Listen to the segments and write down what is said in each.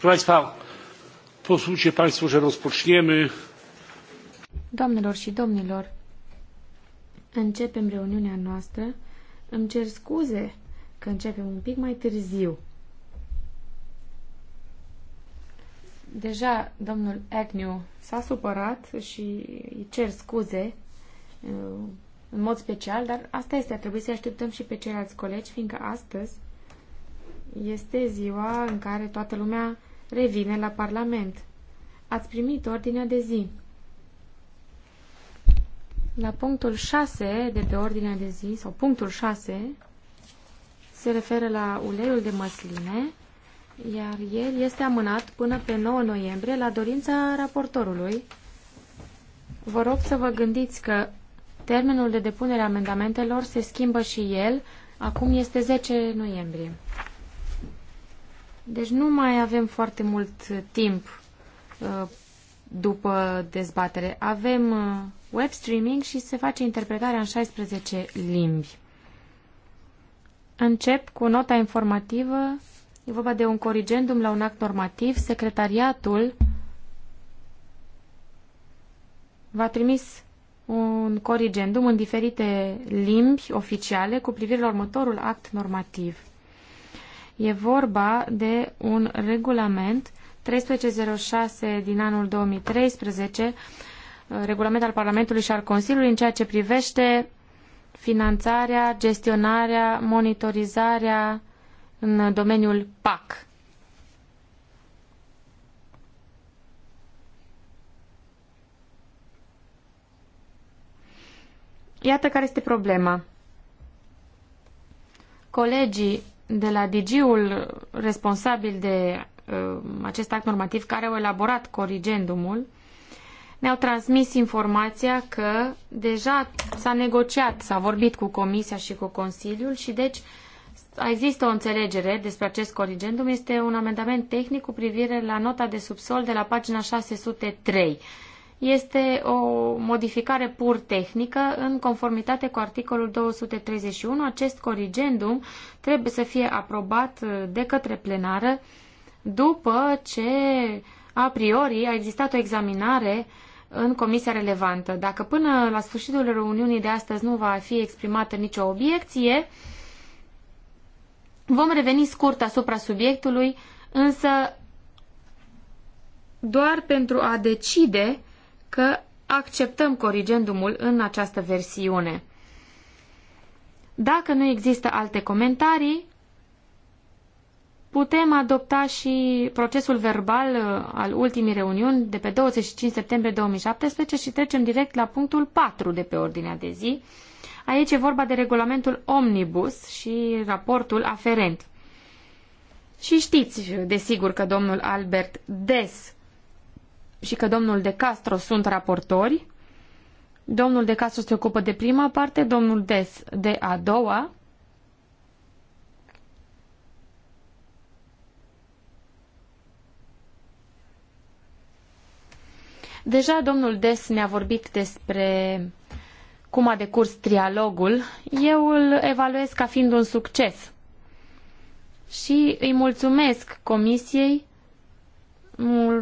Proszę Państwa, pozwólcie Państwo, że rozpoczniemy. Doamnelor și domnilor, începem reuniunea noastră. Îmi cer scuze că începem un pic mai târziu. Deja domnul Agnew s-a supărat și îi cer scuze uh, în mod special, dar asta este, a trebuit să așteptăm și pe ceilalți colegi, fiindcă astăzi este ziua în care toată lumea revine la Parlament. Ați primit ordinea de zi. La punctul 6 de pe ordinea de zi, sau punctul 6, se referă la uleiul de măsline, iar el este amânat până pe 9 noiembrie la dorința raportorului. Vă rog să vă gândiți că termenul de depunere a amendamentelor se schimbă și el, acum este 10 noiembrie. Deci nu mai avem foarte mult uh, timp uh, după dezbatere. Avem uh, web streaming și se face interpretarea în 16 limbi. Încep cu nota informativă. E vorba de un corigendum la un act normativ. Secretariatul v-a trimis un corigendum în diferite limbi oficiale cu privire la următorul act normativ. E vorba de un regulament 1306 din anul 2013, uh, regulament al Parlamentului și al Consiliului în ceea ce privește finanțarea, gestionarea, monitorizarea în domeniul PAC. Iată care este problema. Colegii de la DG-ul responsabil de uh, acest act normativ care au elaborat corigendumul, ne-au transmis informația că deja s-a negociat, s-a vorbit cu Comisia și cu Consiliul și deci există o înțelegere despre acest corigendum. Este un amendament tehnic cu privire la nota de subsol de la pagina 603 este o modificare pur tehnică în conformitate cu articolul 231. Acest corigendum trebuie să fie aprobat de către plenară după ce a priori a existat o examinare în comisia relevantă. Dacă până la sfârșitul reuniunii de astăzi nu va fi exprimată nicio obiecție, vom reveni scurt asupra subiectului, însă doar pentru a decide că acceptăm corigendumul în această versiune. Dacă nu există alte comentarii, putem adopta și procesul verbal uh, al ultimii reuniuni de pe 25 septembrie 2017 și trecem direct la punctul 4 de pe ordinea de zi. Aici e vorba de regulamentul Omnibus și raportul aferent. Și știți, desigur, că domnul Albert Des și că domnul De Castro sunt raportori. Domnul De Castro se ocupă de prima parte, domnul Des de a doua. Deja domnul Des ne-a vorbit despre cum a decurs trialogul. Eu îl evaluez ca fiind un succes. Și îi mulțumesc comisiei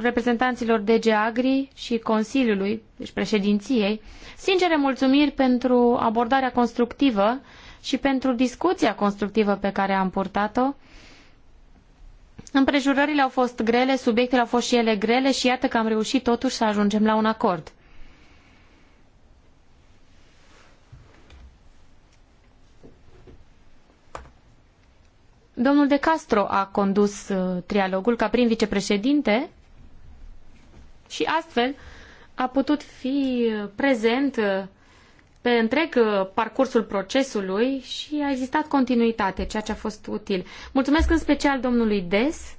reprezentanților DG Agri și Consiliului, deci președinției, sincere mulțumiri pentru abordarea constructivă și pentru discuția constructivă pe care am purtat-o. Împrejurările au fost grele, subiectele au fost și ele grele și iată că am reușit totuși să ajungem la un acord. Domnul De Castro a condus uh, trialogul ca prim vicepreședinte și astfel a putut fi uh, prezent uh, pe întreg parcursul procesului și a existat continuitate, ceea ce a fost util. Mulțumesc în special domnului Des.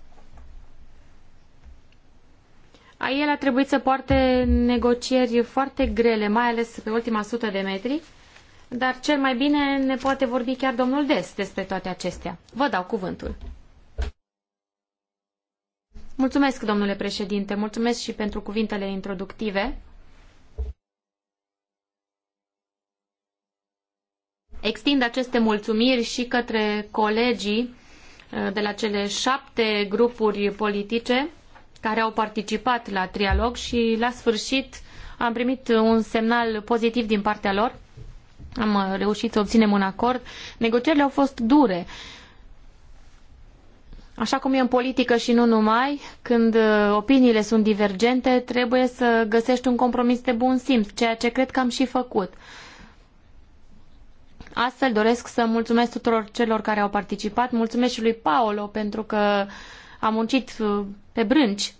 A el a trebuit să poarte negocieri foarte grele, mai ales pe ultima sută de metri dar cel mai bine ne poate vorbi chiar domnul Des despre toate acestea. Vă dau cuvântul. Mulțumesc, domnule președinte, mulțumesc și pentru cuvintele introductive. Extind aceste mulțumiri și către colegii uh, de la cele șapte grupuri politice care au participat la trialog și la sfârșit am primit un semnal pozitiv din partea lor am uh, reușit să obținem un acord. Negocierile au fost dure. Așa cum e în politică și nu numai, când uh, opiniile sunt divergente, trebuie să găsești un compromis de bun simț, ceea ce cred că am și făcut. Astfel doresc să mulțumesc tuturor celor care au participat, mulțumesc și lui Paolo pentru că a muncit uh, pe brânci.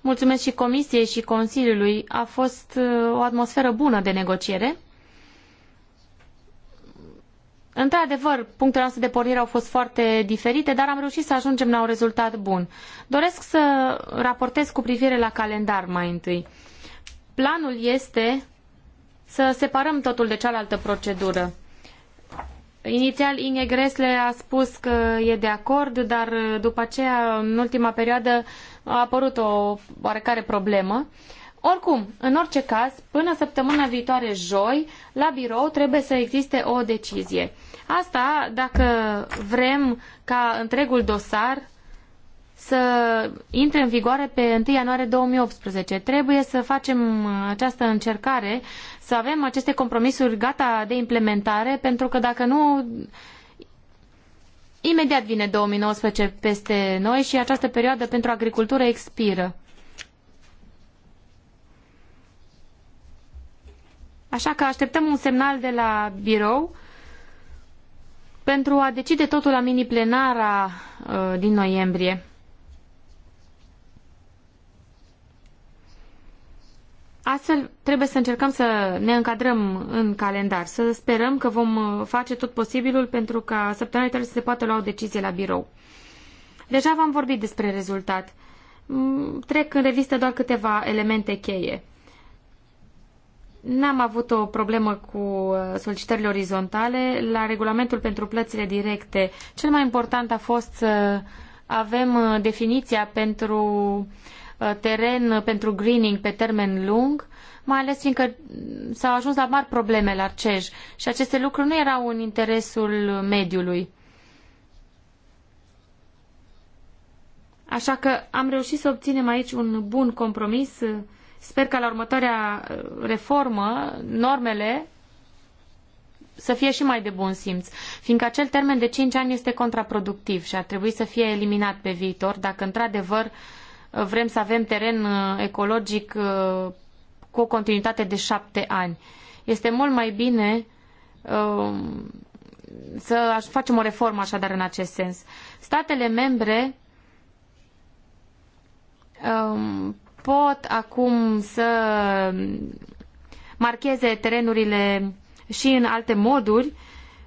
Mulțumesc și Comisiei și Consiliului. A fost o atmosferă bună de negociere. Într-adevăr, punctele noastre de pornire au fost foarte diferite, dar am reușit să ajungem la un rezultat bun. Doresc să raportez cu privire la calendar mai întâi. Planul este să separăm totul de cealaltă procedură. Inițial, Inge Gresle a spus că e de acord, dar după aceea, în ultima perioadă, a apărut o oarecare problemă. Uh, oricum, în orice caz, până săptămâna viitoare joi, la birou trebuie să existe o decizie. Asta dacă vrem ca întregul dosar să intre în vigoare pe 1 ianuarie 2018. Trebuie să facem această încercare, să avem aceste compromisuri gata de implementare, pentru că dacă nu, imediat vine 2019 peste noi și această perioadă pentru agricultură expiră. Așa că așteptăm un semnal de la birou pentru a decide totul la mini-plenara uh, din noiembrie. Astfel, trebuie să încercăm să ne încadrăm în calendar, să sperăm că vom uh, face tot posibilul pentru ca săptămâna viitoare să se poată lua o decizie la birou. Deja v-am vorbit despre rezultat. Mm, trec în revistă doar câteva elemente cheie. N-am avut o problemă cu uh, solicitările orizontale. La regulamentul pentru plățile directe, cel mai important a fost să avem uh, definiția pentru uh, teren, pentru greening pe termen lung, mai ales fiindcă s-au ajuns la mari probleme la CEJ și aceste lucruri nu erau în interesul mediului. Așa că am reușit să obținem aici un bun compromis Sper că la următoarea uh, reformă normele să fie și mai de bun simț, fiindcă acel termen de 5 ani este contraproductiv și ar trebui să fie eliminat pe viitor dacă într-adevăr uh, vrem să avem teren uh, ecologic cu o continuitate de 7 ani. Este mult mai bine um, să facem o reformă așadar în acest sens. Statele membre um, pot acum să marcheze terenurile și în alte moduri.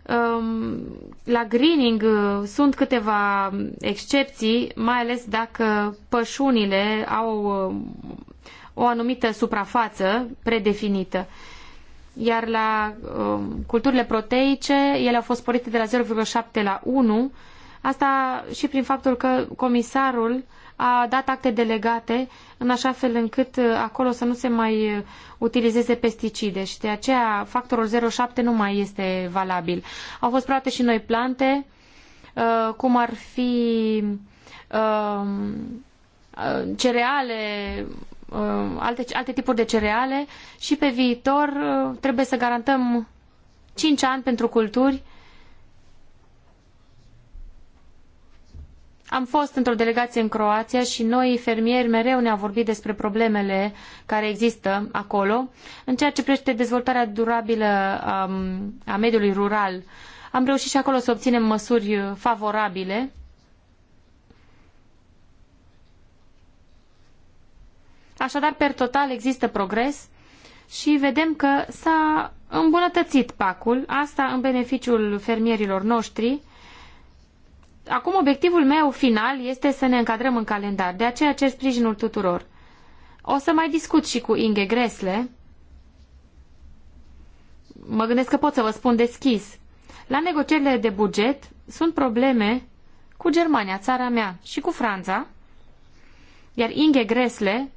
Um, la greening uh, sunt câteva excepții, mai ales dacă pășunile au uh, o anumită suprafață predefinită. Iar la um, culturile proteice, ele au fost sporite de la 0,7 la 1, asta și prin faptul că comisarul a dat acte delegate în așa fel încât uh, acolo să nu se mai uh, utilizeze pesticide și de aceea factorul 07 nu mai este valabil. Au fost proate și noi plante, uh, cum ar fi um, cereale, alte, alte tipuri de cereale și pe viitor trebuie să garantăm 5 ani pentru culturi Am fost într-o delegație în Croația și noi fermieri mereu ne-au vorbit despre problemele care există acolo în ceea ce privește dezvoltarea durabilă a, um, a mediului rural. Am reușit și acolo să obținem măsuri favorabile Așadar, per total există progres și vedem că s-a îmbunătățit pacul, asta în beneficiul fermierilor noștri Acum obiectivul meu final este să ne încadrăm în calendar, de aceea cer sprijinul tuturor. O să mai discut și cu Inge Gresle. Mă gândesc că pot să vă spun deschis. La negocierile de buget sunt probleme cu Germania, țara mea, și cu Franța, iar Inge Gresle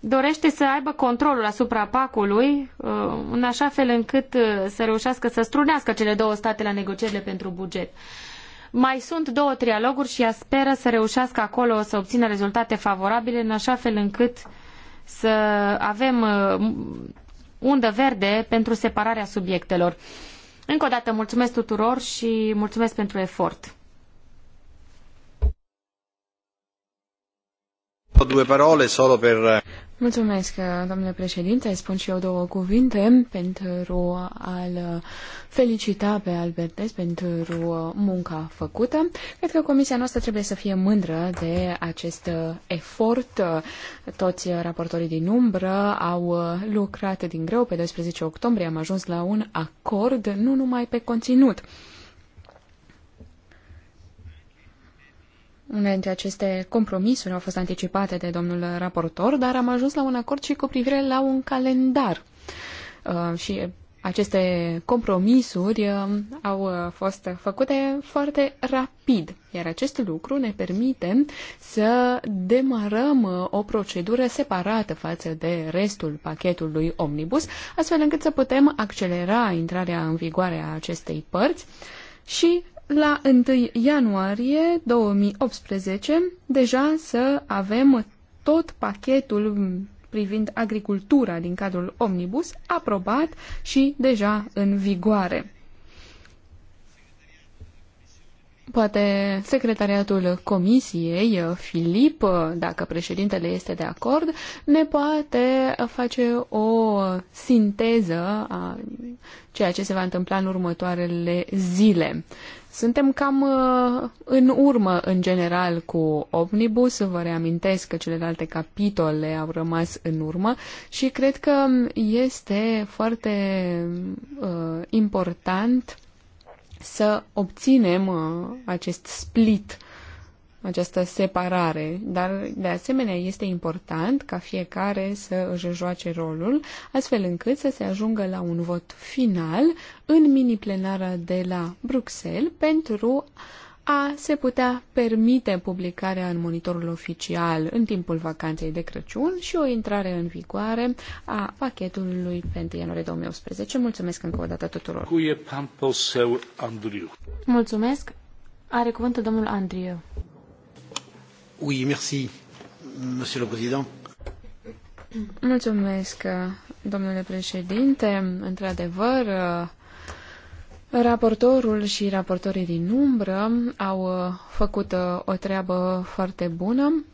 dorește să aibă controlul asupra pacului uh, în așa fel încât uh, să reușească să strunească cele două state la negocierile pentru buget. Mai sunt două trialoguri și ea speră să reușească acolo să obțină rezultate favorabile în așa fel încât să avem uh, undă verde pentru separarea subiectelor. Încă o dată mulțumesc tuturor și mulțumesc pentru efort. două parole solo per... Eh, Mulțumesc, domnule președinte. Spun și eu două cuvinte pentru a-l felicita pe Albertes pentru munca făcută. Cred că comisia noastră trebuie să fie mândră de acest efort. Toți raportorii din umbră au lucrat din greu. Pe 12 octombrie am ajuns la un acord, nu numai pe conținut Unele dintre aceste compromisuri au fost anticipate de domnul raportor, dar am ajuns la un acord și cu privire la un calendar. Uh, și aceste compromisuri uh, au uh, fost făcute foarte rapid, iar acest lucru ne permite să demarăm o procedură separată față de restul pachetului Omnibus, astfel încât să putem accelera intrarea în vigoare a acestei părți și la 1 ianuarie 2018 deja să avem tot pachetul privind agricultura din cadrul Omnibus aprobat și deja în vigoare. Poate secretariatul comisiei, Filip, dacă președintele este de acord, ne poate face o sinteză a ceea ce se va întâmpla în următoarele zile. Suntem cam uh, în urmă, în general, cu Omnibus. Vă reamintesc că celelalte capitole au rămas în urmă și cred că este foarte uh, important să obținem uh, acest split, această separare, dar de asemenea este important ca fiecare să își joace rolul, astfel încât să se ajungă la un vot final în mini-plenara de la Bruxelles pentru a se putea permite publicarea în monitorul oficial în timpul vacanței de Crăciun și o intrare în vigoare a pachetului pentru ianuarie 2018. Mulțumesc încă o dată tuturor. Andriu. Mulțumesc. Are cuvântul domnul Andriu. Oui, merci, monsieur le président. Mulțumesc, domnule președinte. Într-adevăr, Raportorul și raportorii din umbră au uh, făcut uh, o treabă foarte bună.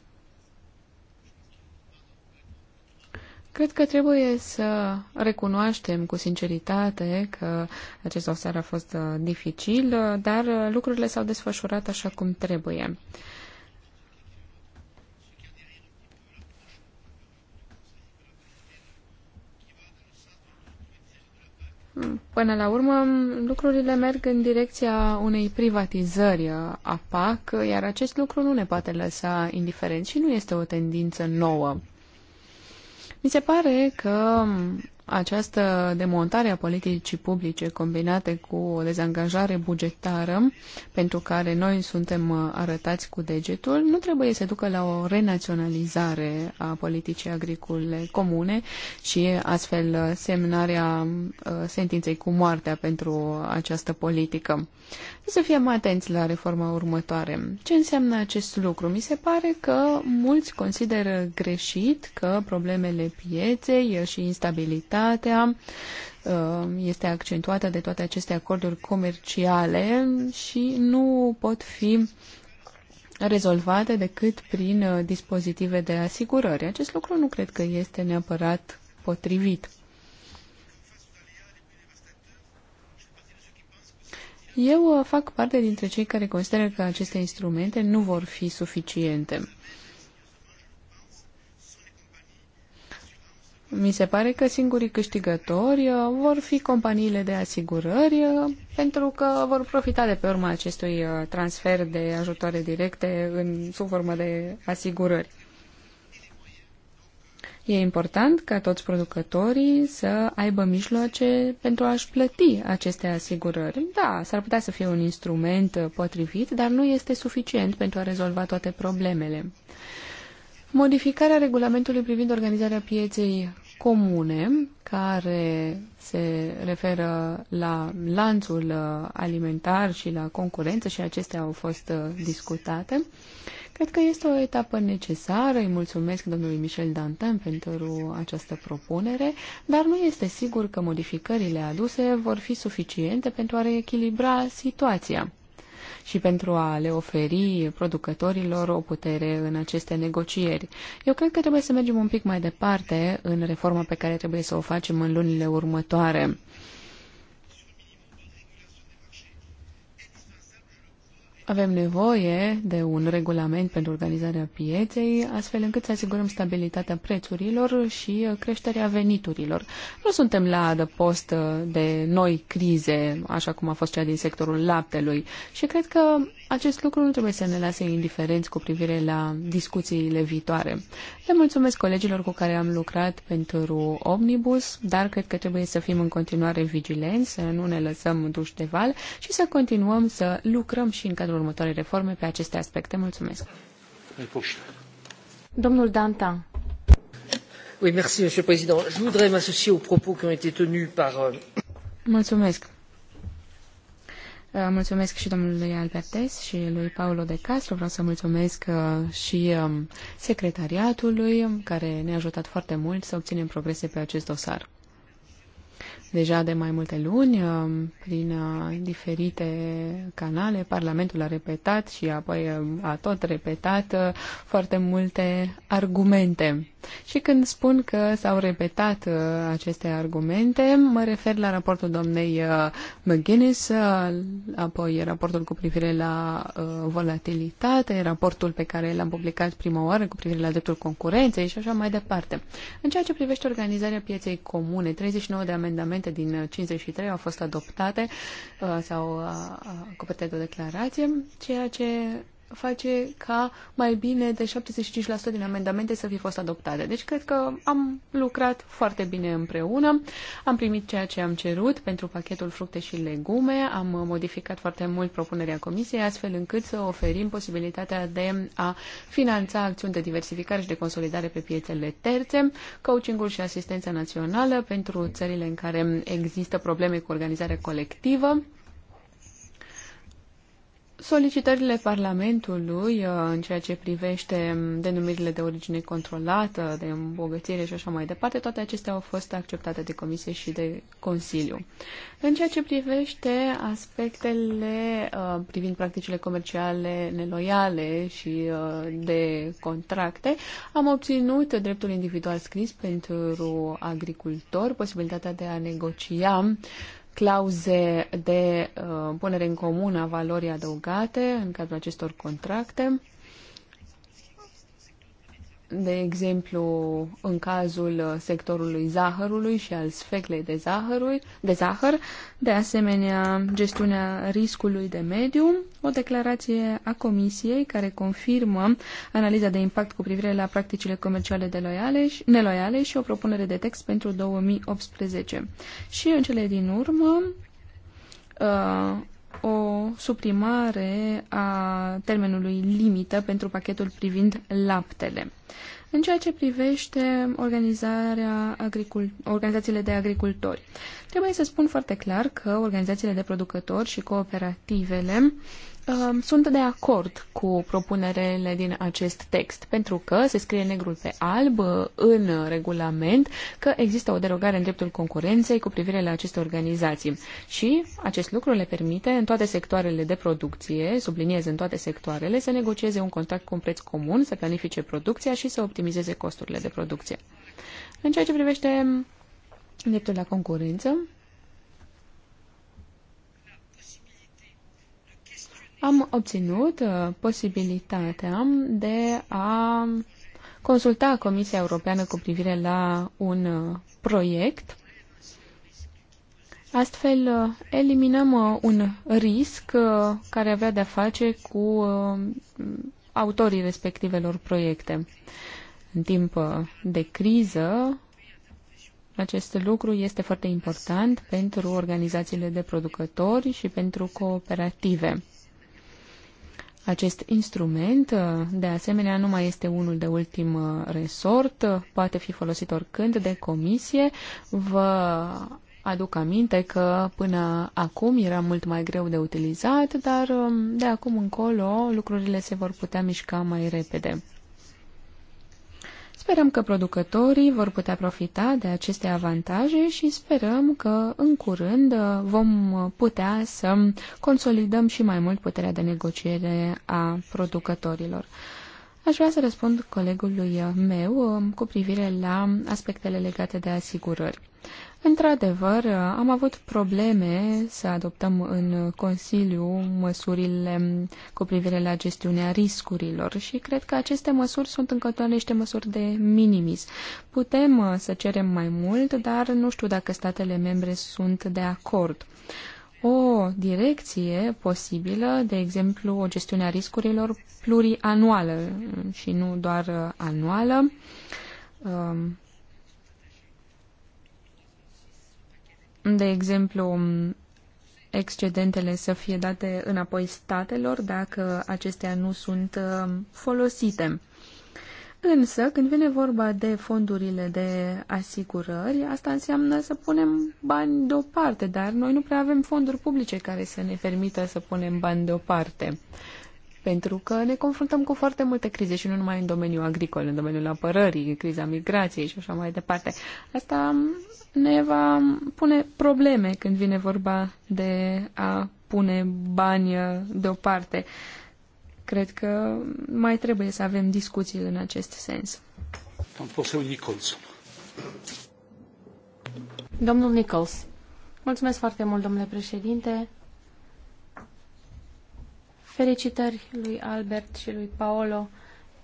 Cred că trebuie să recunoaștem cu sinceritate că acest dosar a fost uh, dificil, dar lucrurile s-au desfășurat așa cum trebuie. Până la urmă, lucrurile merg în direcția unei privatizări a PAC, iar acest lucru nu ne poate lăsa indiferent și nu este o tendință nouă. Mi se pare că această demontare a politicii publice combinate cu o dezangajare bugetară pentru care noi suntem arătați cu degetul nu trebuie să ducă la o renaționalizare a politicii agricole comune și astfel semnarea uh, sentinței cu moartea pentru această politică. Să fim atenți la reforma următoare. Ce înseamnă acest lucru? Mi se pare că mulți consideră greșit că problemele pieței și instabilitatea securitatea uh, este accentuată de toate aceste acorduri comerciale și nu pot fi rezolvate decât prin uh, dispozitive de asigurări. Acest lucru nu cred că este neapărat potrivit. Eu uh, fac parte dintre cei care consideră că aceste instrumente nu vor fi suficiente. Mi se pare că singurii câștigători uh, vor fi companiile de asigurări uh, pentru că vor profita de pe urma acestui uh, transfer de ajutoare directe în sub formă de asigurări. E important ca toți producătorii să aibă mijloace pentru a-și plăti aceste asigurări. Da, s-ar putea să fie un instrument potrivit, dar nu este suficient pentru a rezolva toate problemele. Modificarea regulamentului privind organizarea pieței comune, care se referă la lanțul uh, alimentar și la concurență și acestea au fost uh, discutate. Cred că este o etapă necesară, îi mulțumesc domnului Michel Dantin pentru această propunere, dar nu este sigur că modificările aduse vor fi suficiente pentru a reechilibra situația și pentru a le oferi producătorilor o putere în aceste negocieri. Eu cred că trebuie să mergem un pic mai departe în reforma pe care trebuie să o facem în lunile următoare. Avem nevoie de un regulament pentru organizarea pieței, astfel încât să asigurăm stabilitatea prețurilor și uh, creșterea veniturilor. Nu suntem la adăpost uh, de noi crize, așa cum a fost cea din sectorul laptelui și cred că acest lucru nu trebuie să ne lase indiferenți cu privire la discuțiile viitoare. Le mulțumesc colegilor cu care am lucrat pentru Omnibus, dar cred că trebuie să fim în continuare vigilenți, să nu ne lăsăm duși de val și să continuăm să lucrăm și în cadrul următoarei reforme pe aceste aspecte. Mulțumesc. Domnul Dantan. Oui, merci, Monsieur le Président. Je voudrais m'associer aux propos qui ont été tenus par. Euh, mulțumesc. Uh, mulțumesc și domnului Albertes și lui Paolo de Castro. Vreau să mulțumesc uh, și um, secretariatului care ne-a ajutat foarte mult să obținem progrese pe acest dosar deja de mai multe luni uh, prin uh, diferite canale. Parlamentul a repetat și apoi uh, a tot repetat foarte multe argumente. Și când spun că s-au repetat uh, aceste argumente, mă refer la raportul domnei uh, McGuinness, uh, apoi raportul cu privire la volatilitate, raportul pe care l-am publicat prima oară cu privire la dreptul concurenței și așa mai departe. În ceea ce privește organizarea pieței comune, 39 de amendamente din 53 au fost adoptate sau acoperite de o declarație, ceea ce face ca mai bine de 75% din amendamente să fie fost adoptate. Deci cred că am lucrat foarte bine împreună, am primit ceea ce am cerut pentru pachetul fructe și legume, am modificat foarte mult propunerea comisiei, astfel încât să oferim posibilitatea de a finanța acțiuni de diversificare și de consolidare pe piețele terțe, coachingul și asistența națională pentru țările în care există probleme cu organizarea colectivă, solicitările Parlamentului uh, în ceea ce privește um, denumirile de origine controlată, de îmbogățire și așa mai departe, toate acestea au fost acceptate de Comisie și de Consiliu. În ceea ce privește aspectele uh, privind practicile comerciale neloiale și uh, de contracte, am obținut dreptul individual scris pentru agricultor, posibilitatea de a negocia clauze de uh, punere în comun a valorii adăugate în cadrul acestor contracte de exemplu, în cazul uh, sectorului zahărului și al sfeclei de, zahărui, de zahăr, de asemenea gestiunea riscului de mediu, o declarație a Comisiei care confirmă analiza de impact cu privire la practicile comerciale de loiale și, neloiale și o propunere de text pentru 2018. Și în cele din urmă, uh, o suprimare a termenului limită pentru pachetul privind laptele. În ceea ce privește organizarea agricul... organizațiile de agricultori, trebuie să spun foarte clar că organizațiile de producători și cooperativele Um, sunt de acord cu propunerele din acest text, pentru că se scrie negrul pe alb uh, în regulament că există o derogare în dreptul concurenței cu privire la aceste organizații și acest lucru le permite în toate sectoarele de producție, subliniez în toate sectoarele, să negocieze un contract cu un preț comun, să planifice producția și să optimizeze costurile de producție. În ceea ce privește dreptul la concurență, am obținut uh, posibilitatea de a consulta Comisia Europeană cu privire la un uh, proiect. Astfel, uh, eliminăm un risc care avea de-a face cu autorii respectivelor proiecte. În timp de criză, acest lucru este foarte important pentru organizațiile de producători și pentru cooperative. Acest instrument, uh, de asemenea, nu mai este unul de ultim uh, resort, uh, poate fi folosit oricând de comisie. Vă aduc aminte că până acum era mult mai greu de utilizat, dar um, de acum încolo lucrurile se vor putea mișca mai repede. Sperăm că producătorii vor putea profita de aceste avantaje și sperăm că în curând uh, vom putea să consolidăm și mai mult puterea de negociere a producătorilor. Aș vrea să răspund colegului meu uh, cu privire la aspectele legate de asigurări. Într-adevăr, am avut probleme să adoptăm în Consiliu măsurile cu privire la gestiunea riscurilor și cred că aceste măsuri sunt încă doar niște măsuri de minimis. Putem uh, să cerem mai mult, dar nu știu dacă statele membre sunt de acord o direcție posibilă, de exemplu, o gestiune a riscurilor plurianuală și nu doar uh, anuală. Um, de exemplu, excedentele să fie date înapoi statelor dacă acestea nu sunt uh, folosite. Însă, când vine vorba de fondurile de asigurări, asta înseamnă să punem bani deoparte, dar noi nu prea avem fonduri publice care să ne permită să punem bani deoparte pentru că ne confruntăm cu foarte multe crize și nu numai în domeniul agricol, în domeniul apărării, criza migrației și așa mai departe. Asta ne va pune probleme când vine vorba de a pune bani uh, deoparte. Cred că mai trebuie să avem discuții în acest sens. Domnul Nichols. Mulțumesc foarte mult, domnule președinte. Felicitări lui Albert și lui Paolo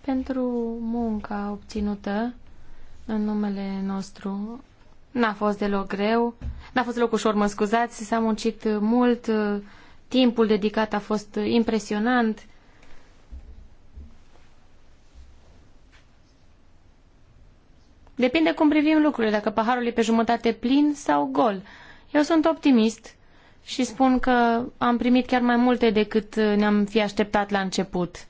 pentru munca obținută în numele nostru. N-a fost deloc greu, n-a fost deloc ușor, mă scuzați, s-a muncit mult, timpul dedicat a fost impresionant. Depinde cum privim lucrurile, dacă paharul e pe jumătate plin sau gol. Eu sunt optimist și spun că am primit chiar mai multe decât ne-am fi așteptat la început.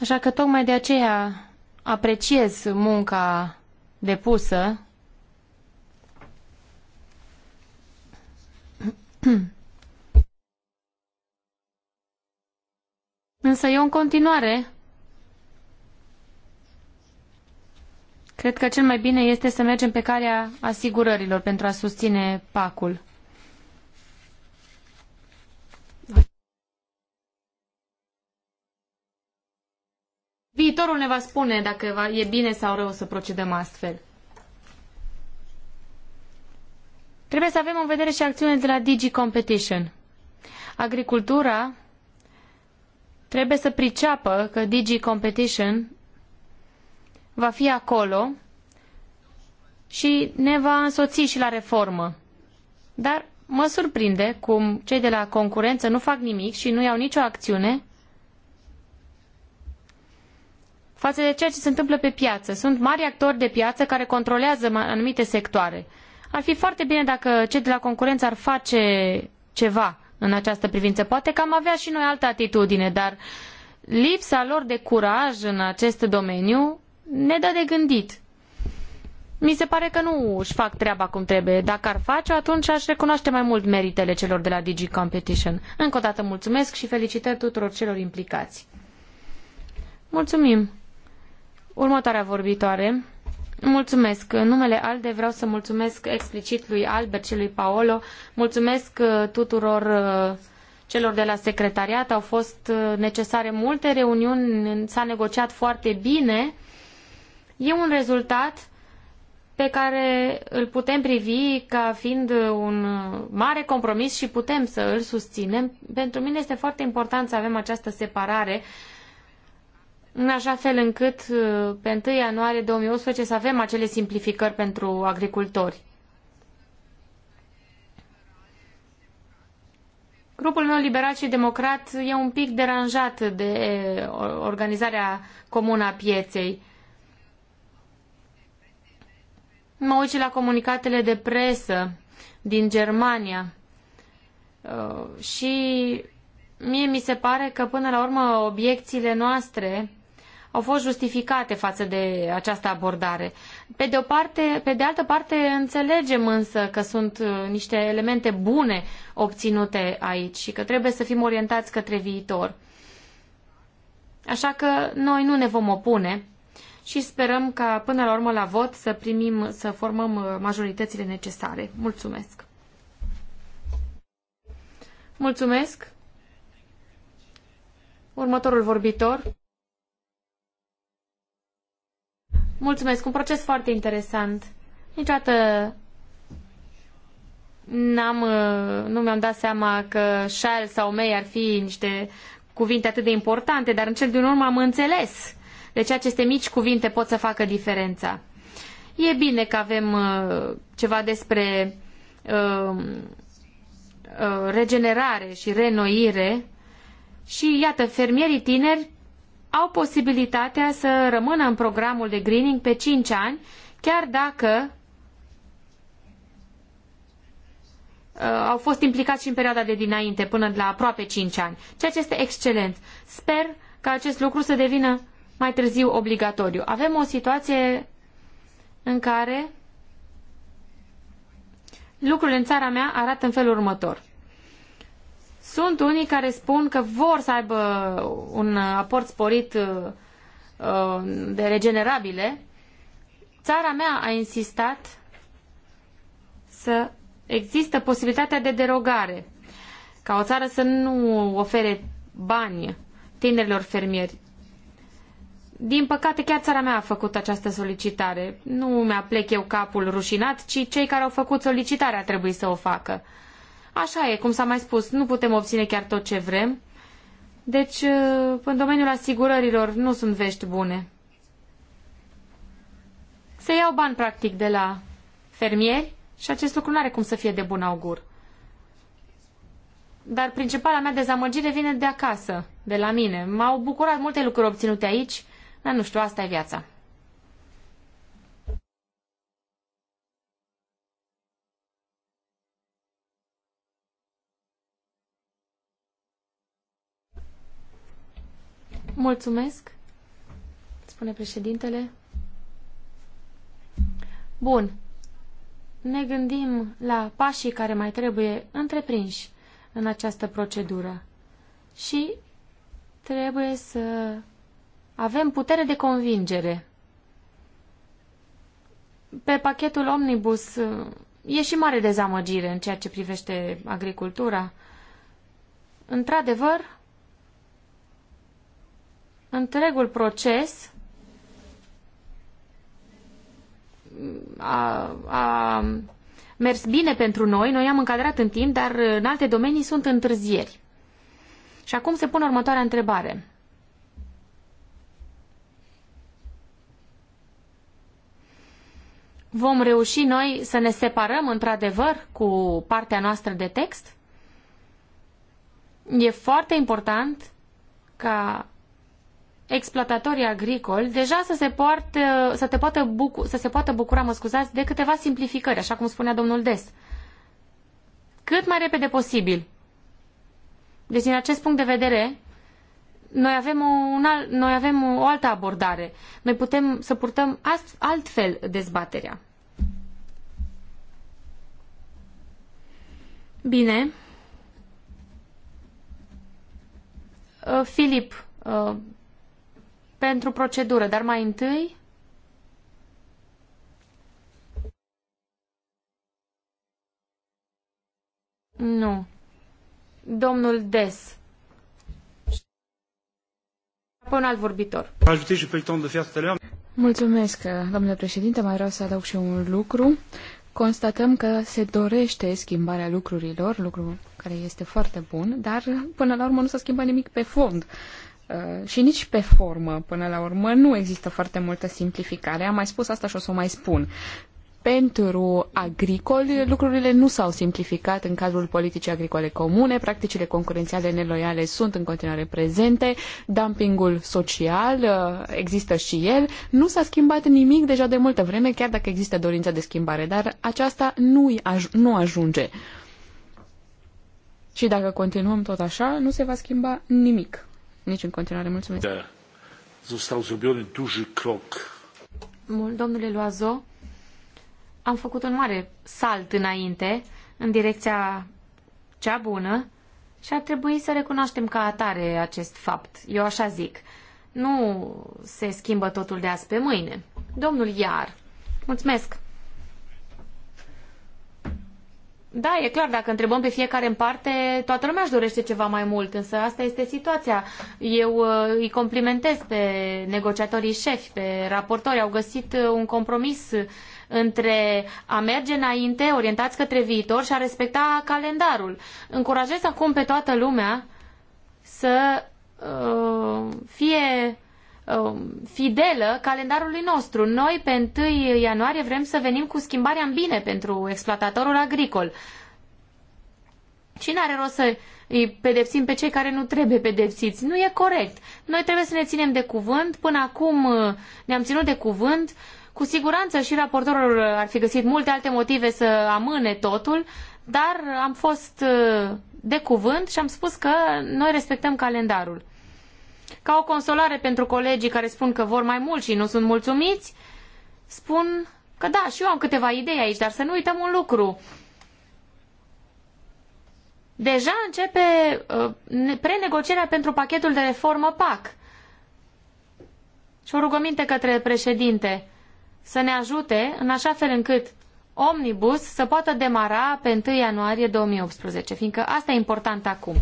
Așa că tocmai de aceea apreciez munca depusă. Însă eu în continuare cred că cel mai bine este să mergem pe calea asigurărilor pentru a susține pacul. Viitorul ne va spune dacă e bine sau rău să procedăm astfel. Trebuie să avem în vedere și acțiunile de la Digi Competition. Agricultura trebuie să priceapă că Digi Competition va fi acolo și ne va însoți și la reformă. Dar mă surprinde cum cei de la concurență nu fac nimic și nu iau nicio acțiune față de ceea ce se întâmplă pe piață. Sunt mari actori de piață care controlează anumite sectoare. Ar fi foarte bine dacă cei de la concurență ar face ceva în această privință. Poate că am avea și noi altă atitudine, dar lipsa lor de curaj în acest domeniu ne dă de gândit. Mi se pare că nu își fac treaba cum trebuie. Dacă ar face-o, atunci aș recunoaște mai mult meritele celor de la Digi Competition. Încă o dată mulțumesc și felicitări tuturor celor implicați. Mulțumim! Următoarea vorbitoare. Mulțumesc. În numele ALDE vreau să mulțumesc explicit lui Albert și lui Paolo. Mulțumesc uh, tuturor uh, celor de la secretariat. Au fost uh, necesare multe reuniuni, s-a negociat foarte bine. E un rezultat pe care îl putem privi ca fiind un mare compromis și putem să îl susținem. Pentru mine este foarte important să avem această separare în așa fel încât uh, pe 1 ianuarie 2018 să avem acele simplificări pentru agricultori. Grupul meu liberal și democrat e un pic deranjat de uh, organizarea comună a pieței. Mă uit și la comunicatele de presă din Germania uh, și mie mi se pare că până la urmă obiecțiile noastre au fost justificate față de această abordare. Pe de, o parte, pe de altă parte, înțelegem însă că sunt uh, niște elemente bune obținute aici și că trebuie să fim orientați către viitor. Așa că noi nu ne vom opune și sperăm ca până la urmă la vot să primim, să formăm uh, majoritățile necesare. Mulțumesc! Mulțumesc! Următorul vorbitor. Mulțumesc, un proces foarte interesant. Niciodată n-am, uh, nu mi-am dat seama că șal sau mei ar fi niște cuvinte atât de importante, dar în cel din urmă am înțeles. de ce aceste mici cuvinte pot să facă diferența. E bine că avem uh, ceva despre um, uh, regenerare și renoire și iată, fermierii tineri au posibilitatea să rămână în programul de greening pe 5 ani, chiar dacă uh, au fost implicați și în perioada de dinainte, până la aproape 5 ani, ceea ce este excelent. Sper ca acest lucru să devină mai târziu obligatoriu. Avem o situație în care lucrurile în țara mea arată în felul următor. Sunt unii care spun că vor să aibă un aport sporit uh, uh, de regenerabile. Țara mea a insistat să există posibilitatea de derogare ca o țară să nu ofere bani tinerilor fermieri. Din păcate, chiar țara mea a făcut această solicitare. Nu mi-a plec eu capul rușinat, ci cei care au făcut solicitarea trebuie să o facă. Așa e, cum s-a mai spus, nu putem obține chiar tot ce vrem. Deci, uh, în domeniul asigurărilor nu sunt vești bune. Se iau bani, practic, de la fermieri și acest lucru nu are cum să fie de bun augur. Dar principala mea dezamăgire vine de acasă, de la mine. M-au bucurat multe lucruri obținute aici, dar nu știu, asta e viața. Mulțumesc, spune președintele. Bun. Ne gândim la pașii care mai trebuie întreprinși în această procedură și trebuie să avem putere de convingere. Pe pachetul Omnibus uh, e și mare dezamăgire în ceea ce privește agricultura. Într-adevăr, întregul proces a, a mers bine pentru noi, noi am încadrat în timp, dar în alte domenii sunt întârzieri. Și acum se pune următoarea întrebare. Vom reuși noi să ne separăm într-adevăr cu partea noastră de text? E foarte important ca exploatatorii agricoli deja să se, poartă, să, te poată bucu- să se poată bucura, mă scuzați, de câteva simplificări, așa cum spunea domnul Des. Cât mai repede posibil. Deci, din acest punct de vedere, noi avem, un alt, noi avem o altă abordare. Noi putem să purtăm ast, altfel dezbaterea. Bine. Uh, Filip, uh, pentru procedură, dar mai întâi... Nu. Domnul Des. Până un alt vorbitor. Mulțumesc, domnule președinte. Mai vreau să adaug și un lucru. Constatăm că se dorește schimbarea lucrurilor, lucru care este foarte bun, dar până la urmă nu se schimbă nimic pe fond. Uh, și nici pe formă, până la urmă, nu există foarte multă simplificare. Am mai spus asta și o să o mai spun. Pentru agricol, lucrurile nu s-au simplificat în cadrul politicii agricole comune, practicile concurențiale neloiale sunt în continuare prezente, dumpingul social uh, există și el, nu s-a schimbat nimic deja de multă vreme, chiar dacă există dorința de schimbare, dar aceasta nu, nu ajunge. Și dacă continuăm tot așa, nu se va schimba nimic nici în continuare. Mulțumesc. Da. Zostau zrobiony duży krok. Domnule Loazo, am făcut un mare salt înainte, în direcția cea bună, și ar trebui să recunoaștem ca atare acest fapt. Eu așa zic. Nu se schimbă totul de azi pe mâine. Domnul Iar. Mulțumesc. Da, e clar, dacă întrebăm pe fiecare în parte, toată lumea își dorește ceva mai mult, însă asta este situația. Eu uh, îi complimentez pe negociatorii șefi, pe raportori, au găsit uh, un compromis între a merge înainte, orientați către viitor și a respecta calendarul. Încurajez acum pe toată lumea să uh, fie Um, fidelă calendarului nostru. Noi, pe 1 ianuarie, vrem să venim cu schimbarea în bine pentru exploatatorul agricol. Cine are rost să îi pedepsim pe cei care nu trebuie pedepsiți. Nu e corect. Noi trebuie să ne ținem de cuvânt. Până acum uh, ne-am ținut de cuvânt. Cu siguranță și raportorul ar fi găsit multe alte motive să amâne totul, dar am fost uh, de cuvânt și am spus că noi respectăm calendarul. Ca o consolare pentru colegii care spun că vor mai mult și nu sunt mulțumiți, spun că da, și eu am câteva idei aici, dar să nu uităm un lucru. Deja începe uh, prenegocierea pentru pachetul de reformă PAC. Și o rugăminte către președinte să ne ajute în așa fel încât Omnibus să poată demara pe 1 ianuarie 2018, fiindcă asta e important acum.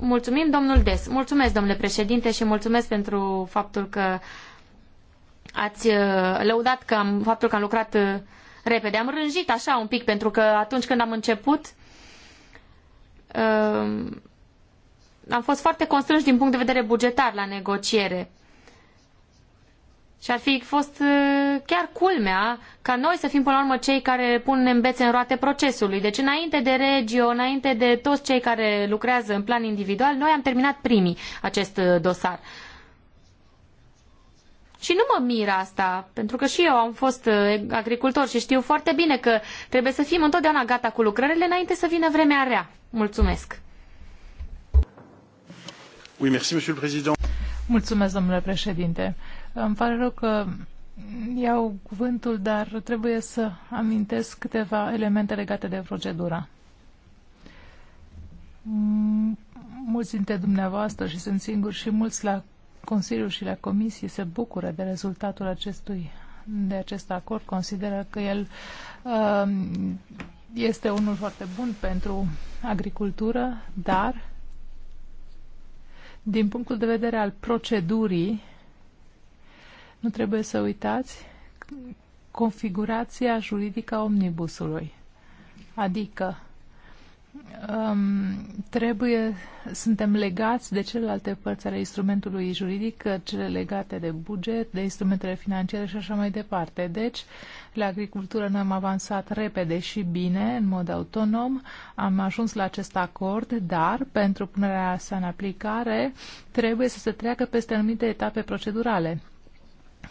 Mulțumim, domnul Des. Mulțumesc, domnule președinte, și mulțumesc pentru faptul că ați uh, lăudat că am, faptul că am lucrat uh, repede. Am rânjit așa un pic, pentru că atunci când am început, uh, am fost foarte constrânși din punct de vedere bugetar la negociere. Și ar fi fost uh, chiar culmea ca noi să fim până la urmă cei care punem bețe în roate procesului. Deci înainte de Regio, înainte de toți cei care lucrează în plan individual, noi am terminat primii acest uh, dosar. Și nu mă mir asta, pentru că și eu am fost uh, agricultor și știu foarte bine că trebuie să fim întotdeauna gata cu lucrările înainte să vină vremea rea. Mulțumesc! Oui, merci, Mulțumesc, domnule președinte. Îmi pare rău că iau cuvântul, dar trebuie să amintesc câteva elemente legate de procedura. Mulți dintre dumneavoastră și sunt singuri și mulți la Consiliul și la Comisie se bucură de rezultatul acestui, de acest acord. Consideră că el um, este unul foarte bun pentru agricultură, dar din punctul de vedere al procedurii, nu trebuie să uitați configurația juridică a omnibusului. Adică um, trebuie, suntem legați de celelalte părți ale instrumentului juridic, cele legate de buget, de instrumentele financiare și așa mai departe. Deci, la agricultură noi am avansat repede și bine, în mod autonom, am ajuns la acest acord, dar pentru punerea sa în aplicare trebuie să se treacă peste anumite etape procedurale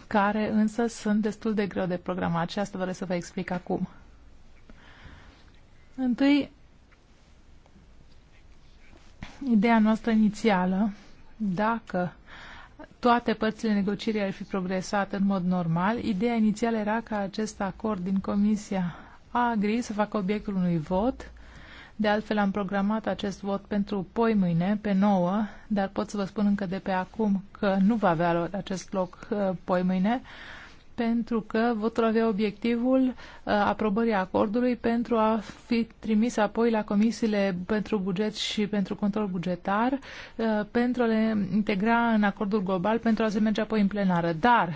care însă sunt destul de greu de programat și asta doresc să vă explic acum. Întâi, ideea noastră inițială, dacă toate părțile negocierii ar fi progresat în mod normal, ideea inițială era ca acest acord din Comisia Agri să facă obiectul unui vot de altfel, am programat acest vot pentru poi mâine, pe 9, dar pot să vă spun încă de pe acum că nu va avea acest loc uh, poi mâine, pentru că votul avea obiectivul uh, aprobării acordului pentru a fi trimis apoi la comisiile pentru buget și pentru control bugetar, uh, pentru a le integra în acordul global, pentru a se merge apoi în plenară. Dar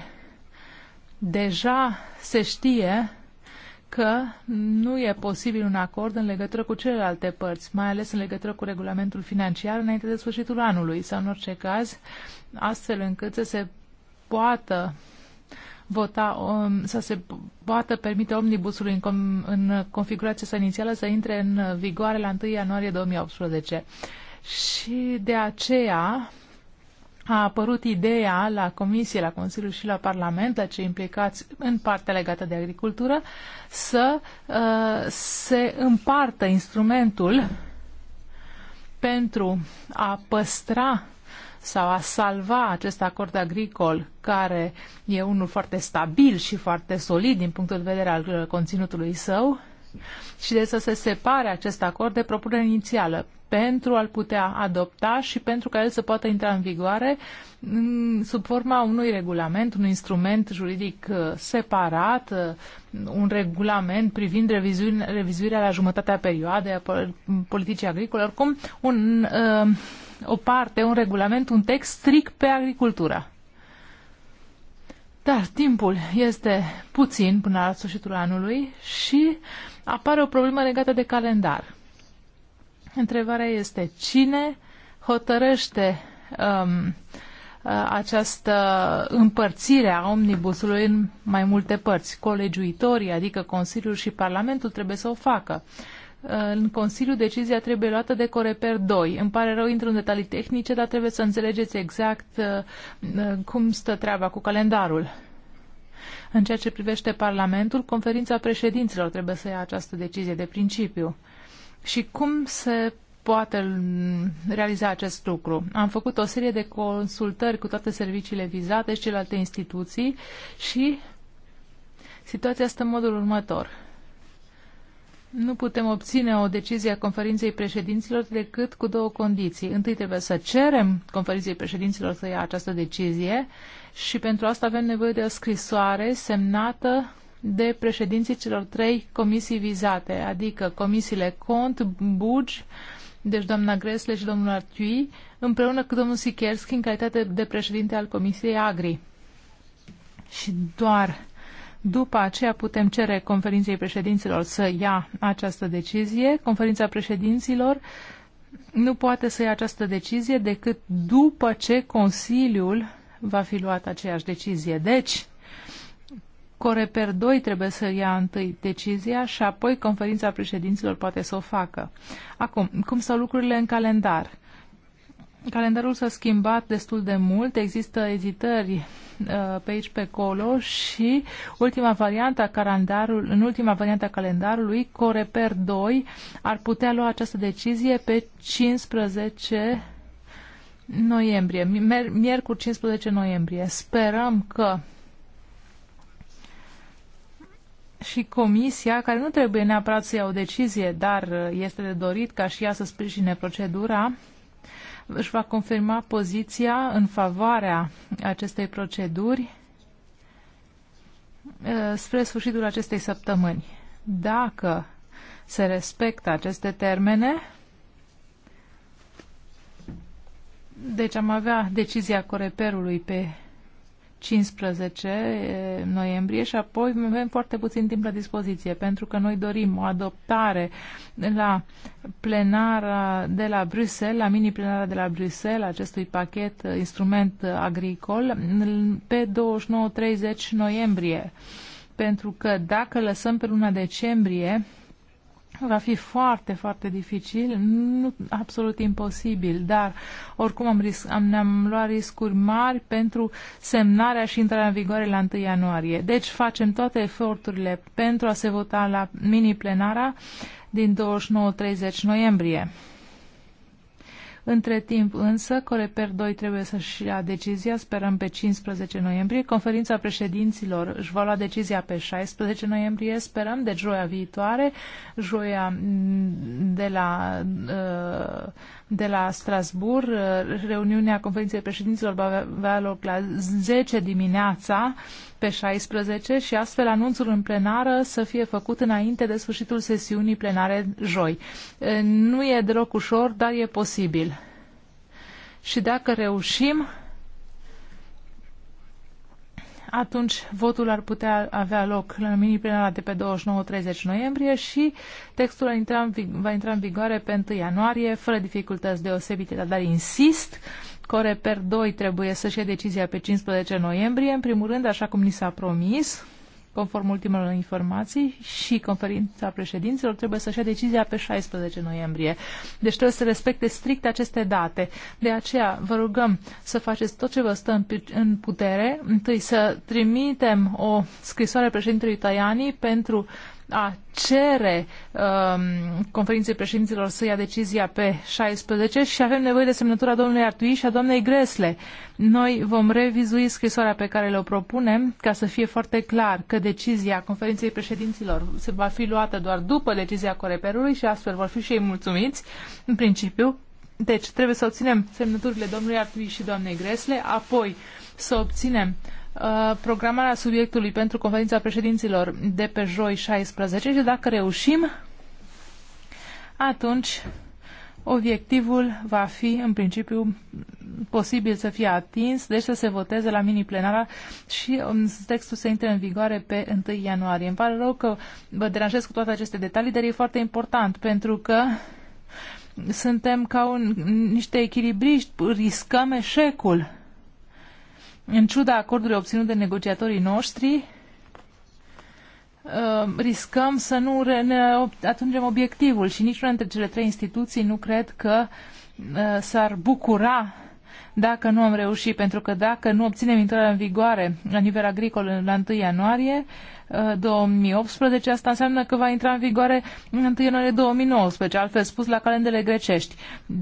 deja se știe că nu e posibil un acord în legătură cu celelalte părți, mai ales în legătură cu regulamentul financiar înainte de sfârșitul anului sau în orice caz, astfel încât să se poată vota, um, să se poată permite omnibusului în, com, în configurația sa inițială să intre în vigoare la 1 ianuarie 2018. Și de aceea a apărut ideea la Comisie, la Consiliu și la Parlament, la cei implicați în partea legată de agricultură, să uh, se împartă instrumentul pentru a păstra sau a salva acest acord agricol care e unul foarte stabil și foarte solid din punctul de vedere al conținutului său, și de să se separe acest acord de propunere inițială pentru a-l putea adopta și pentru ca el să poată intra în vigoare sub forma unui regulament, un instrument juridic uh, separat, uh, un regulament privind revizuirea la jumătatea perioadei a politicii agricole, oricum un, uh, o parte, un regulament, un text strict pe agricultura. Dar timpul este puțin până la sfârșitul anului și uh, apare o problemă legată de calendar. Întrebarea este cine hotărăște um, uh, această împărțire a omnibusului în mai multe părți. Colegiuitorii, adică Consiliul și Parlamentul, trebuie să o facă. Uh, în Consiliu decizia trebuie luată de Coreper 2. Îmi pare rău, intru în detalii tehnice, dar trebuie să înțelegeți exact uh, cum stă treaba cu calendarul. În ceea ce privește Parlamentul, conferința președinților trebuie să ia această decizie de principiu. Și cum se poate realiza acest lucru. Am făcut o serie de consultări cu toate serviciile vizate și celelalte instituții și situația este în modul următor. Nu putem obține o decizie a conferinței președinților decât cu două condiții. Întâi trebuie să cerem conferinței președinților să ia această decizie și pentru asta avem nevoie de o scrisoare semnată de președinții celor trei comisii vizate, adică comisiile Cont, Bugi, deci doamna Gresle și domnul Artui, împreună cu domnul Sikerski în calitate de președinte al Comisiei Agri. Și doar după aceea putem cere conferinței președinților să ia această decizie. Conferința președinților nu poate să ia această decizie decât după ce Consiliul va fi luat aceeași decizie. Deci, Coreper 2 trebuie să ia întâi decizia și apoi conferința președinților poate să o facă. Acum, cum stau lucrurile în calendar? Calendarul s-a schimbat destul de mult, există ezitări uh, pe aici, pe acolo și ultima variantă a calendarul, în ultima variantă a calendarului, Coreper 2 ar putea lua această decizie pe 15 noiembrie, miercuri 15 noiembrie. Sperăm că și comisia, care nu trebuie neapărat să ia o decizie, dar uh, este de dorit ca și ea să sprijine procedura, își va confirma poziția în favoarea acestei proceduri uh, spre sfârșitul acestei săptămâni. Dacă se respectă aceste termene, Deci am avea decizia Coreperului pe 15 noiembrie și apoi avem foarte puțin timp la dispoziție pentru că noi dorim o adoptare la plenara de la Bruxelles, la mini-plenara de la Bruxelles, acestui pachet uh, instrument uh, agricol pe 29-30 noiembrie. Pentru că dacă lăsăm pe luna decembrie, va fi foarte, foarte dificil, nu absolut imposibil, dar oricum am ris- am, ne-am luat riscuri mari pentru semnarea și intrarea în vigoare la 1 ianuarie. Deci facem toate eforturile pentru a se vota la mini-plenara din 29-30 noiembrie. Între timp însă, Coreper 2 trebuie să-și ia decizia, sperăm pe 15 noiembrie. Conferința președinților își va lua decizia pe 16 noiembrie, sperăm, de deci joia viitoare, joia mm, de la uh, de la Strasbourg. Reuniunea conferinței președinților va avea loc la 10 dimineața pe 16 și astfel anunțul în plenară să fie făcut înainte de sfârșitul sesiunii plenare joi. Nu e deloc ușor, dar e posibil. Și dacă reușim, atunci votul ar putea avea loc la mini-plenara de pe 29-30 noiembrie și textul intra va intra în vigoare pe 1 ianuarie, fără dificultăți deosebite, dar insist Coreper 2 trebuie să-și ia decizia pe 15 noiembrie, în primul rând, așa cum ni s-a promis, Conform ultimelor informații și conferința președinților trebuie să-și ia decizia pe 16 noiembrie. Deci trebuie să respecte strict aceste date. De aceea vă rugăm să faceți tot ce vă stă în putere. Întâi să trimitem o scrisoare președintelui Tajani pentru uh, a cere um, conferinței președinților să ia decizia pe 16 și avem nevoie de semnătura domnului Artui și a doamnei Gresle. Noi vom revizui scrisoarea pe care le-o propunem ca să fie foarte clar că decizia conferinței președinților se va fi luată doar după decizia Coreperului și astfel vor fi și ei mulțumiți în principiu. Deci trebuie să obținem semnăturile domnului Artui și doamnei Gresle, apoi să obținem uh, Uh, programarea subiectului pentru conferința președinților de pe joi 16 și dacă reușim, atunci obiectivul va fi în principiu posibil să fie atins, deci să se voteze la mini-plenara și um, textul să intre în vigoare pe 1 ianuarie. Îmi pare rău că vă deranjez cu toate aceste detalii, dar e foarte important pentru că suntem ca un, niște echilibriști, riscăm eșecul în ciuda acordului obținut de negociatorii noștri, uh, riscăm să nu ne atingem obiectivul și niciuna dintre cele trei instituții nu cred că uh, s-ar bucura dacă nu am reușit, pentru că dacă nu obținem intrarea în vigoare la nivel agricol la 1 ianuarie 2018, uh, asta înseamnă că va intra în vigoare în 1 ianuarie 2019, altfel spus la calendele grecești.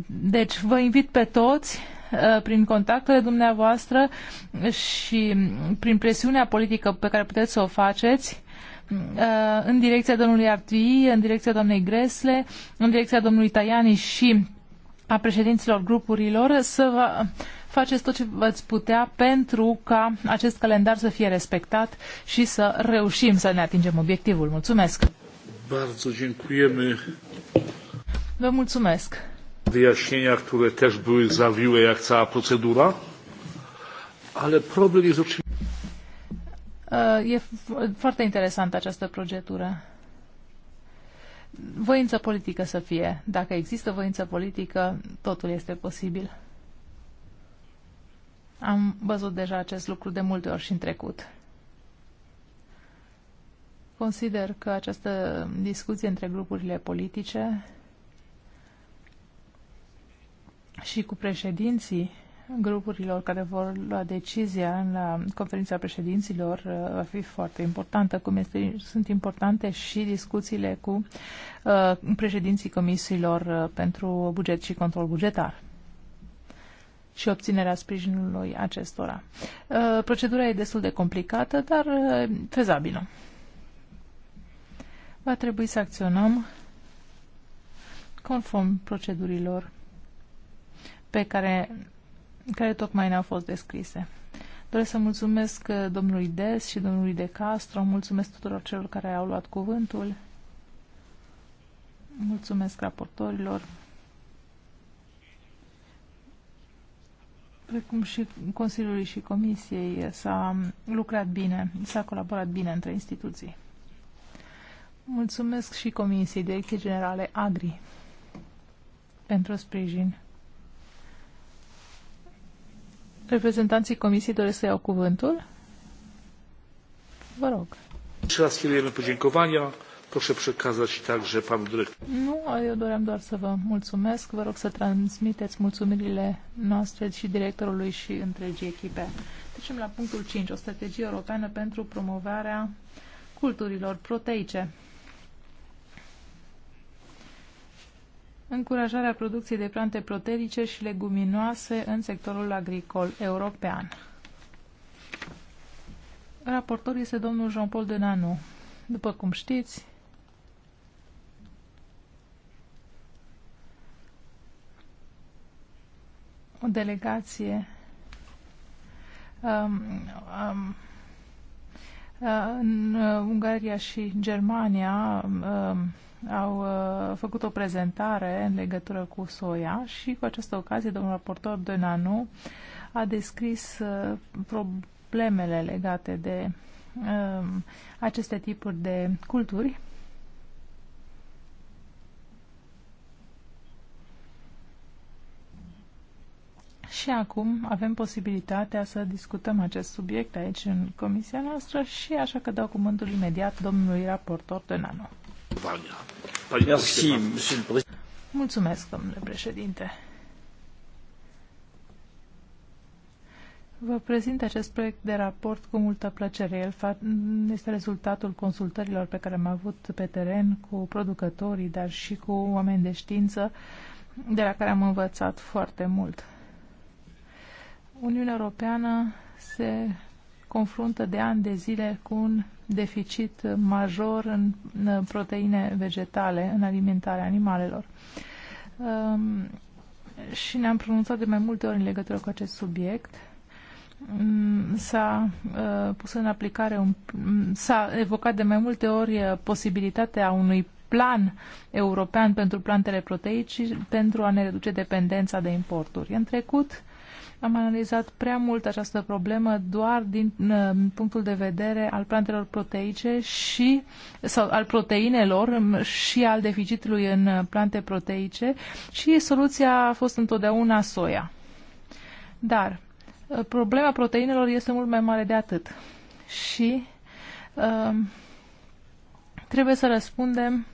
Deci vă invit pe toți Uh, prin contactele dumneavoastră și prin presiunea politică pe care puteți să o faceți uh, în direcția domnului Artui, în direcția doamnei Gresle, în direcția domnului Tajani și a președinților grupurilor să vă faceți tot ce veți putea pentru ca acest calendar să fie respectat și să reușim să ne atingem obiectivul. Mulțumesc! Vă mulțumesc! Wyjaśnienia, które też były zawiłe jak cała procedura, ale problem jest oczywiście. E foarte interesantă această procedură. Voință politică să fie. Dacă există voință politică, totul este posibil. Am văzut deja acest lucru de multe ori și în trecut. Consider că această discuție între grupurile politice și cu președinții grupurilor care vor lua decizia la conferința președinților uh, va fi foarte importantă, cum este, sunt importante și discuțiile cu uh, președinții comisiilor uh, pentru buget și control bugetar și obținerea sprijinului acestora. Uh, procedura e destul de complicată, dar uh, fezabilă. Va trebui să acționăm conform procedurilor pe care, care tocmai ne-au fost descrise. Doresc să mulțumesc uh, domnului Des și domnului De Castro, mulțumesc tuturor celor care au luat cuvântul, mulțumesc raportorilor, precum și Consiliului și Comisiei, s-a lucrat bine, s-a colaborat bine între instituții. Mulțumesc și Comisiei Direcției Generale Agri pentru sprijin. Reprezentanții Comisiei doresc să iau cuvântul? Vă rog. Nu, eu doream doar să vă mulțumesc. Vă rog să transmiteți mulțumirile noastre și directorului și întregii echipe. Trecem la punctul 5, o strategie europeană pentru promovarea culturilor proteice. încurajarea producției de plante proteice și leguminoase în sectorul agricol european. Raportor este domnul Jean-Paul Denanu. După cum știți, o delegație um, um, uh, în uh, Ungaria și Germania um, au uh, făcut o prezentare în legătură cu soia și cu această ocazie domnul raportor Denanu a descris uh, problemele legate de uh, aceste tipuri de culturi. Și acum avem posibilitatea să discutăm acest subiect aici în comisia noastră și așa că dau cuvântul imediat domnului raportor Denanu. Mulțumesc, domnule președinte. Vă prezint acest proiect de raport cu multă plăcere. El este rezultatul consultărilor pe care am avut pe teren cu producătorii, dar și cu oameni de știință, de la care am învățat foarte mult. Uniunea Europeană se confruntă de ani de zile cu un deficit major în proteine vegetale în alimentarea animalelor. Um, și ne-am pronunțat de mai multe ori în legătură cu acest subiect mm, s-a uh, pus în aplicare un, mm, s-a evocat de mai multe ori uh, posibilitatea unui plan european pentru plantele proteici pentru a ne reduce dependența de importuri. În trecut am analizat prea mult această problemă doar uh, din punctul de vedere al plantelor proteice și sau al proteinelor um, și al deficitului în plante proteice și soluția a fost întotdeauna soia. Dar uh, problema proteinelor este mult mai mare de atât. Și uh, trebuie să răspundem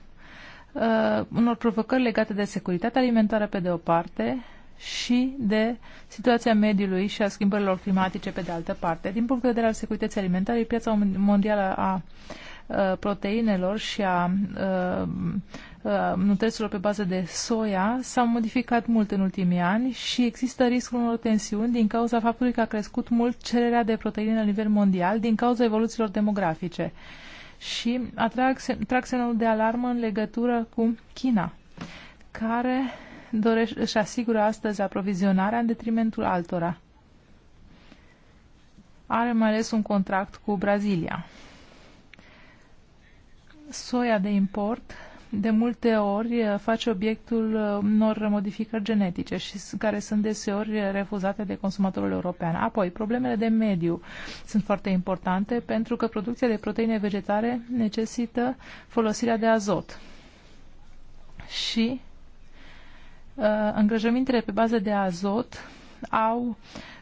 uh, unor provocări legate de securitatea alimentară pe de o parte, și de situația mediului și a schimbărilor climatice pe de altă parte. Din punct de vedere al securității alimentare, piața mondială a uh, proteinelor și a uh, uh, nutrițiilor pe bază de soia s-au modificat mult în ultimii ani și există riscul unor tensiuni din cauza faptului că a crescut mult cererea de proteine la nivel mondial din cauza evoluțiilor demografice și atrag, trag semnul de alarmă în legătură cu China, care dorește, își asigură astăzi aprovizionarea în detrimentul altora. Are mai ales un contract cu Brazilia. Soia de import de multe ori face obiectul unor modificări genetice și care sunt deseori refuzate de consumatorul european. Apoi, problemele de mediu sunt foarte importante pentru că producția de proteine vegetare necesită folosirea de azot. Și Uh, îngrăjămintele pe bază de azot au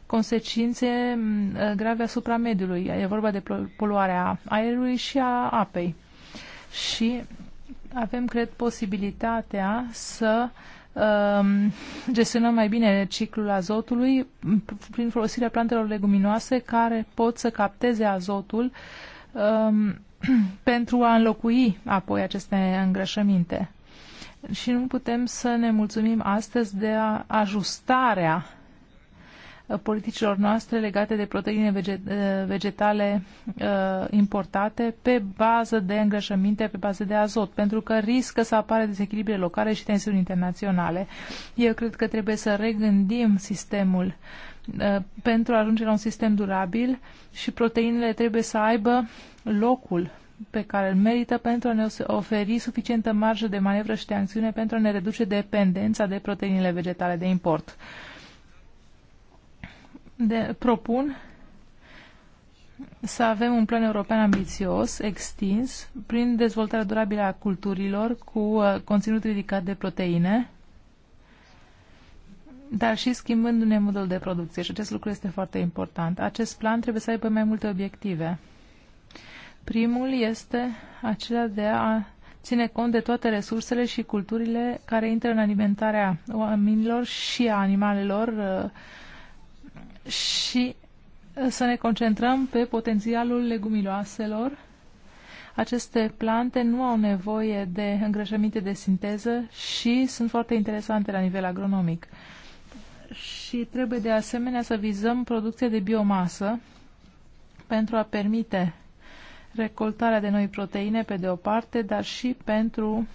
consecințe mm, uh, grave asupra mediului. E vorba de poluarea aerului și a apei. Și avem, cred, posibilitatea să um, gestionăm mai bine ciclul azotului prin folosirea plantelor leguminoase care pot să capteze azotul um, pentru a înlocui apoi aceste îngrășăminte și nu putem să ne mulțumim astăzi de ajustarea politicilor noastre legate de proteine eh, vegetale eh, importate pe bază de îngrășăminte, pe bază de azot, pentru că riscă să apare dezechilibre locale și tensiuni internaționale. Eu cred că trebuie să regândim sistemul eh, pentru a ajunge la un sistem durabil și proteinele trebuie să aibă locul pe care îl merită pentru a ne oferi suficientă marjă de manevră și de acțiune pentru a ne reduce dependența de proteinele vegetale de import. De, propun să avem un plan european ambițios, extins, prin dezvoltarea durabilă a culturilor cu uh, conținut ridicat de proteine, dar și schimbându-ne modul de producție. Și acest lucru este foarte important. Acest plan trebuie să aibă mai multe obiective. Primul este acela de a ține cont de toate resursele și culturile care intră în alimentarea oamenilor și a animalelor uh, și uh, să ne concentrăm pe potențialul legumiloaselor. Aceste plante nu au nevoie de îngrășăminte de sinteză și sunt foarte interesante la nivel agronomic. Și trebuie de asemenea să vizăm producția de biomasă pentru a permite recoltarea de noi proteine pe de o parte, dar și pentru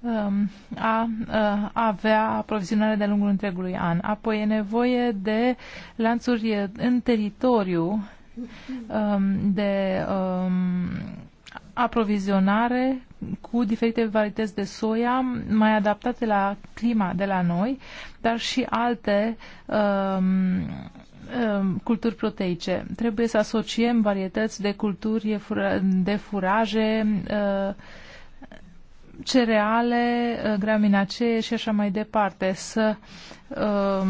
um, a uh, avea aprovizionare de-a lungul întregului an. Apoi e nevoie de lanțuri în teritoriu um, de um, aprovizionare cu diferite varietăți de soia mai adaptate la clima de la noi, dar și alte um, Um, culturi proteice. Trebuie să asociem varietăți de culturi de furaje, uh, cereale, uh, graminacee și așa mai departe. Să um,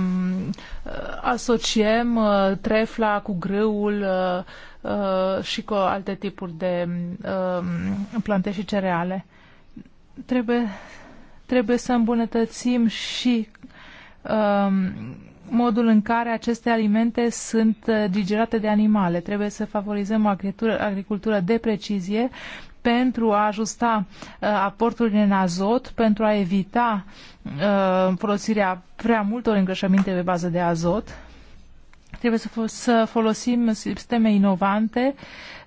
asociem uh, trefla cu grâul și cu alte tipuri de um, plante și cereale. Trebuie, trebuie să îmbunătățim și modul în care aceste alimente sunt uh, digerate de animale. Trebuie să favorizăm o agricultură de precizie pentru a ajusta uh, aportul în azot, pentru a evita uh, folosirea prea multor îngrășăminte pe bază de azot. Trebuie să, fo- să folosim sisteme inovante uh,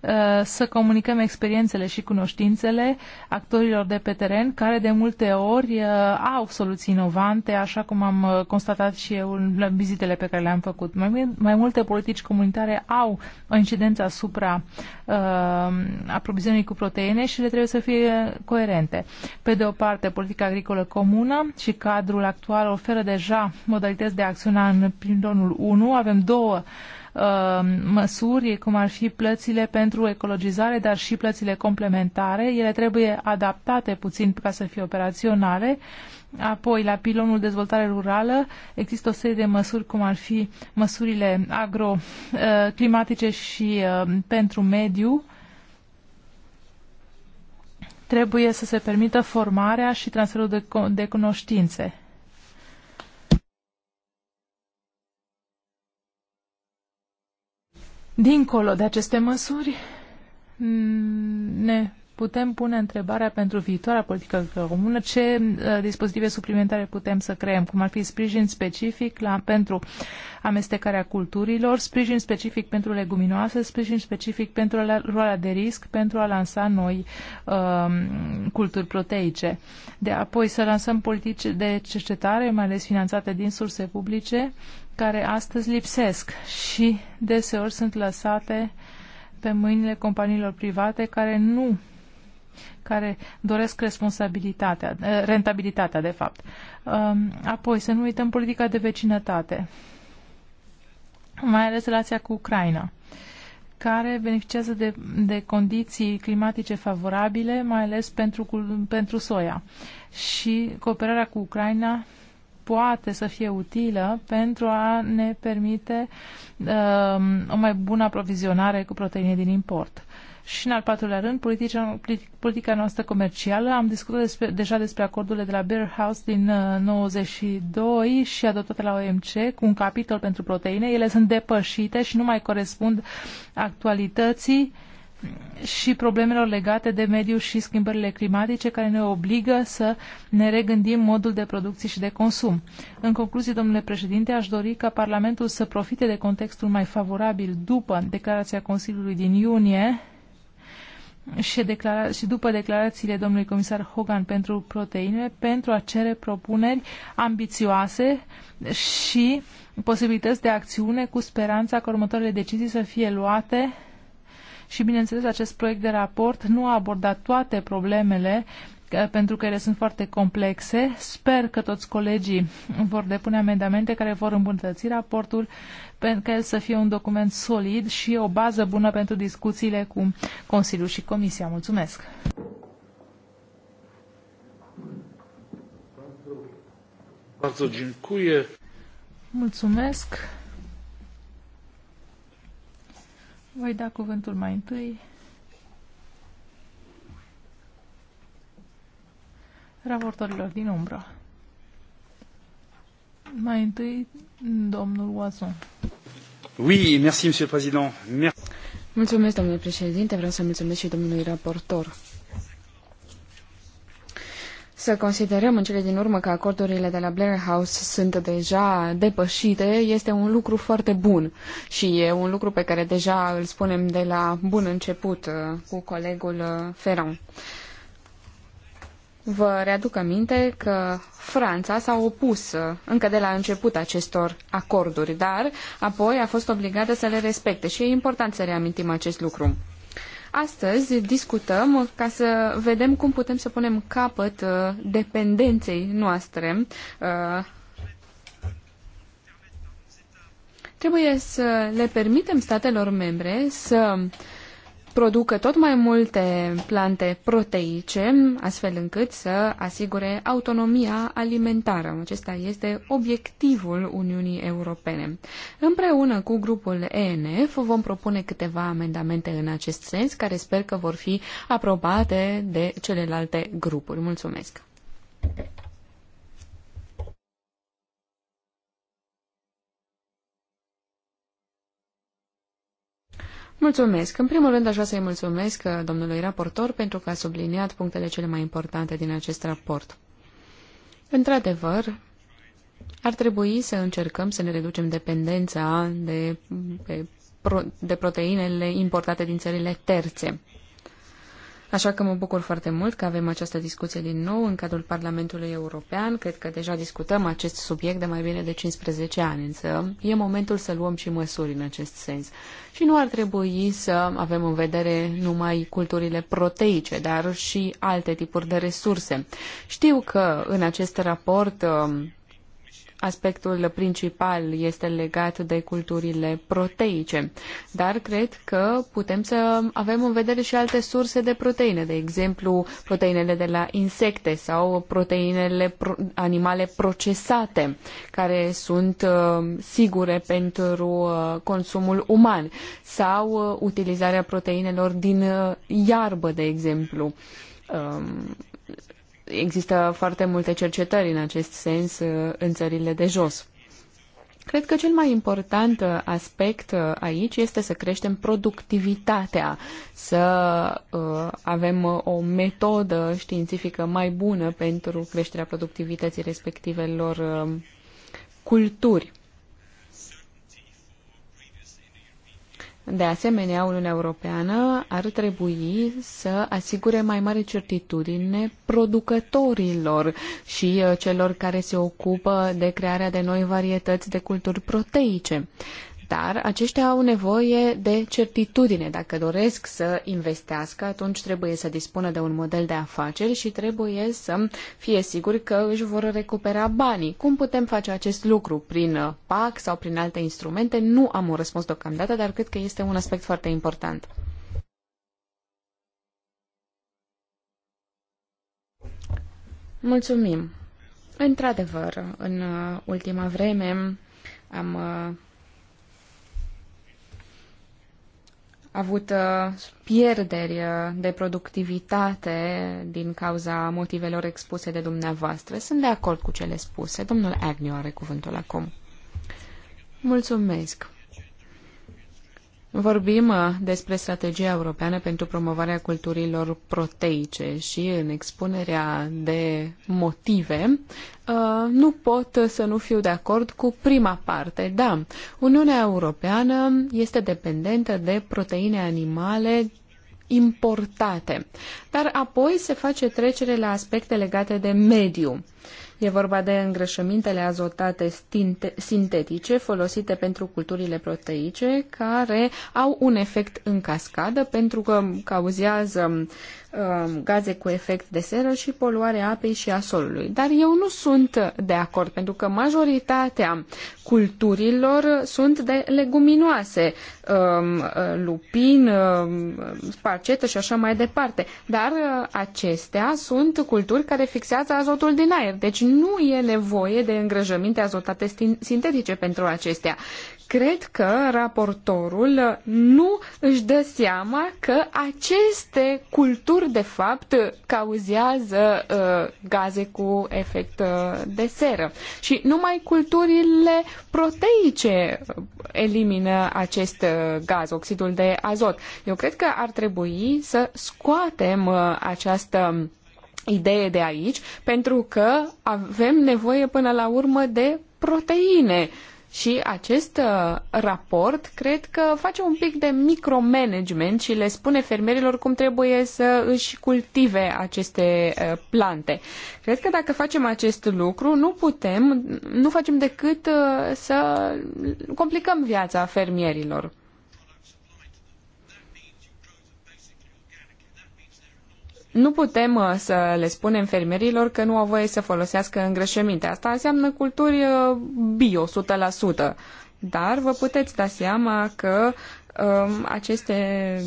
Uh, să comunicăm experiențele și cunoștințele actorilor de pe teren, care de multe ori uh, au soluții inovante, așa cum am uh, constatat și eu la vizitele pe care le-am făcut. Mai, mai multe politici comunitare au o incidență asupra uh, aprovizionării cu proteine și le trebuie să fie coerente. Pe de o parte, politica agricolă comună și cadrul actual oferă deja modalități de acțiune în pilonul 1. Avem două uh, Uh, măsuri, cum ar fi plățile pentru ecologizare, dar și plățile complementare. Ele trebuie adaptate puțin ca să fie operaționale. Apoi, la pilonul dezvoltare rurală, există o serie de măsuri, cum ar fi măsurile agroclimatice uh, și uh, pentru mediu. Trebuie să se permită formarea și transferul de, de cunoștințe. Dincolo de aceste măsuri, ne putem pune întrebarea pentru viitoarea politică comună ce uh, dispozitive suplimentare putem să creăm, cum ar fi sprijin specific la, pentru amestecarea culturilor, sprijin specific pentru leguminoase, sprijin specific pentru roala de risc, pentru a lansa noi uh, culturi proteice. De apoi să lansăm politici de cercetare, mai ales finanțate din surse publice, uh, care astăzi lipsesc și deseori sunt lăsate pe mâinile companiilor private care nu care doresc responsabilitatea, eh, rentabilitatea, de fapt. Um, apoi, să nu uităm politica de vecinătate, mai ales relația cu Ucraina, care beneficiază de, de condiții climatice favorabile, mai ales pentru, pentru soia. Și cooperarea cu Ucraina poate să fie utilă pentru a ne permite uh, o mai bună aprovizionare cu proteine din import. Și în al patrulea rând, politica, politica noastră comercială. Am discutat despre, deja despre acordurile de la Bear House din uh, 92 și adoptate la OMC cu un capitol pentru proteine. Ele sunt depășite și nu mai corespund actualității uh, și problemelor legate de mediu și schimbările climatice care ne obligă să ne regândim modul de producție și de consum. În concluzie, domnule președinte, aș dori ca Parlamentul să profite de contextul mai favorabil după declarația Consiliului din iunie și, declara- și după declarațiile domnului comisar Hogan pentru proteine, pentru a cere propuneri ambițioase și posibilități de acțiune cu speranța că următoarele decizii să fie luate și, bineînțeles, acest proiect de raport nu a abordat toate problemele pentru că ele sunt foarte complexe. Sper că toți colegii vor depune amendamente care vor îmbunătăți raportul pentru că el să fie un document solid și o bază bună pentru discuțiile cu Consiliul și Comisia. Mulțumesc! Mulțumesc! Voi da cuvântul mai întâi raportorilor din umbră. Mai întâi, domnul Oazon. Oui, merci, monsieur le président. Merci. Mulțumesc, domnule președinte. Vreau să mulțumesc și domnului raportor. Să considerăm în cele din urmă că acordurile de la Blair House sunt deja depășite este un lucru foarte bun și e un lucru pe care deja îl spunem de la bun început uh, cu colegul uh, Ferron. Vă readuc aminte că Franța s-a opus uh, încă de la început acestor acorduri, dar apoi a fost obligată să le respecte și e important să reamintim acest lucru. Astăzi discutăm ca să vedem cum putem să punem capăt uh, dependenței noastre uh, trebuie să le permitem statelor membre să producă tot mai multe plante proteice, astfel încât să asigure autonomia alimentară. Acesta este obiectivul Uniunii Europene. Împreună cu grupul ENF vom propune câteva amendamente în acest sens, care sper că vor fi aprobate de celelalte grupuri. Mulțumesc! Mulțumesc. În primul rând aș vrea să-i mulțumesc uh, domnului raportor pentru că a subliniat punctele cele mai importante din acest raport. Într-adevăr, ar trebui să încercăm să ne reducem dependența de, de, de proteinele importate din țările terțe. Așa că mă bucur foarte mult că avem această discuție din nou în cadrul Parlamentului European. Cred că deja discutăm acest subiect de mai bine de 15 ani, însă e momentul să luăm și măsuri în acest sens. Și nu ar trebui să avem în vedere numai culturile proteice, dar și alte tipuri de resurse. Știu că în acest raport um, aspectul principal este legat de culturile proteice, dar cred că putem să avem în vedere și alte surse de proteine, de exemplu proteinele de la insecte sau proteinele pro- animale procesate, care sunt uh, sigure pentru uh, consumul uman, sau uh, utilizarea proteinelor din uh, iarbă, de exemplu. Um, există foarte multe cercetări în acest sens uh, în țările de jos. Cred că cel mai important uh, aspect uh, aici este să creștem productivitatea, să avem o metodă științifică mai bună pentru creșterea productivității respectivelor culturi. De asemenea, Uniunea Europeană ar trebui să asigure mai mare certitudine producătorilor și uh, celor care se ocupă de crearea de noi varietăți de culturi proteice dar aceștia au nevoie de certitudine. Dacă doresc să investească, atunci trebuie să dispună de un model de afaceri și trebuie să fie siguri că își vor recupera banii. Cum putem face acest lucru? Prin PAC sau prin alte instrumente? Nu am un răspuns deocamdată, dar cred că este un aspect foarte important. Mulțumim. Într-adevăr, în ultima vreme am uh, avut uh, pierderi uh, de productivitate din cauza motivelor expuse de dumneavoastră. Sunt de acord cu cele spuse. Domnul Agnew are cuvântul acum. Mulțumesc. Vorbim uh, despre strategia europeană pentru promovarea culturilor proteice și în expunerea de motive uh, nu pot să nu fiu de acord cu prima parte. Da, Uniunea Europeană este dependentă de proteine animale importate, dar apoi se face trecere la aspecte legate de mediu. E vorba de îngrășămintele azotate sintetice folosite pentru culturile proteice, care au un efect în cascadă pentru că cauzează Um, gaze cu efect de seră și poluarea apei și a solului. Dar eu nu sunt de acord, pentru că majoritatea culturilor sunt de leguminoase, um, lupin, um, sparcetă și așa mai departe. Dar uh, acestea sunt culturi care fixează azotul din aer, deci nu e nevoie de îngrăjăminte azotate sintetice pentru acestea cred că raportorul nu își dă seama că aceste culturi, de fapt, cauzează uh, gaze cu efect uh, de seră. Și numai culturile proteice uh, elimină acest uh, gaz, oxidul de azot. Eu cred că ar trebui să scoatem uh, această idee de aici, pentru că avem nevoie până la urmă de proteine. Și acest uh, raport cred că face un pic de micromanagement și le spune fermierilor cum trebuie să își cultive aceste uh, plante. Cred că dacă facem acest lucru, nu putem, nu facem decât uh, să complicăm viața fermierilor. Nu putem uh, să le spunem fermierilor că nu au voie să folosească îngrășăminte. Asta înseamnă culturi uh, bio 100%. Dar vă puteți da seama că um, aceste,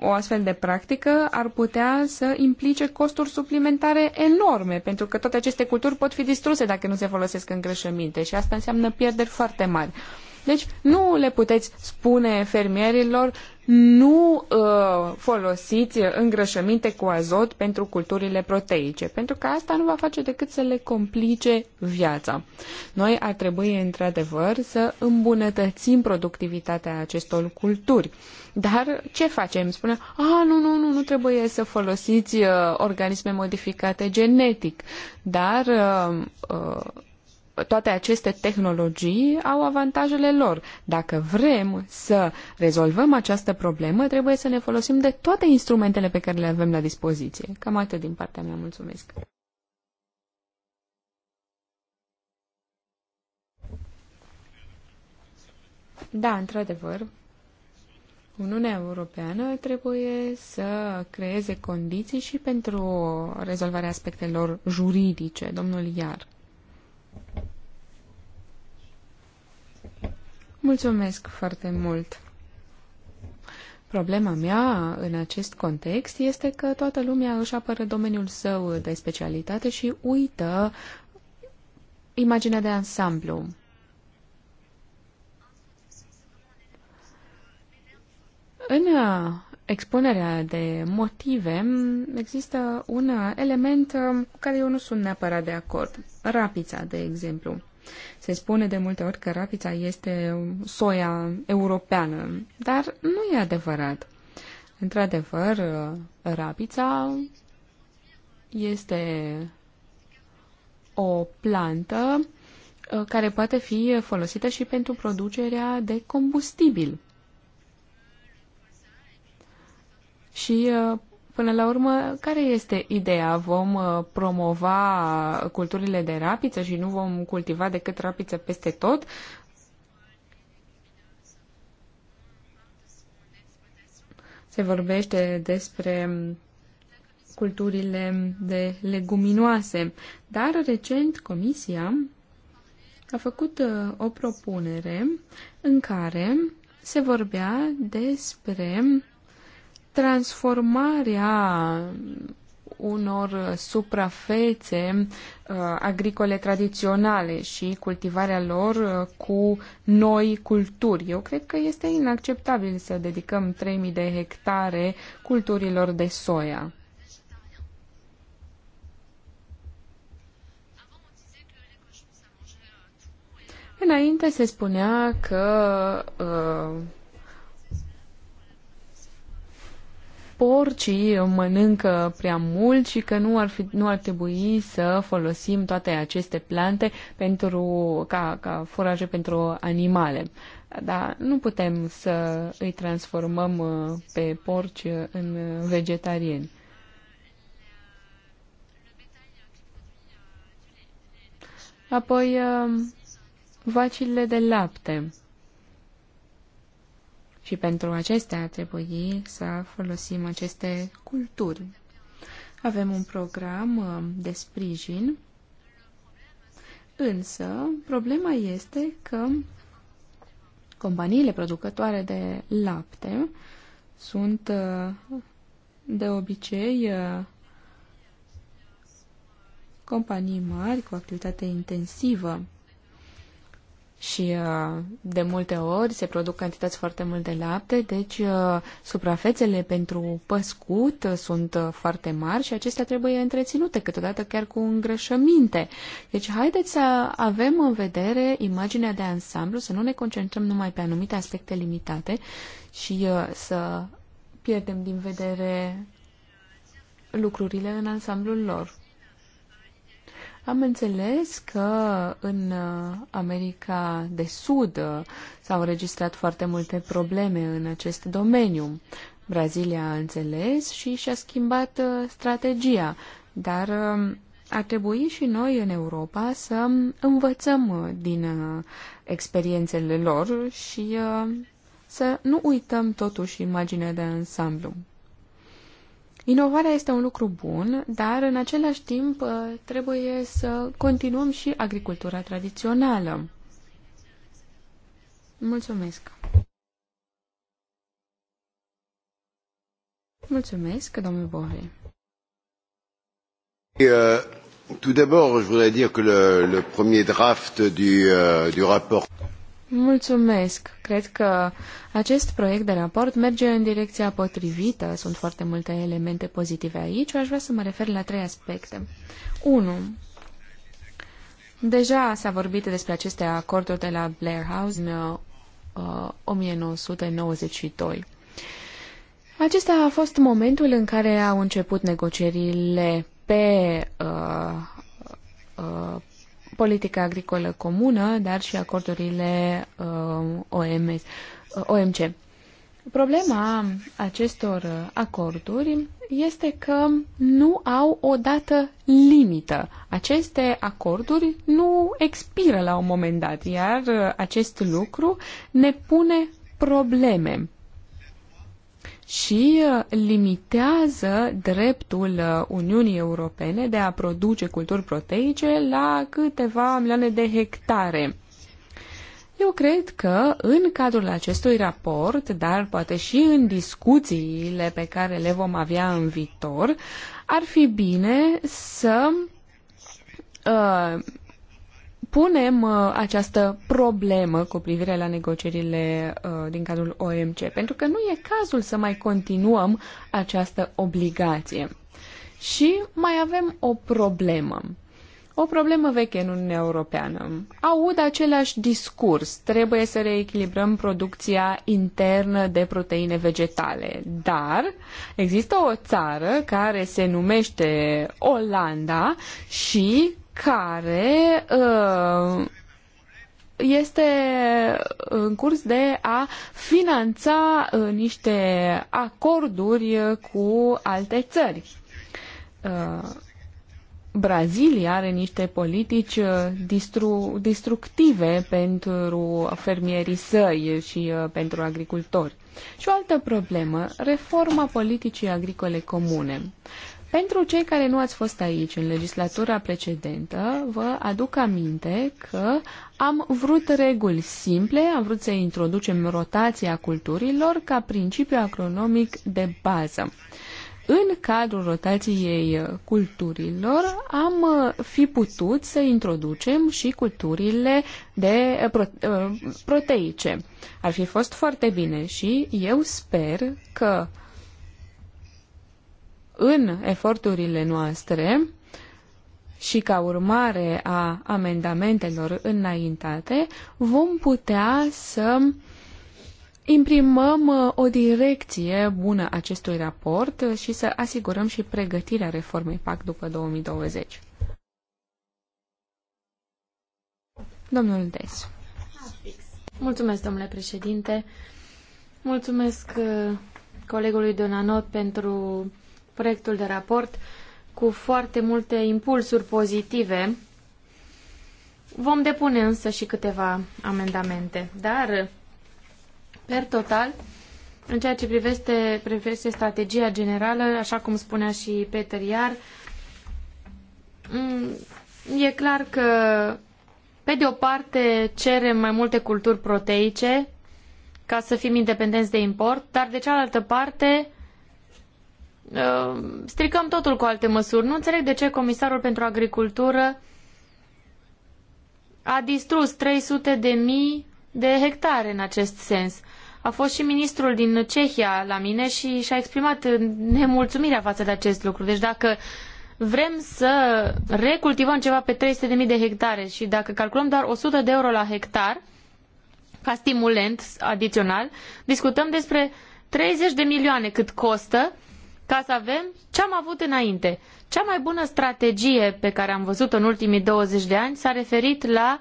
o astfel de practică ar putea să implice costuri suplimentare enorme, pentru că toate aceste culturi pot fi distruse dacă nu se folosesc îngrășăminte și asta înseamnă pierderi foarte mari. Deci nu le puteți spune fermierilor nu uh, folosiți îngrășăminte cu azot pentru culturile proteice, pentru că asta nu va face decât să le complice viața. Noi ar trebui, într-adevăr, să îmbunătățim productivitatea acestor culturi. Dar ce facem? Spune, a, nu, nu, nu, nu trebuie să folosiți uh, organisme modificate genetic, dar uh, uh, toate aceste tehnologii au avantajele lor. Dacă vrem să rezolvăm această problemă, trebuie să ne folosim de toate instrumentele pe care le avem la dispoziție. Cam atât din partea mea. Mulțumesc. Da, într-adevăr, Uniunea Europeană trebuie să creeze condiții și pentru rezolvarea aspectelor juridice, domnul Iar. Mulțumesc foarte mult. Problema mea în acest context este că toată lumea își apără domeniul său de specialitate și uită imaginea de ansamblu. În expunerea de motive există un element cu care eu nu sunt neapărat de acord. Rapița, de exemplu. Se spune de multe ori că rapița este soia europeană, dar nu e adevărat. Într-adevăr, rapița este o plantă uh, care poate fi folosită și pentru producerea de combustibil. Și uh, Până la urmă, care este ideea? Vom uh, promova culturile de rapiță și nu vom cultiva decât rapiță peste tot? Se vorbește despre culturile de leguminoase, dar recent Comisia a făcut uh, o propunere în care se vorbea despre transformarea unor suprafețe uh, agricole tradiționale și cultivarea lor uh, cu noi culturi. Eu cred că este inacceptabil să dedicăm 3.000 de hectare culturilor de soia. Înainte se spunea că uh, porcii mănâncă prea mult și că nu ar, fi, nu ar trebui să folosim toate aceste plante pentru, ca, ca foraje pentru animale. Dar nu putem să îi transformăm uh, pe porci în vegetarieni. Apoi, uh, vacile de lapte. Și pentru acestea trebuie să folosim aceste culturi. Avem un program uh, de sprijin, însă problema este că companiile producătoare de lapte sunt uh, de obicei uh, companii mari cu activitate intensivă și uh, de multe ori se produc cantități foarte mult de lapte, deci uh, suprafețele pentru păscut uh, sunt foarte mari și acestea trebuie întreținute, câteodată chiar cu îngrășăminte. Deci haideți să avem în vedere imaginea de ansamblu, să nu ne concentrăm numai pe anumite aspecte limitate și să pierdem din vedere lucrurile în ansamblul lor. Am înțeles că în uh, America de Sud uh, s-au înregistrat foarte multe probleme în acest domeniu. Brazilia a înțeles și și-a schimbat uh, strategia, dar um, ar trebui și noi în Europa să um, învățăm din experiențele lor și să nu uităm totuși imaginea de ansamblu. Inovarea este un lucru bun, dar în același timp uh, trebuie să continuăm și agricultura tradițională. Mulțumesc! Mulțumesc, domnul Bohre. Euh, tout d'abord, je voudrais dire que le, le premier draft du, euh, du rapport Mulțumesc! Cred că acest proiect de raport merge în direcția potrivită. Sunt foarte multe elemente pozitive aici. Aș vrea să mă refer la trei aspecte. 1. Deja s-a vorbit despre aceste acorduri de la Blair House în uh, 1992. Acesta a fost momentul în care au început negocierile pe uh, uh, politica agricolă comună, dar și acordurile uh, OMS, uh, OMC. Problema acestor acorduri este că nu au o dată limită. Aceste acorduri nu expiră la un moment dat, iar acest lucru ne pune probleme și uh, limitează dreptul uh, Uniunii Europene de a produce culturi proteice la câteva milioane de hectare. Eu cred că în cadrul acestui raport, dar poate și în discuțiile pe care le vom avea în viitor, ar fi bine să uh, punem uh, această problemă cu privire la negocierile uh, din cadrul OMC, pentru că nu e cazul să mai continuăm această obligație. Și mai avem o problemă. O problemă veche în Uniunea Europeană. Aud același discurs. Trebuie să reechilibrăm producția internă de proteine vegetale. Dar există o țară care se numește Olanda și care uh, este în curs de a finanța uh, niște acorduri uh, cu alte țări. Brazilia are niște politici distru- distructive pentru fermierii săi și pentru agricultori. Și o altă problemă, reforma politicii agricole comune. Pentru cei care nu ați fost aici în legislatura precedentă, vă aduc aminte că am vrut reguli simple, am vrut să introducem rotația culturilor ca principiu acronomic de bază. În cadrul rotației culturilor am fi putut să introducem și culturile de ă, proteice. Ar fi fost foarte bine și eu sper că în eforturile noastre și ca urmare a amendamentelor înaintate, vom putea să imprimăm uh, o direcție bună acestui raport uh, și să asigurăm și pregătirea reformei PAC după 2020. Domnul Des. Mulțumesc, domnule președinte. Mulțumesc uh, colegului Donanot pentru proiectul de raport cu foarte multe impulsuri pozitive. Vom depune însă și câteva amendamente, dar, per total, în ceea ce privește, privește strategia generală, așa cum spunea și Peter Iar, mm, e clar că, pe de o parte, cerem mai multe culturi proteice ca să fim independenți de import, dar, de cealaltă parte, Uh, stricăm totul cu alte măsuri. Nu înțeleg de ce Comisarul pentru Agricultură a distrus 300 de mii de hectare în acest sens. A fost și ministrul din Cehia la mine și și-a exprimat nemulțumirea față de acest lucru. Deci dacă vrem să recultivăm ceva pe 300 de mii de hectare și dacă calculăm doar 100 de euro la hectar, ca stimulent adițional, discutăm despre 30 de milioane cât costă ca să avem ce am avut înainte. Cea mai bună strategie pe care am văzut-o în ultimii 20 de ani s-a referit la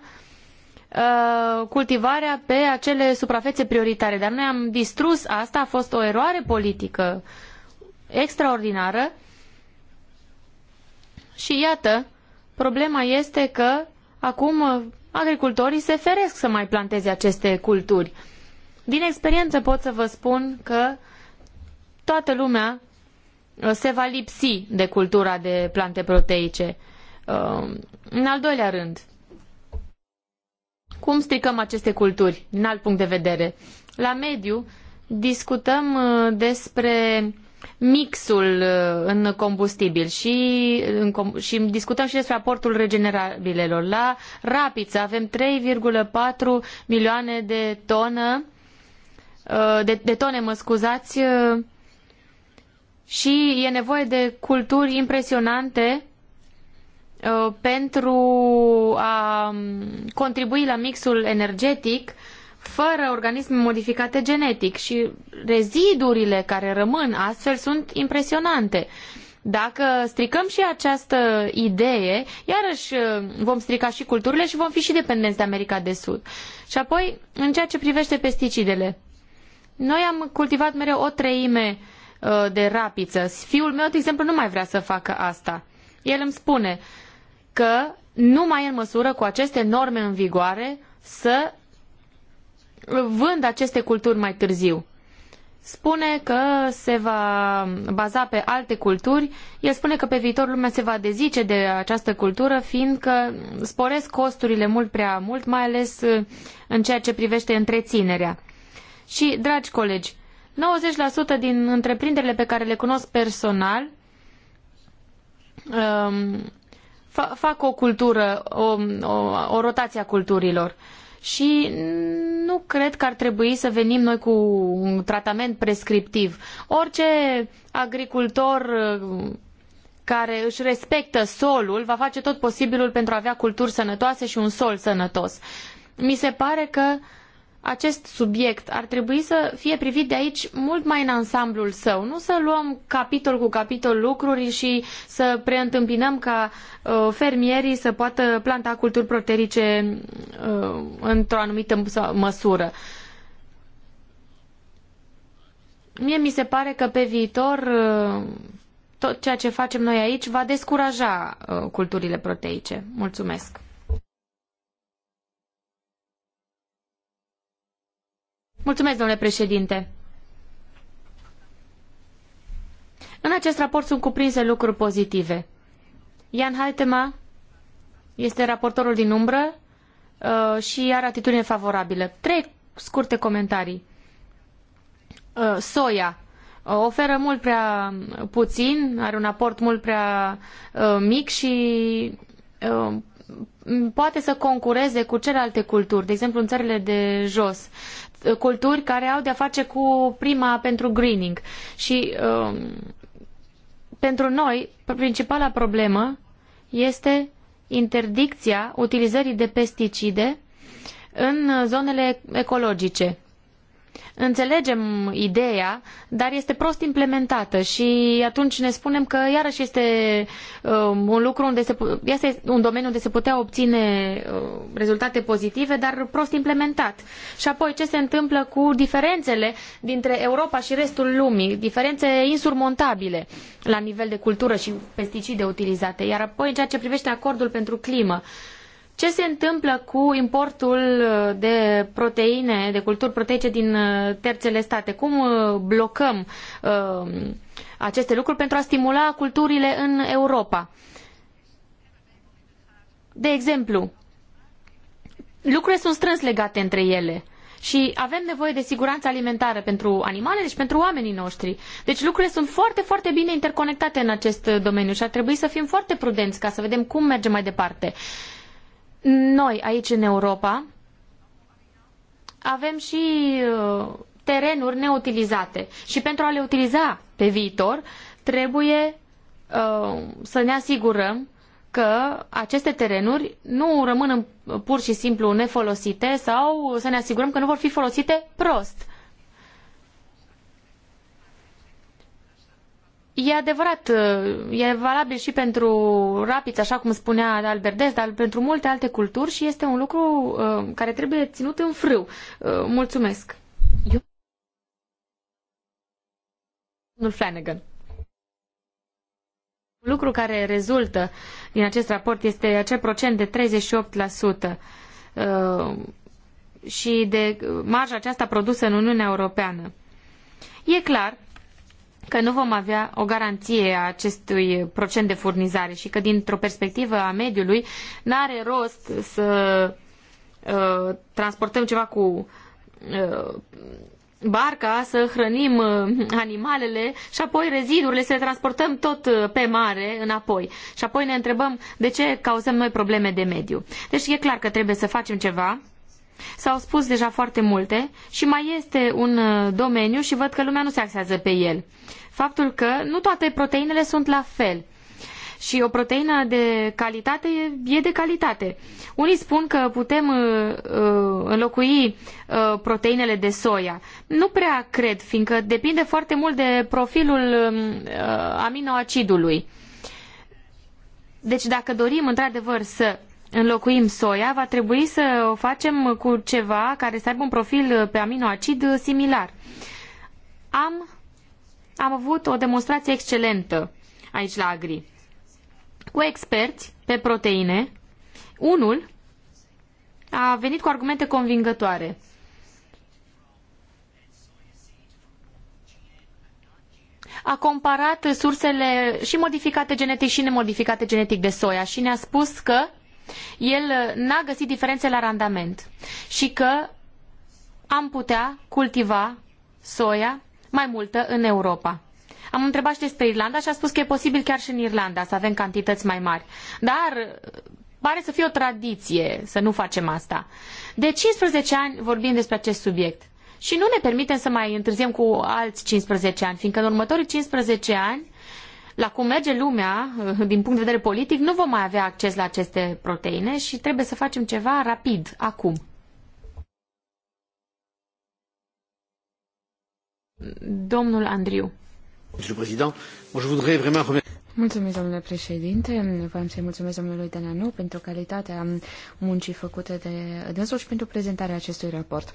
uh, cultivarea pe acele suprafețe prioritare. Dar noi am distrus asta, a fost o eroare politică extraordinară. Și iată, problema este că acum agricultorii se feresc să mai planteze aceste culturi. Din experiență pot să vă spun că toată lumea se va lipsi de cultura de plante proteice. Uh, în al doilea rând, cum stricăm aceste culturi, din alt punct de vedere? La mediu discutăm uh, despre mixul uh, în combustibil și, în, și discutăm și despre aportul regenerabilelor. La rapiță avem 3,4 milioane de tone de, de tone, mă scuzați, și e nevoie de culturi impresionante uh, pentru a um, contribui la mixul energetic fără organisme modificate genetic și rezidurile care rămân astfel sunt impresionante. Dacă stricăm și această idee, iarăși uh, vom strica și culturile și vom fi și dependenți de America de Sud. Și apoi, în ceea ce privește pesticidele, noi am cultivat mereu o treime uh, Uh, de rapiță. Fiul meu, de exemplu, nu mai vrea să facă asta. El îmi spune că nu mai e în măsură cu aceste norme în vigoare să vând aceste culturi mai târziu. Spune că se va baza pe alte culturi. El spune că pe viitor lumea se va dezice de această cultură, fiindcă sporesc costurile mult prea mult, mai ales uh, în ceea ce privește întreținerea. Și, dragi colegi, 90% din întreprinderile pe care le cunosc personal um, fac o cultură, o, o, o rotație a culturilor. Și nu cred că ar trebui să venim noi cu un tratament prescriptiv. Orice agricultor um, care își respectă solul va face tot posibilul pentru a avea culturi sănătoase și un sol sănătos. Mi se pare că uh, acest subiect ar trebui să fie privit de aici mult mai în ansamblul său, nu să luăm capitol cu capitol lucruri și să preîntâmpinăm ca uh, fermierii să poată planta culturi proterice uh, într-o anumită măsură. Mie mi se pare că pe viitor uh, tot ceea ce facem noi aici va descuraja uh, culturile proteice. Mulțumesc! Mulțumesc, președinte. În acest raport sunt cuprinse lucruri pozitive. Jan Haltema este raportorul din umbră uh, și are atitudine favorabilă. Trei scurte comentarii. Uh, soia uh, oferă mult prea puțin, are un aport mult prea uh, mic și uh, poate să concureze cu celelalte culturi, de exemplu în țările de jos culturi care au de-a face cu prima pentru greening. Și um, pentru noi, principala problemă este interdicția utilizării de pesticide în zonele ecologice. Înțelegem ideea, dar este prost implementată și atunci ne spunem că iarăși este um, un lucru unde se, este un domeniu unde se putea obține uh, rezultate pozitive, dar prost implementat. Și apoi ce se întâmplă cu diferențele dintre Europa și restul lumii, diferențe insurmontabile la nivel de cultură și pesticide utilizate, iar apoi în ceea ce privește acordul pentru climă. Uh, ce se întâmplă cu importul uh, de proteine, de culturi proteice din uh, terțele state? Cum uh, blocăm uh, aceste lucruri pentru a stimula culturile în Europa? De exemplu, lucrurile sunt strâns legate între ele și avem nevoie de siguranță alimentară pentru animalele și pentru oamenii noștri. Deci lucrurile sunt foarte, foarte bine interconectate în acest domeniu și ar trebui să fim foarte prudenți ca să vedem cum mergem mai departe noi aici în Europa avem și uh, terenuri neutilizate și pentru a le utiliza pe viitor trebuie uh, să ne asigurăm că aceste terenuri nu rămân pur și simplu nefolosite sau să ne asigurăm că nu vor fi folosite prost. E adevărat, uh, e valabil și pentru rapiți, așa cum spunea Albertez, dar pentru multe alte culturi și este un lucru uh, care trebuie ținut în frâu. Uh, mulțumesc. Domnul Flanagan. Un lucru care rezultă din acest raport este acel procent de 38% uh, și de marja aceasta produsă în Uniunea Europeană. E clar că nu vom avea o garanție a acestui procent de furnizare și că dintr-o perspectivă a mediului n-are rost să uh, transportăm ceva cu uh, barca, să hrănim uh, animalele și apoi rezidurile să le transportăm tot uh, pe mare înapoi. Și apoi ne întrebăm de ce cauzăm noi probleme de mediu. Deci e clar că trebuie să facem ceva S-au spus deja foarte multe și mai este un uh, domeniu și văd că lumea nu se axează pe el. Faptul că nu toate proteinele sunt la fel. Și o proteină de calitate e de calitate. Unii spun că putem uh, uh, înlocui uh, proteinele de soia. Nu prea cred, fiindcă depinde foarte mult de profilul um, uh, aminoacidului. Deci dacă dorim într-adevăr să înlocuim soia, va trebui să o facem cu ceva care să aibă un profil pe aminoacid similar. Am, am avut o demonstrație excelentă aici la Agri cu experți pe proteine. Unul a venit cu argumente convingătoare. a comparat sursele și modificate genetic și nemodificate genetic de soia și ne-a spus că el uh, n-a găsit diferențe la randament și că am putea cultiva soia mai multă în Europa. Am întrebat și despre Irlanda și a spus că e posibil chiar și în Irlanda să avem cantități mai mari. Dar uh, pare să fie o tradiție să nu facem asta. De 15 ani vorbim despre acest subiect. Și nu ne permitem să mai întârziem cu alți 15 ani, fiindcă în următorii 15 ani la cum merge lumea eh, din punct de vedere politic, nu vom mai avea acces la aceste proteine și trebuie să facem ceva rapid, acum. Domnul Andriu. Mulțumesc, domnule președinte. Vreau să-i mulțumesc domnului Dananu pentru calitatea muncii făcute de dânsul și pentru prezentarea acestui raport.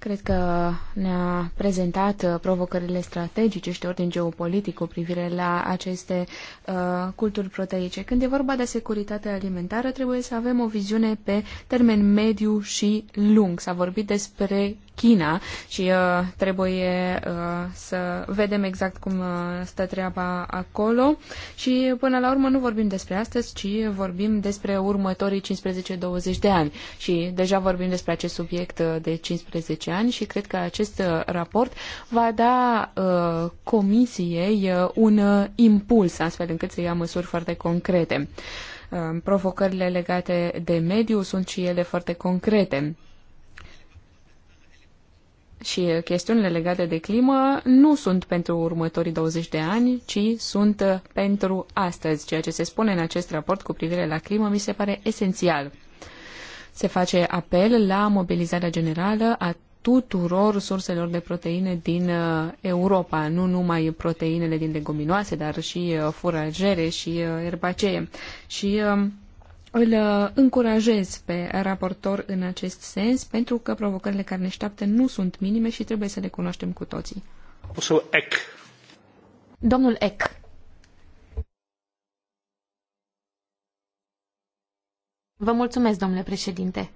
Cred că ne-a prezentat uh, provocările strategice și de ordin geopolitic cu privire la aceste uh, culturi proteice. Când e vorba de securitatea alimentară, trebuie să avem o viziune pe termen mediu și lung. S-a vorbit despre China și uh, trebuie uh, să vedem exact cum uh, stă treaba acolo. Și până la urmă nu vorbim despre astăzi, ci vorbim despre următorii 15-20 de ani. Și deja vorbim despre acest subiect uh, de 15 ani și cred că acest uh, raport va da uh, comisiei un impuls astfel încât să ia măsuri foarte concrete. Provocările legate de mediu sunt și ele foarte concrete și uh, chestiunile legate de climă nu sunt pentru următorii 20 de ani, ci sunt uh, pentru astăzi. Ceea ce se spune în acest raport cu privire la climă mi se pare esențial. Se face apel la mobilizarea generală a tuturor surselor de proteine din uh, Europa, nu numai proteinele din leguminoase, dar și furajere și erbacee. Și um, îl uh, încurajez pe raportor în acest sens, pentru că provocările care ne așteaptă nu sunt minime și trebuie să le cunoaștem cu toții. Eck. Domnul Eck. Vă mulțumesc, domnule președinte.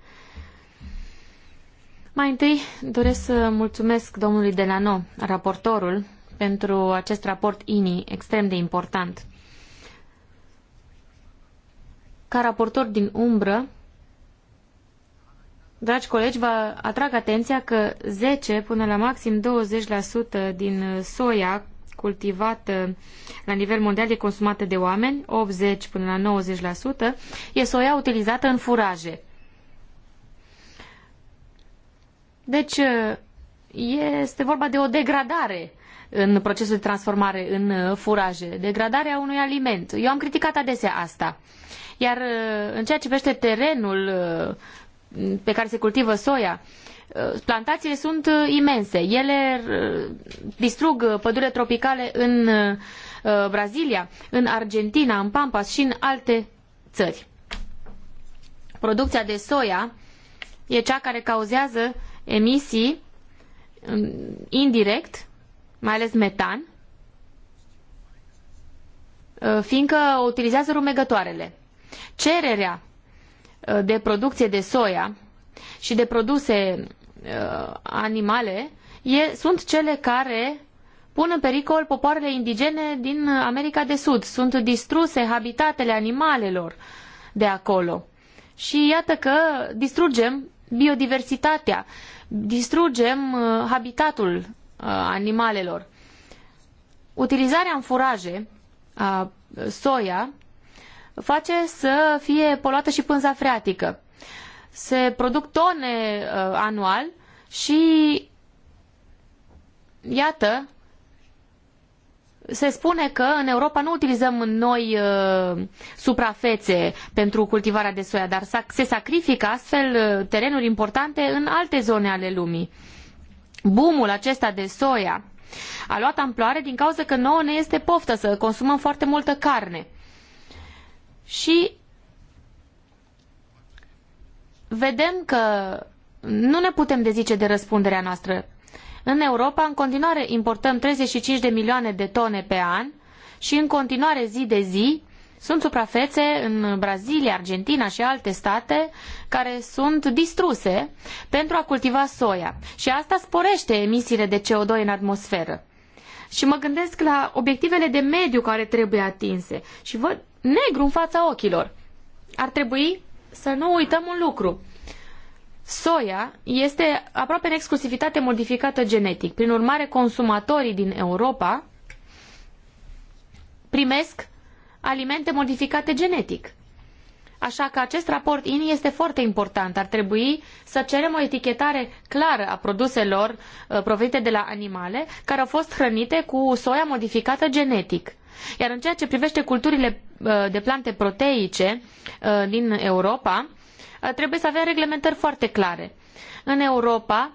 Mai întâi doresc să mulțumesc domnului Delano, raportorul, pentru acest raport INI extrem de important ca raportor din umbră, dragi colegi, vă atrag atenția că 10 până la maxim 20% din soia cultivată la nivel mondial e consumată de oameni, 80 până la 90%, e soia utilizată în furaje. Deci este vorba de o degradare în procesul de transformare în furaje, degradarea unui aliment. Eu am criticat adesea asta. Iar uh, în ceea ce privește terenul uh, pe care se cultivă soia, uh, plantațiile sunt imense. Ele distrug pădurile tropicale în Brazilia, în Argentina, în Pampas și în alte țări. Producția de soia e cea care cauzează emisii um, indirect, mai ales metan, fiindcă utilizează rumegătoarele. Cererea uh, de producție de soia și de produse uh, animale e, sunt cele care pun în pericol popoarele indigene din America de Sud. Sunt distruse habitatele animalelor de acolo. Și iată că distrugem biodiversitatea, distrugem uh, habitatul animalelor. Utilizarea în furaje a soia face să fie poluată și pânza freatică. Se produc tone uh, anual și iată, se spune că în Europa nu utilizăm noi uh, suprafețe pentru cultivarea de soia, dar se sacrifică astfel uh, terenuri importante în alte zone ale lumii. Bumul acesta de soia a luat amploare din cauza că nouă ne este poftă să consumăm foarte multă carne și vedem că nu ne putem dezice de răspunderea noastră. În Europa, în continuare, importăm 35 de milioane de tone pe an și în continuare, zi de zi, sunt suprafețe în Brazilia, Argentina și alte state care sunt distruse pentru a cultiva soia. Și asta sporește emisiile de CO2 în atmosferă. Și mă gândesc la obiectivele de mediu care trebuie atinse. Și văd negru în fața ochilor. Ar trebui să nu uităm un lucru. Soia este aproape în exclusivitate modificată genetic. Prin urmare, consumatorii din Europa primesc alimente modificate genetic. Așa că acest raport INI este foarte important. Ar trebui să cerem o etichetare clară a produselor uh, provenite de la animale care au fost hrănite cu soia modificată genetic. Iar în ceea ce privește culturile uh, de plante proteice uh, din Europa, uh, trebuie să avem reglementări foarte clare. În Europa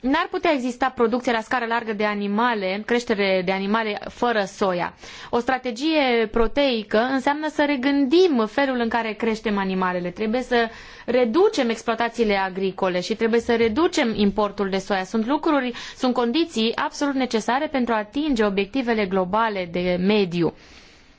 n-ar putea exista producție la scară largă de animale, creștere de animale fără soia. O strategie proteică înseamnă să regândim felul în care creștem animalele. Trebuie să reducem exploatațiile agricole și trebuie să reducem importul de soia. Sunt lucruri, sunt condiții absolut necesare pentru a atinge obiectivele globale de mediu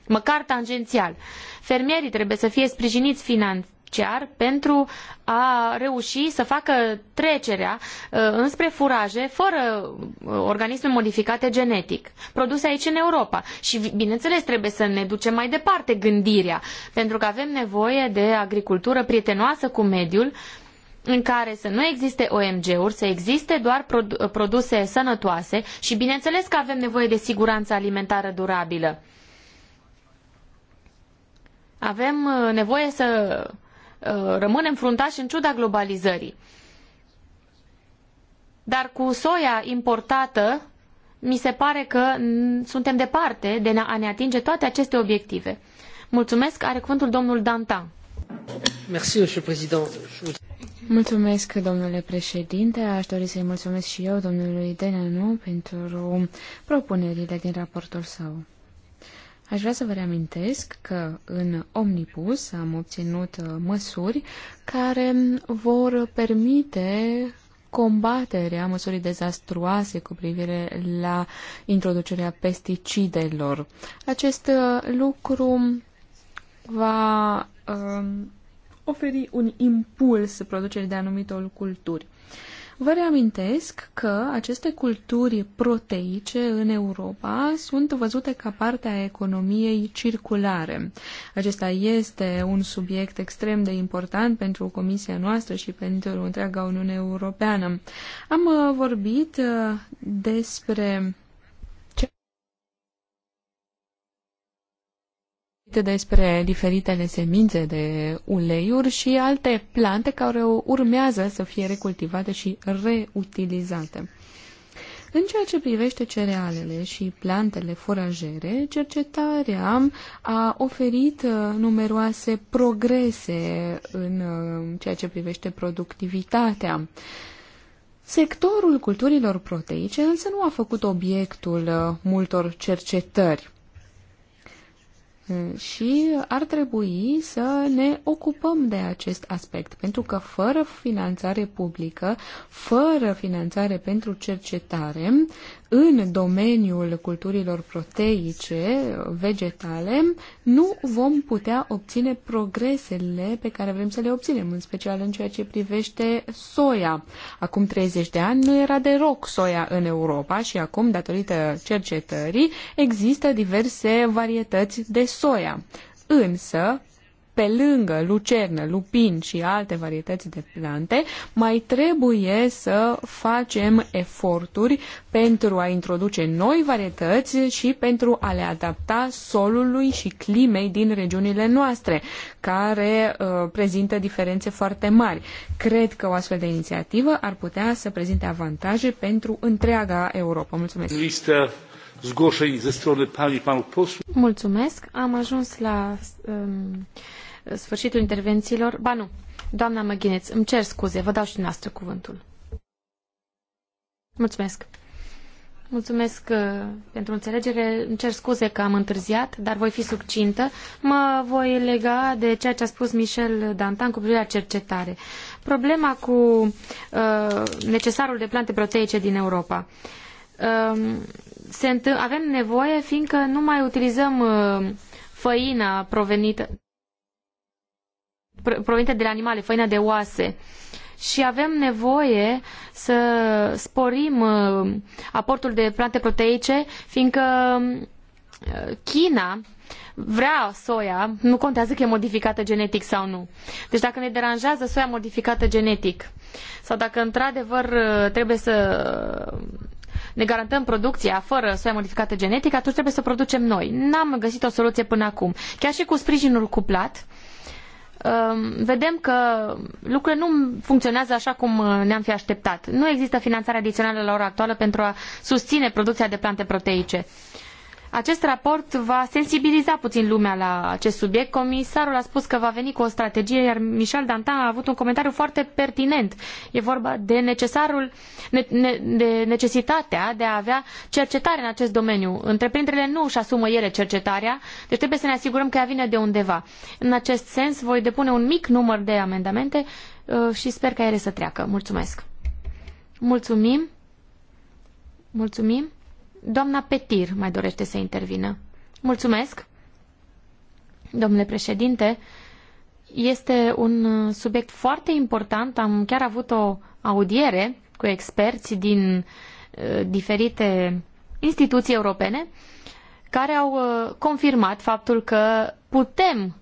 măcar tangențial. Fermierii trebuie să fie sprijiniți finanț financiar pentru a reuși să facă trecerea uh, înspre furaje fără uh, organisme modificate genetic, produse aici în Europa. Și, bineînțeles, trebuie să ne ducem mai departe gândirea, pentru că avem nevoie de agricultură prietenoasă cu mediul, în care să nu existe OMG-uri, să existe doar uh, produse sănătoase și bineînțeles că avem nevoie de siguranță alimentară durabilă. Avem nevoie să Uh, rămânem fruntași în ciuda globalizării. Dar cu soia importată, mi se pare că suntem departe de a ne atinge toate aceste obiective. Mulțumesc, are cuvântul domnul Dantan. Mulțumesc, domnule președinte. Aș dori să-i mulțumesc și eu, domnului Denanu, pentru propunerile din raportul său. Aș vrea să vă reamintesc că în Omnibus am obținut uh, măsuri care vor permite combaterea măsurii dezastruoase cu privire la introducerea pesticidelor. Acest uh, lucru va um, oferi un impuls producerii de anumite culturi. Vă reamintesc că aceste culturi proteice în Europa sunt văzute ca parte a economiei circulare. Acesta este un subiect extrem de important pentru Comisia noastră și pentru întreaga Uniune Europeană. Am uh, vorbit uh, despre despre diferitele semințe de uleiuri și alte plante care urmează să fie recultivate și reutilizate. În ceea ce privește cerealele și plantele forajere, cercetarea a oferit uh, numeroase progrese în uh, ceea ce privește productivitatea. Sectorul culturilor proteice însă nu a făcut obiectul uh, multor cercetări. Eh, și ar trebui să ne ocupăm de acest aspect, pentru că fără finanțare publică, fără finanțare pentru cercetare, în domeniul culturilor proteice, vegetale, nu vom putea obține progresele pe care vrem să le obținem, în special în ceea ce privește soia. Acum 30 de ani nu era de roc soia în Europa și acum, datorită cercetării, există diverse varietăți de soia. Însă, pe lângă lucernă, lupin și alte varietăți de plante, mai trebuie să facem eforturi pentru a introduce noi varietăți și pentru a le adapta solului și climei din regiunile noastre, care uh, prezintă diferențe foarte mari. Cred că o astfel de inițiativă ar putea să prezinte avantaje pentru întreaga Europa. Mulțumesc! Listă Zgoșei ze strony pani i panów Mulțumesc. Am ajuns la um, sfârșitul intervențiilor. Ba nu, doamna Măghineț, îmi cer scuze, vă dau și noastră cuvântul. Mulțumesc. Mulțumesc uh, pentru înțelegere. Îmi cer scuze că am întârziat, dar voi fi succintă. Mă voi lega de ceea ce a spus Michel Dantan cu privire la cercetare. Problema cu uh, necesarul de plante proteice din Europa. Uh, se avem nevoie fiindcă nu mai utilizăm uh, făina provenită provenite de la animale, făina de oase. Și avem nevoie să sporim uh, aportul de plante proteice, fiindcă uh, China vrea soia, nu contează că e modificată genetic sau nu. Deci dacă ne deranjează soia modificată genetic sau dacă într-adevăr uh, trebuie să ne garantăm producția fără soia modificată genetic, atunci trebuie să producem noi. N-am găsit o soluție până acum. Chiar și cu sprijinul cuplat, uh, Um, vedem că lucrurile nu funcționează așa cum uh, ne-am fi așteptat. Nu există finanțare adițională la ora actuală pentru a susține producția de plante proteice. Uh, acest raport va sensibiliza puțin lumea la acest subiect. Comisarul a spus că va veni cu o strategie, iar Michel Dantin a avut un comentariu foarte pertinent. E vorba de, necesarul, de necesitatea de a avea cercetare în acest domeniu. Întreprinderile nu își asumă ele cercetarea, deci trebuie să ne asigurăm că ea vine de undeva. În acest sens, voi depune un mic număr de amendamente uh, și sper ca ele să treacă. Mulțumesc! Mulțumim! Mulțumim! Doamna Petir mai dorește să intervină. Mulțumesc, domnule președinte. Este un subiect foarte important. Am chiar avut o audiere cu experți din uh, diferite instituții europene care au uh, confirmat faptul că putem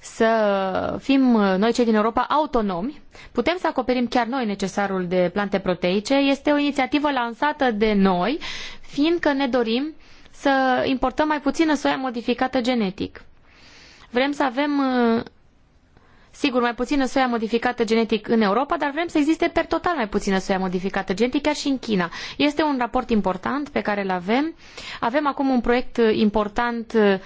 să fim uh, noi cei din Europa autonomi, putem să acoperim chiar noi necesarul de plante proteice. Este o inițiativă lansată de noi, fiindcă ne dorim să importăm mai puțină soia modificată genetic. Vrem să avem uh, Sigur, mai puțină soia modificată genetic în Europa, dar vrem să existe per total mai puțină soia modificată genetic, chiar și în China. Este un raport important pe care îl avem. Avem acum un proiect important, eh,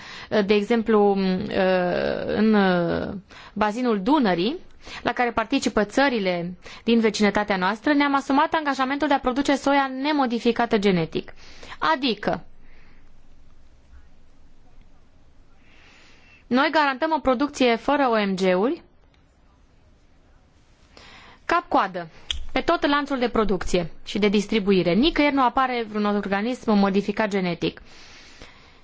de exemplu, eh, în eh, bazinul Dunării, la care participă țările din vecinătatea noastră, ne-am asumat angajamentul de a produce soia nemodificată genetic. Adică, noi garantăm o producție fără OMG-uri, Cap-coadă. Pe tot lanțul de producție și de distribuire. Nicăieri nu apare vreun organism modificat genetic.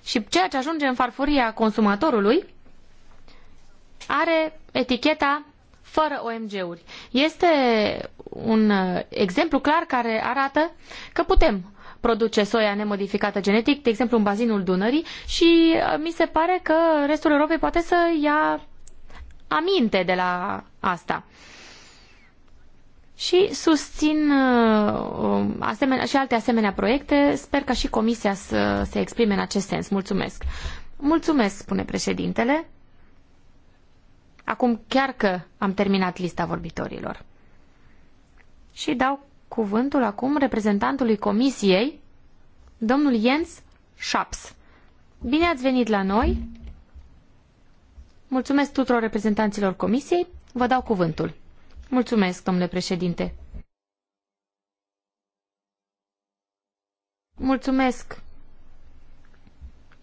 Și ceea ce ajunge în farfuria consumatorului are eticheta fără OMG-uri. Este un exemplu clar care arată că putem produce soia nemodificată genetic, de exemplu în bazinul Dunării și uh, mi se pare că restul Europei poate să ia aminte de la asta și susțin uh, um, asemenea, și alte asemenea proiecte. Sper ca și Comisia să se exprime în acest sens. Mulțumesc. Mulțumesc, spune președintele. Acum chiar că am terminat lista vorbitorilor. Și dau cuvântul acum reprezentantului Comisiei, domnul Jens Schaps. Bine ați venit la noi! Mulțumesc tuturor reprezentanților Comisiei. Vă dau cuvântul. Mulțumesc, domnule președinte. Mulțumesc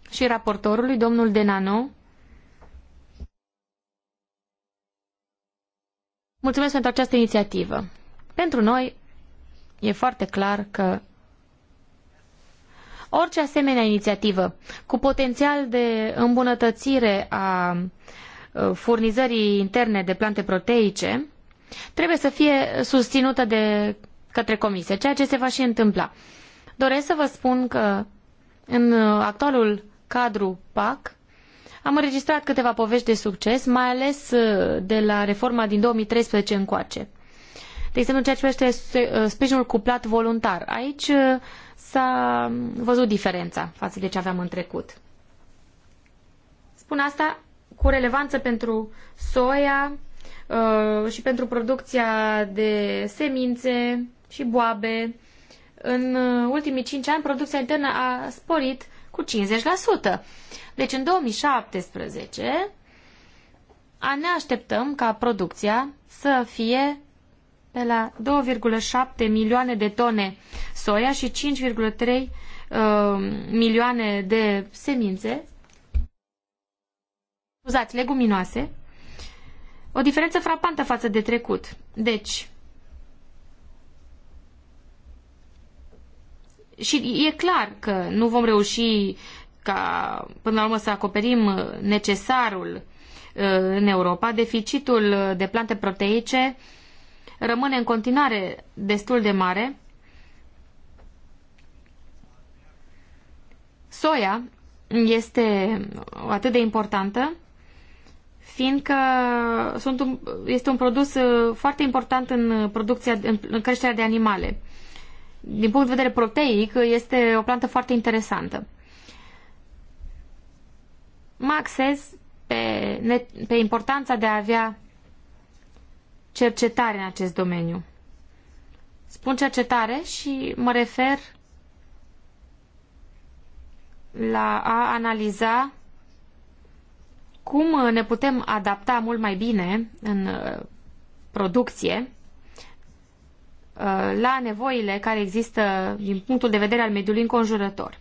și raportorului, domnul Denano. Mulțumesc pentru această inițiativă. Pentru noi e foarte clar că orice asemenea inițiativă cu potențial de îmbunătățire a uh, furnizării interne de plante proteice trebuie să fie susținută de către comisie, ceea ce se va și întâmpla. Doresc să vă spun că în actualul cadru PAC am înregistrat câteva povești de succes, mai ales uh, de la reforma din 2013 încoace. De exemplu, ceea ce privește uh, sprijinul cuplat voluntar. Aici uh, s-a văzut diferența față de ce aveam în trecut. Spun asta cu relevanță pentru soia, Uh, și pentru producția de semințe și boabe. În uh, ultimii 5 ani, producția internă a sporit cu 50%. Deci, în 2017, a ne așteptăm ca producția să fie pe la 2,7 milioane de tone soia și 5,3 uh, milioane de semințe, scuzați, leguminoase, o diferență frapantă față de trecut. Deci, și e clar că nu vom reuși ca până la urmă să acoperim necesarul uh, în Europa. Deficitul de plante proteice rămâne în continuare destul de mare. Soia este atât de importantă fiindcă sunt un, este un produs uh, foarte important în, producția, în, creșterea de animale. Din punct de vedere proteic, este o plantă foarte interesantă. Mă axez pe, pe importanța de a avea cercetare în acest domeniu. Spun cercetare și mă refer la a analiza cum uh, ne putem adapta mult mai bine în uh, producție uh, la nevoile care există din punctul de vedere al mediului înconjurător.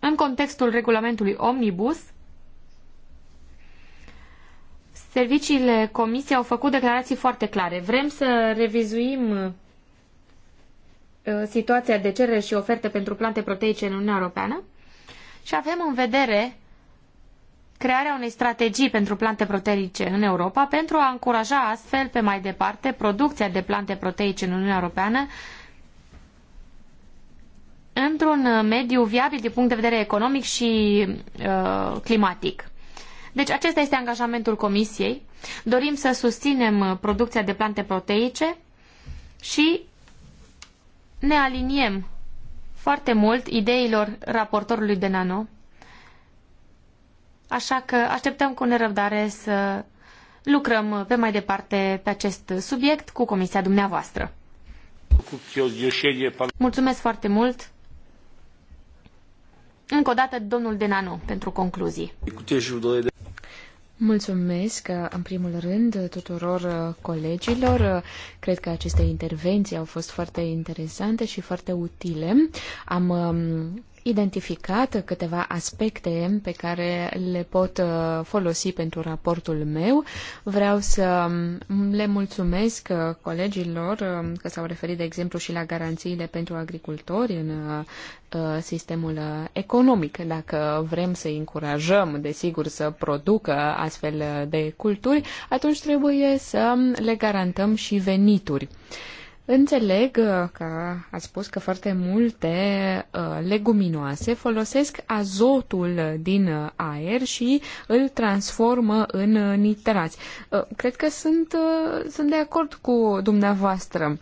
În contextul regulamentului Omnibus, serviciile Comisiei au făcut declarații foarte clare. Vrem să revizuim situația de cerere și oferte pentru plante proteice în Uniunea Europeană și avem în vedere crearea unei strategii pentru plante proteice în Europa pentru a încuraja astfel pe mai departe producția de plante proteice în Uniunea Europeană într-un mediu viabil din punct de vedere economic și uh, climatic. Deci acesta este angajamentul Comisiei. Dorim să susținem producția de plante proteice și ne aliniem foarte mult ideilor raportorului De nano. așa că așteptăm cu nerăbdare să lucrăm pe mai departe pe acest subiect cu comisia dumneavoastră. Mulțumesc foarte mult! Încă o dată, domnul Denano, pentru concluzii. Mulțumesc, în primul rând, tuturor uh, colegilor. Uh, cred că aceste intervenții au fost foarte interesante și foarte utile. Am um, identificat câteva aspecte pe care le pot uh, folosi pentru raportul meu. Vreau să um, le mulțumesc uh, colegilor um, că s-au referit, de exemplu, și la garanțiile pentru agricultori în uh, sistemul economic. Dacă vrem să încurajăm, desigur, să producă astfel de culturi, atunci trebuie să le garantăm și venituri. Înțeleg uh, că ați spus că foarte multe uh, leguminoase folosesc azotul din uh, aer și îl transformă în nitrați. Cred că sunt, sunt de acord cu dumneavoastră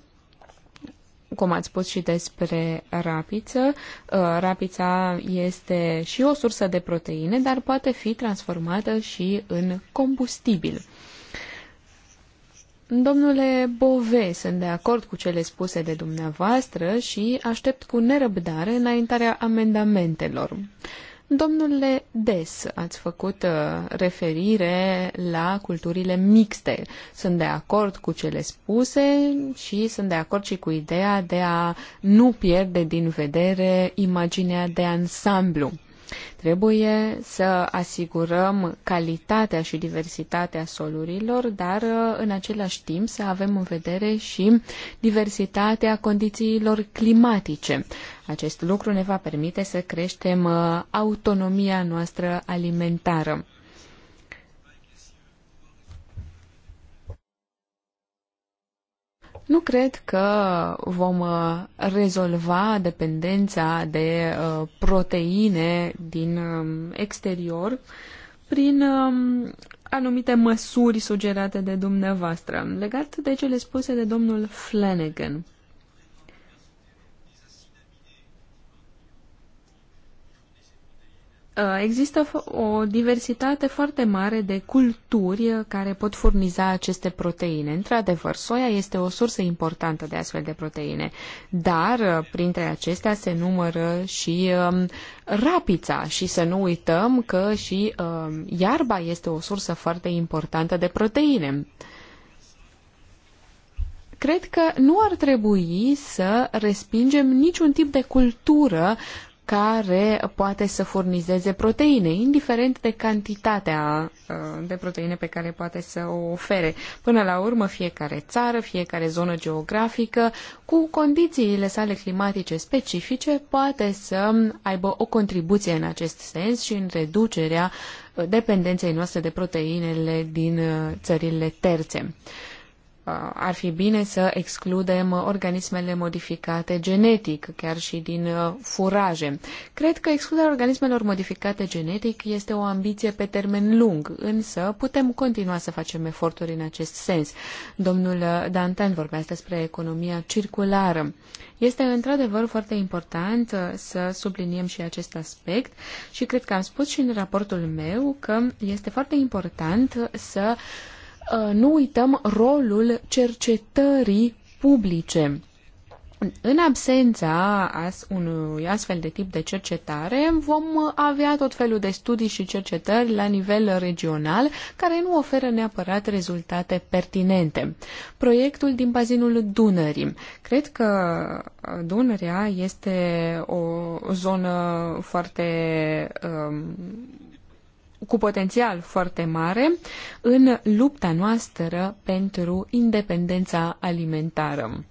cum ați spus și despre rapiță, rapița este și o sursă de proteine, dar poate fi transformată și în combustibil. Domnule Bove, sunt de acord cu cele spuse de dumneavoastră și aștept cu nerăbdare înaintarea amendamentelor. Domnule Des, ați făcut uh, referire la culturile mixte. Sunt de acord cu cele spuse și sunt de acord și cu ideea de a nu pierde din vedere imaginea de ansamblu. Trebuie să asigurăm calitatea și diversitatea solurilor, dar uh, în același timp să avem în vedere și diversitatea condițiilor climatice. Acest lucru ne va permite să creștem uh, autonomia noastră alimentară. Nu cred că vom uh, rezolva dependența de uh, proteine din um, exterior prin um, anumite măsuri sugerate de dumneavoastră, legat de cele spuse de domnul Flanagan. Uh, există o diversitate foarte mare de culturi care pot furniza aceste proteine. Într-adevăr, soia este o sursă importantă de astfel de proteine, dar uh, printre acestea se numără și um, rapița și să nu uităm că și um, iarba este o sursă foarte importantă de proteine cred că nu ar trebui să respingem niciun tip de cultură care poate să furnizeze proteine, indiferent de cantitatea uh, de proteine pe care poate să o ofere. Până la urmă, fiecare țară, fiecare zonă geografică, cu condițiile sale climatice specifice, poate să aibă o contribuție în acest sens și în reducerea uh, dependenței noastre de proteinele din uh, țările terțe. Uh, ar fi bine să excludem organismele modificate genetic, chiar și din uh, furaje. Cred că excluderea organismelor modificate genetic este o ambiție pe termen lung, însă putem continua să facem eforturi în acest sens. Domnul uh, Dantan vorbea despre economia circulară. Este într-adevăr foarte important să subliniem și acest aspect și cred că am spus și în raportul meu că este foarte important să uh, Uh, nu uităm rolul cercetării publice. În absența unui astfel de tip de cercetare, vom avea tot felul de studii și cercetări la nivel regional, care nu oferă neapărat rezultate pertinente. Proiectul din bazinul Dunării. Cred că Dunărea este o zonă foarte um, cu potențial foarte mare în lupta noastră pentru independența alimentară.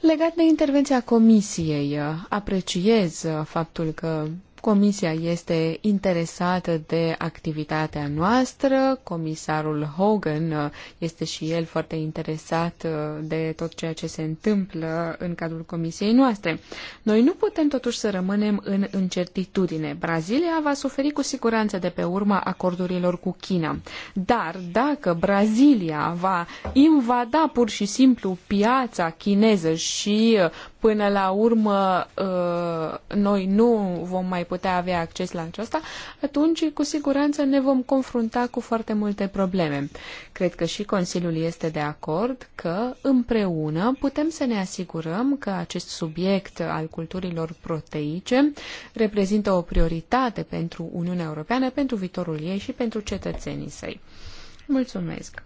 Legat de intervenția Comisiei, apreciez faptul că Comisia este interesată de activitatea noastră, comisarul Hogan uh, este și el foarte interesat uh, de tot ceea ce se întâmplă în cadrul comisiei noastre. Noi nu putem totuși să rămânem în incertitudine. Brazilia va suferi cu siguranță de pe urma acordurilor cu China. Dar dacă Brazilia va invada pur și simplu piața chineză și uh, până la urmă uh, noi nu vom mai putea avea acces la aceasta, atunci cu siguranță ne vom confrunta cu foarte multe probleme. Cred că și Consiliul este de acord că împreună putem să ne asigurăm că acest subiect al culturilor proteice reprezintă o prioritate pentru Uniunea Europeană, pentru viitorul ei și pentru cetățenii săi. Mulțumesc!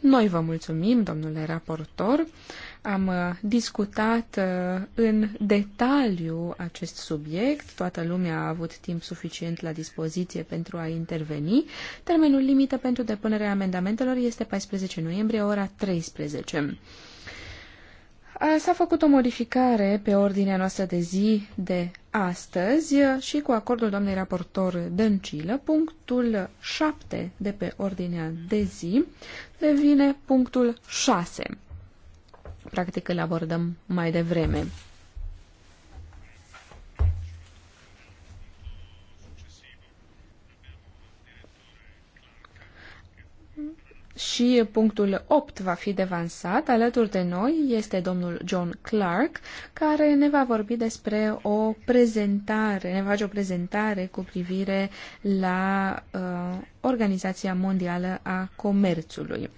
Noi vă mulțumim, domnule raportor. Am uh, discutat uh, în detaliu acest subiect, toată lumea a avut timp suficient la dispoziție pentru a interveni. Termenul limită pentru depunerea amendamentelor este 14 noiembrie, ora 13. S-a făcut o modificare pe ordinea noastră de zi de astăzi uh, și cu acordul doamnei raportor Dăncilă, punctul 7 de pe ordinea de zi devine punctul 6 practic îl abordăm mai devreme. și punctul 8 va fi devansat. Alături de noi este domnul John Clark, care ne va vorbi despre o prezentare, ne va face o prezentare cu privire la uh, Organizația Mondială a Comerțului.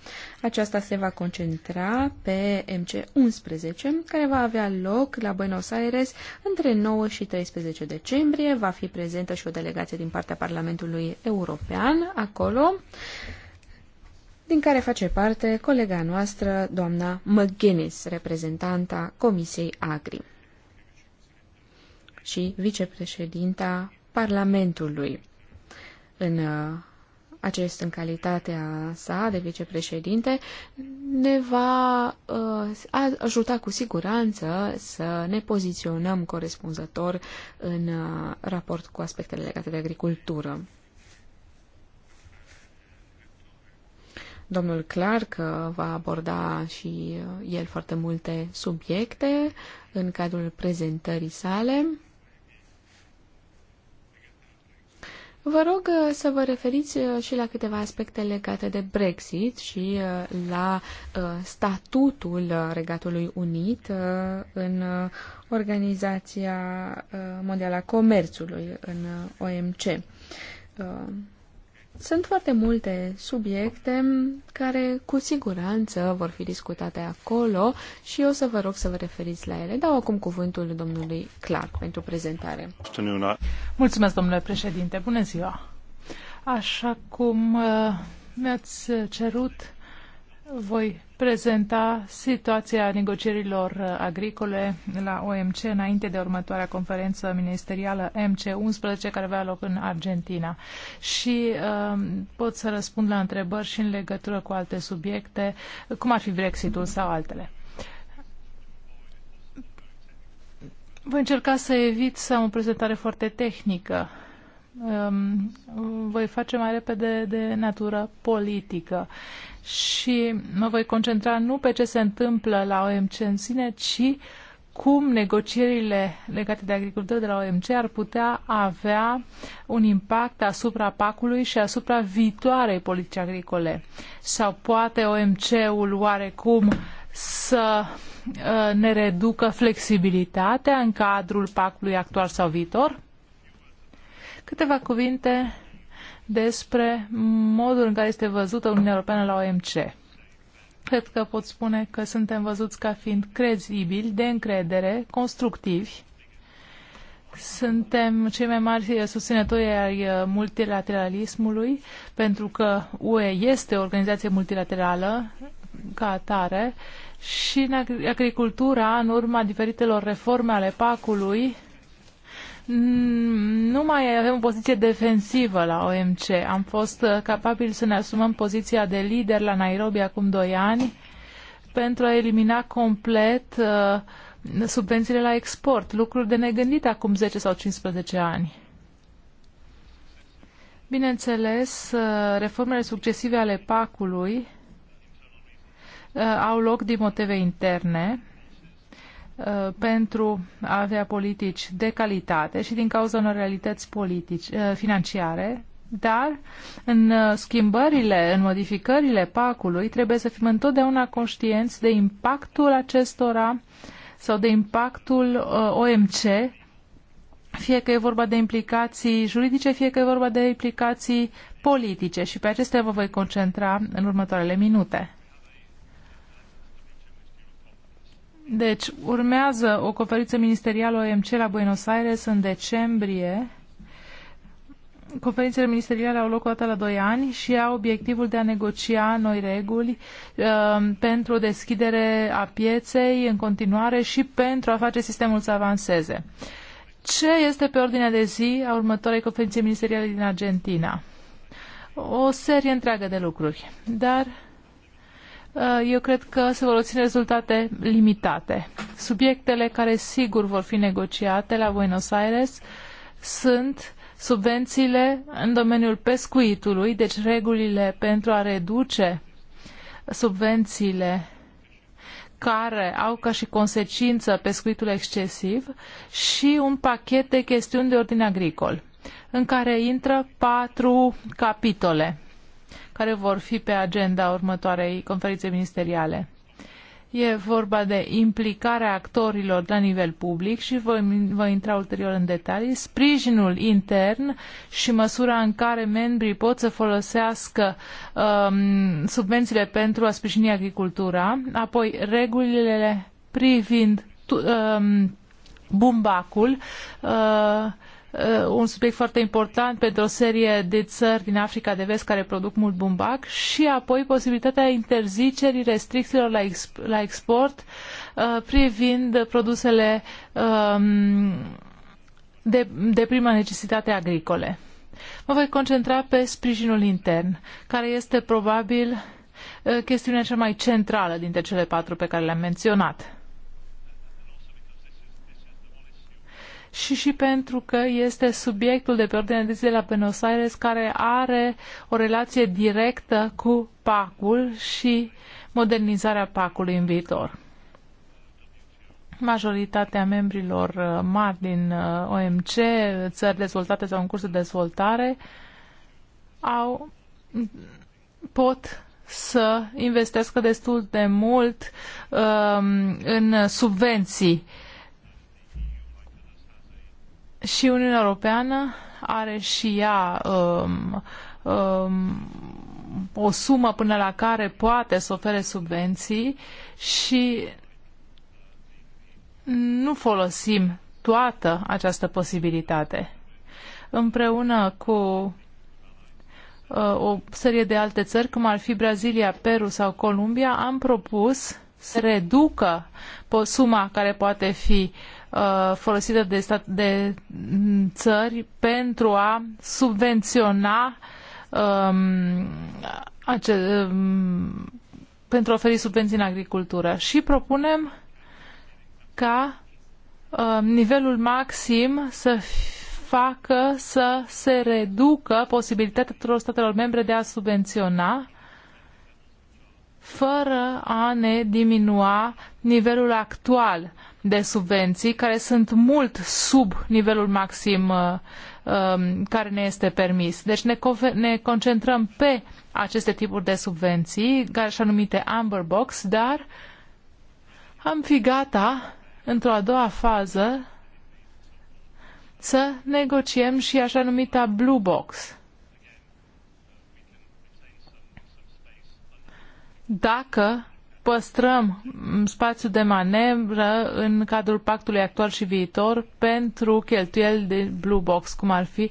Aceasta se va concentra pe MC11, care va avea loc la Buenos Aires între 9 și 13 decembrie. Va fi prezentă și o delegație din partea Parlamentului European acolo. Uh, din care face parte colega noastră, doamna McGuinness, reprezentanta Comisiei Agri și vicepreședinta Parlamentului. În uh, acest în calitatea sa de vicepreședinte ne va uh, ajuta cu siguranță să ne poziționăm corespunzător în uh, raport cu aspectele legate de agricultură. Domnul Clark uh, va aborda și uh, el foarte multe subiecte în cadrul prezentării sale. Vă rog uh, să vă referiți și la câteva aspecte legate de Brexit și la statutul Regatului Unit în Organizația Mondială a Comerțului, în OMC. Sunt foarte multe subiecte care cu siguranță vor fi discutate acolo și o să vă rog să vă referiți la ele. Dau acum cuvântul domnului Clark pentru prezentare. Mulțumesc, domnule președinte. Bună ziua! Așa cum uh, mi-ați cerut, voi prezenta situația negocierilor uh, agricole la OMC înainte de următoarea conferință ministerială MC11 care avea loc în Argentina. Și uh, pot să răspund la întrebări și în legătură cu alte subiecte, cum ar fi Brexitul sau altele. Voi încerca să evit să am o prezentare foarte tehnică. Um, voi face mai repede de natură politică și mă voi concentra nu pe ce se întâmplă la OMC în sine, ci cum negocierile legate de agricultură de la OMC ar putea avea un impact asupra PAC-ului și asupra viitoarei politici agricole. Sau poate OMC-ul oarecum să ă, ne reducă flexibilitatea în cadrul PAC-ului actual sau viitor? Câteva cuvinte despre modul în care este văzută Uniunea Europeană la OMC. Cred că pot spune că suntem văzuți ca fiind crezibili, de încredere, constructivi. Suntem cei mai mari susținători ai multilateralismului, pentru că UE este o organizație multilaterală ca atare și în agricultura, în urma diferitelor reforme ale PAC-ului, nu mai avem o poziție defensivă la OMC. Am fost uh, capabili să ne asumăm poziția de lider la Nairobi acum doi ani pentru a elimina complet uh, subvențiile la export, lucruri de negândit acum 10 sau 15 ani. Bineînțeles, uh, reformele succesive ale PAC-ului au loc din motive interne Uh, pentru a avea politici de calitate și din cauza unor realități politici, uh, financiare, dar în uh, schimbările, în modificările pacului trebuie să fim întotdeauna conștienți de impactul acestora sau de impactul OMC, fie că e vorba de implicații juridice, fie că e vorba de implicații politice și pe acestea vă voi concentra în următoarele minute. Deci, urmează o conferință ministerială OMC la Buenos Aires în decembrie. Conferințele ministeriale au loc o dată la doi ani și au obiectivul de a negocia noi reguli uh, pentru deschidere a pieței în continuare și pentru a face sistemul să avanseze. Ce este pe ordinea de zi a următoarei conferințe ministeriale din Argentina? O serie întreagă de lucruri, dar Eh, eu cred că se vor obține rezultate limitate. Subiectele care sigur vor fi negociate la Buenos Aires sunt subvențiile în domeniul pescuitului, deci regulile pentru a reduce subvențiile care au ca și consecință pescuitul excesiv și un pachet de chestiuni de ordin agricol, în care intră patru capitole care vor fi pe agenda următoarei conferințe ministeriale. E vorba de implicarea actorilor la nivel public și voi, voi intra ulterior în detalii, sprijinul intern și măsura în care membrii pot să folosească um, subvențiile pentru a sprijini agricultura, apoi regulile privind tu, um, bumbacul, uh, Uh, un subiect foarte important pentru o serie de țări din Africa de Vest care produc mult bumbac și apoi posibilitatea interzicerii restricțiilor la, exp- la export uh, privind produsele um, de, de prima necesitate agricole. Mă voi concentra pe sprijinul intern, care este probabil uh, chestiunea cea mai centrală dintre cele patru pe care le-am menționat. și și pentru că este subiectul de pe ordinea de zi de la Buenos Aires care are o relație directă cu PAC-ul și modernizarea PAC-ului în viitor. Majoritatea membrilor uh, mari din uh, OMC, țări dezvoltate sau în curs de dezvoltare, au, pot să investească destul de mult um, în subvenții uh, și Uniunea Europeană are și ea um, um, o sumă până la care poate să ofere subvenții și nu folosim toată această posibilitate. Împreună cu uh, o serie de alte țări, cum ar fi Brazilia, Peru sau Columbia, am propus să reducă suma care poate fi uh, Uh, folosită de, stat, de mm, țări pentru a subvenționa um, ace, um, pentru a oferi subvenții în agricultură și propunem ca um, nivelul maxim să facă să se reducă posibilitatea tuturor statelor membre de a subvenționa fără a ne diminua nivelul actual de subvenții care sunt mult sub nivelul maxim uh, um, care ne este permis. Deci ne, ne concentrăm pe aceste tipuri de subvenții, care așa numite Amber Box, dar am fi gata într-o a doua fază să negociem și așa numita Blue Box. Dacă păstrăm spațiu de manevră în cadrul pactului actual și viitor pentru cheltuieli de blue box, cum ar fi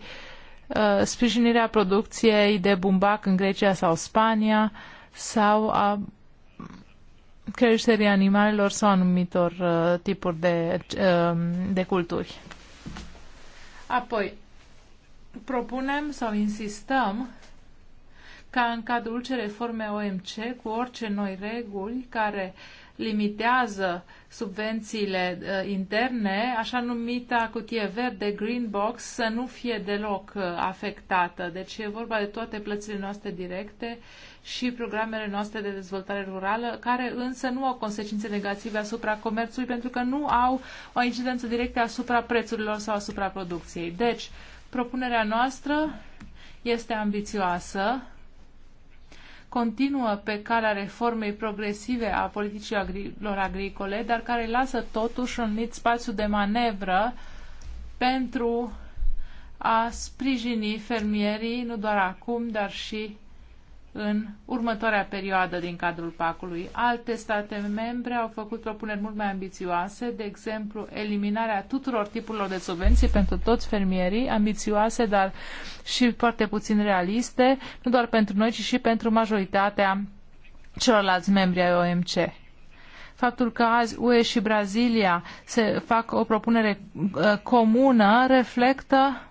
uh, sprijinirea producției de bumbac în Grecia sau Spania sau a creșterii animalelor sau anumitor uh, tipuri de, uh, de culturi. Apoi, propunem sau insistăm ca în cadrul ce reforme OMC, cu orice noi reguli care limitează subvențiile uh, interne, așa numita cutie verde, green box, să nu fie deloc uh, afectată. Deci e vorba de toate plățile noastre directe și programele noastre de dezvoltare rurală, care însă nu au consecințe negative asupra comerțului, pentru că nu au o incidență directă asupra prețurilor sau asupra producției. Deci, propunerea noastră este ambițioasă, continuă pe calea reformei progresive a politicii politicilor agricole, dar care lasă totuși un mic spațiu de manevră pentru a sprijini fermierii, nu doar acum, dar și în următoarea perioadă din cadrul PAC-ului. Alte state membre au făcut propuneri mult mai ambițioase, de exemplu, eliminarea tuturor tipurilor de subvenții pentru toți fermierii, ambițioase, dar și foarte puțin realiste, nu doar pentru noi, ci și pentru majoritatea celorlalți membri ai OMC faptul că azi UE și Brazilia se fac o propunere uh, comună reflectă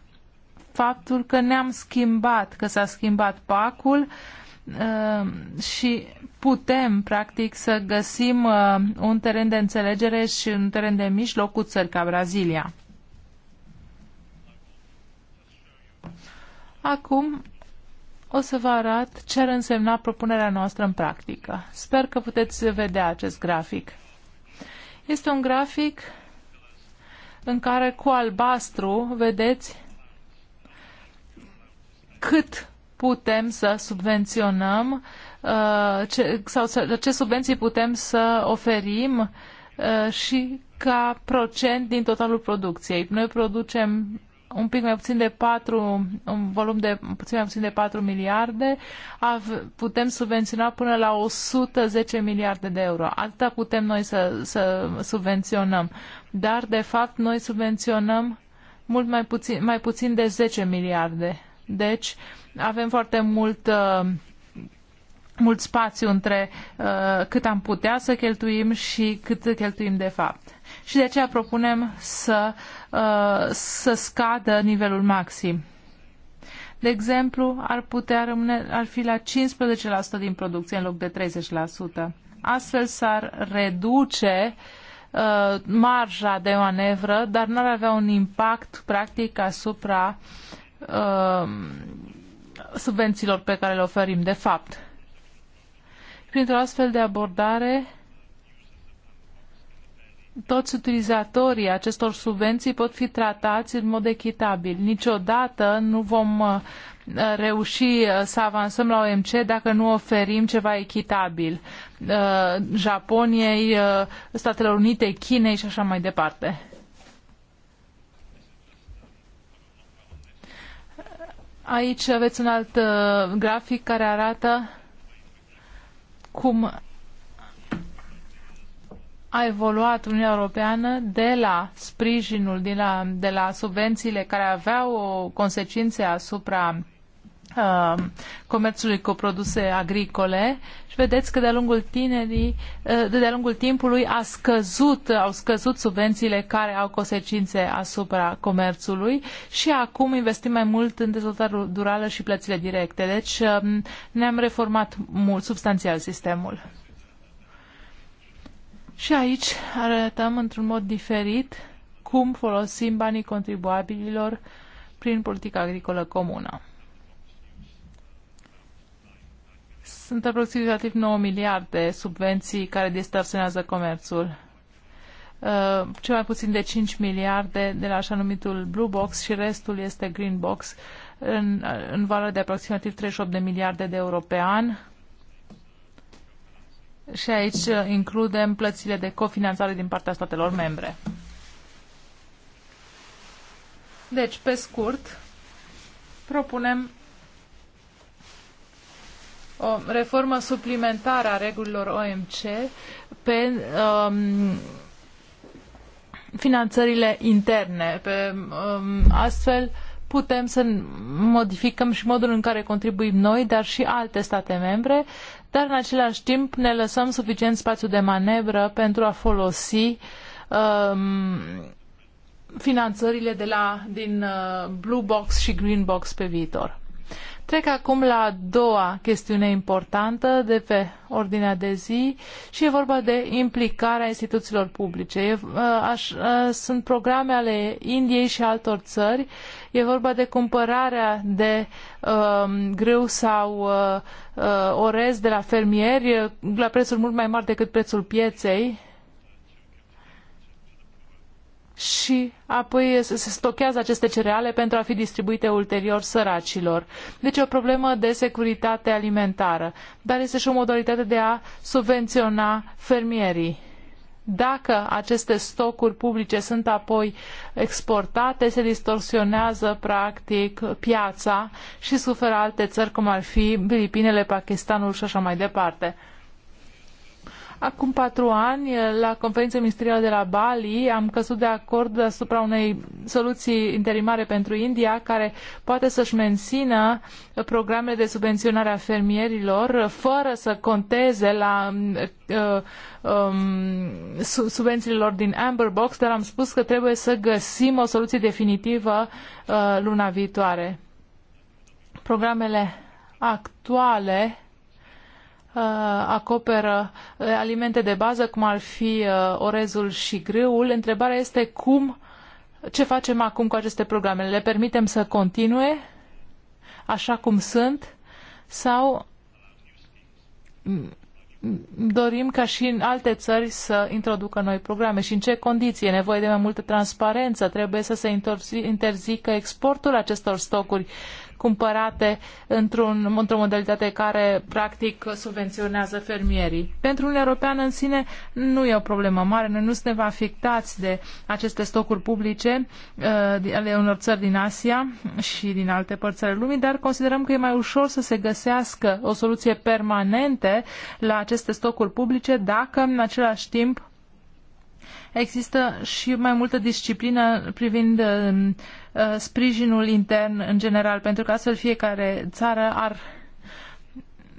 faptul că ne-am schimbat, că s-a schimbat pacul, Uh, și putem, practic, să găsim uh, un teren de înțelegere și un teren de mijloc cu țări ca Brazilia. Acum o să vă arăt ce ar însemna propunerea noastră în practică. Sper că puteți vedea acest grafic. Este un grafic în care cu albastru vedeți cât putem să subvenționăm uh, ce, sau să, ce subvenții putem să oferim uh, și ca procent din totalul producției. Noi producem un pic mai puțin de 4, un volum de puțin mai puțin de 4 miliarde, putem subvenționa până la 110 miliarde de euro. Atâta putem noi să, să subvenționăm. Dar, de fapt, noi subvenționăm mult mai puțin, mai puțin de 10 miliarde deci avem foarte mult uh, mult spațiu între uh, cât am putea să cheltuim și cât cheltuim de fapt. Și de aceea propunem să, uh, să scadă nivelul maxim. De exemplu, ar putea rămâne, ar fi la 15% din producție în loc de 30%. Astfel s-ar reduce uh, marja de manevră, dar n-ar avea un impact practic asupra uh, Uh, subvențiilor pe care le oferim, de fapt. Printr-o astfel de abordare, toți utilizatorii acestor subvenții pot fi tratați în mod echitabil. Niciodată nu vom uh, reuși uh, să avansăm la OMC dacă nu oferim ceva echitabil Japoniei, Statelor Unite, Chinei și așa mai departe. Aici aveți un alt uh, grafic care arată cum a evoluat Uniunea Europeană de la sprijinul, de la, de la subvențiile care aveau consecințe asupra comerțului cu produse agricole și vedeți că de-a lungul tinerii, de-a lungul timpului a scăzut, au scăzut subvențiile care au consecințe asupra comerțului și acum investim mai mult în dezvoltare durală și plățile directe. Deci ne-am reformat mult, substanțial sistemul. Și aici arătăm într-un mod diferit cum folosim banii contribuabililor prin politica agricolă comună. Sunt aproximativ 9 miliarde subvenții care distorsionează comerțul. Uh, cel mai puțin de 5 miliarde de la așa numitul Blue Box și restul este Green Box în, în valoare de aproximativ 38 de miliarde de euro pe an. Și aici uh, includem plățile de cofinanțare din partea statelor membre. Deci, pe scurt, propunem o reformă suplimentară a regulilor OMC pe um, finanțările interne. Pe, um, astfel putem să modificăm și modul în care contribuim noi, dar și alte state membre, dar în același timp ne lăsăm suficient spațiu de manevră pentru a folosi um, finanțările de la, din uh, Blue Box și Green Box pe viitor. Trec acum la a doua chestiune importantă de pe ordinea de zi și e vorba de implicarea instituțiilor publice. E, ă, aș, ă, sunt programe ale Indiei și altor țări. E vorba de cumpărarea de uh, grâu sau uh, orez de la fermieri la prețuri mult mai mari decât prețul pieței și apoi se stochează aceste cereale pentru a fi distribuite ulterior săracilor. Deci e o problemă de securitate alimentară, dar este și o modalitate de a subvenționa fermierii. Dacă aceste stocuri publice sunt apoi exportate, se distorsionează practic piața și suferă alte țări cum ar fi Filipinele, Pakistanul și așa mai departe. Acum patru ani, la conferința ministerială de la Bali, am căzut de acord asupra unei soluții interimare pentru India, care poate să-și mențină programele de subvenționare a fermierilor, fără să conteze la uh, um, subvențiilor din Amber Box, dar am spus că trebuie să găsim o soluție definitivă uh, luna viitoare. Programele actuale Uh, acoperă uh, alimente de bază, cum ar fi uh, orezul și grâul. Întrebarea este cum, ce facem acum cu aceste programe? Le permitem să continue așa cum sunt sau dorim ca și în alte țări să introducă noi programe și în ce condiții? E nevoie de mai multă transparență, trebuie să se interzică exportul acestor stocuri cumpărate într-un, într-o modalitate care practic subvenționează fermierii. Pentru Uniunea Europeană în sine nu e o problemă mare, noi nu suntem afectați de aceste stocuri publice uh, ale unor țări din Asia și din alte părți ale lumii, dar considerăm că e mai ușor să se găsească o soluție permanente la aceste stocuri publice dacă în același timp Există și mai multă disciplină privind um, uh, sprijinul intern în general, pentru că astfel fiecare țară ar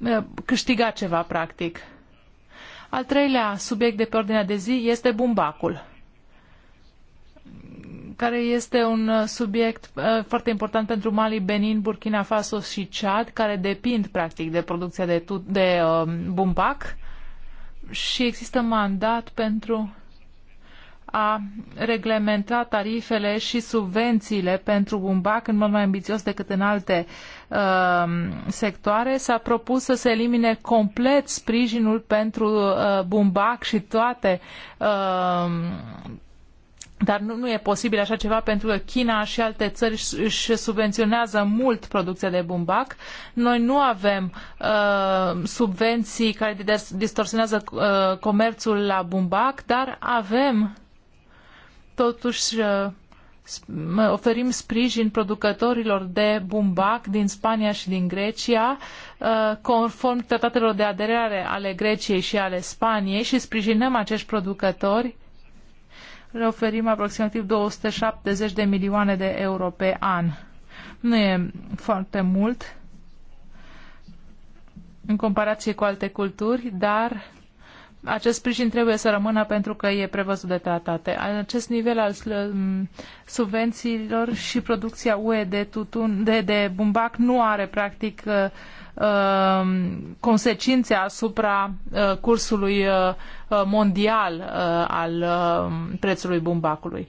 uh, câștiga ceva, practic. Al treilea subiect de pe ordinea de zi este bumbacul care este un uh, subiect foarte important pentru Mali, Benin, Burkina Faso și Chad, care depind practic de producția de, de um, bumbac și există mandat pentru a reglementa tarifele și subvențiile pentru bumbac în mod mai ambițios decât în alte uh, sectoare. S-a propus să se elimine complet sprijinul pentru uh, bumbac și toate uh, dar nu, nu e posibil așa ceva pentru că China și alte țări își subvenționează mult producția de bumbac. Noi nu avem uh, subvenții care distorsionează uh, comerțul la bumbac, dar avem Totuși, uh, oferim sprijin producătorilor de bumbac din Spania și din Grecia, uh, conform tratatelor de aderare ale Greciei și ale Spaniei și sprijinăm acești producători. Le oferim aproximativ 270 de milioane de euro pe an. Nu e foarte mult în comparație cu alte culturi, dar acest sprijin trebuie să rămână pentru că e prevăzut de tratate. Acest nivel al um, subvențiilor și producția UE de, tutun, de, de bumbac nu are practic uh, um, consecințe asupra uh, cursului uh, mondial al um, prețului bumbacului.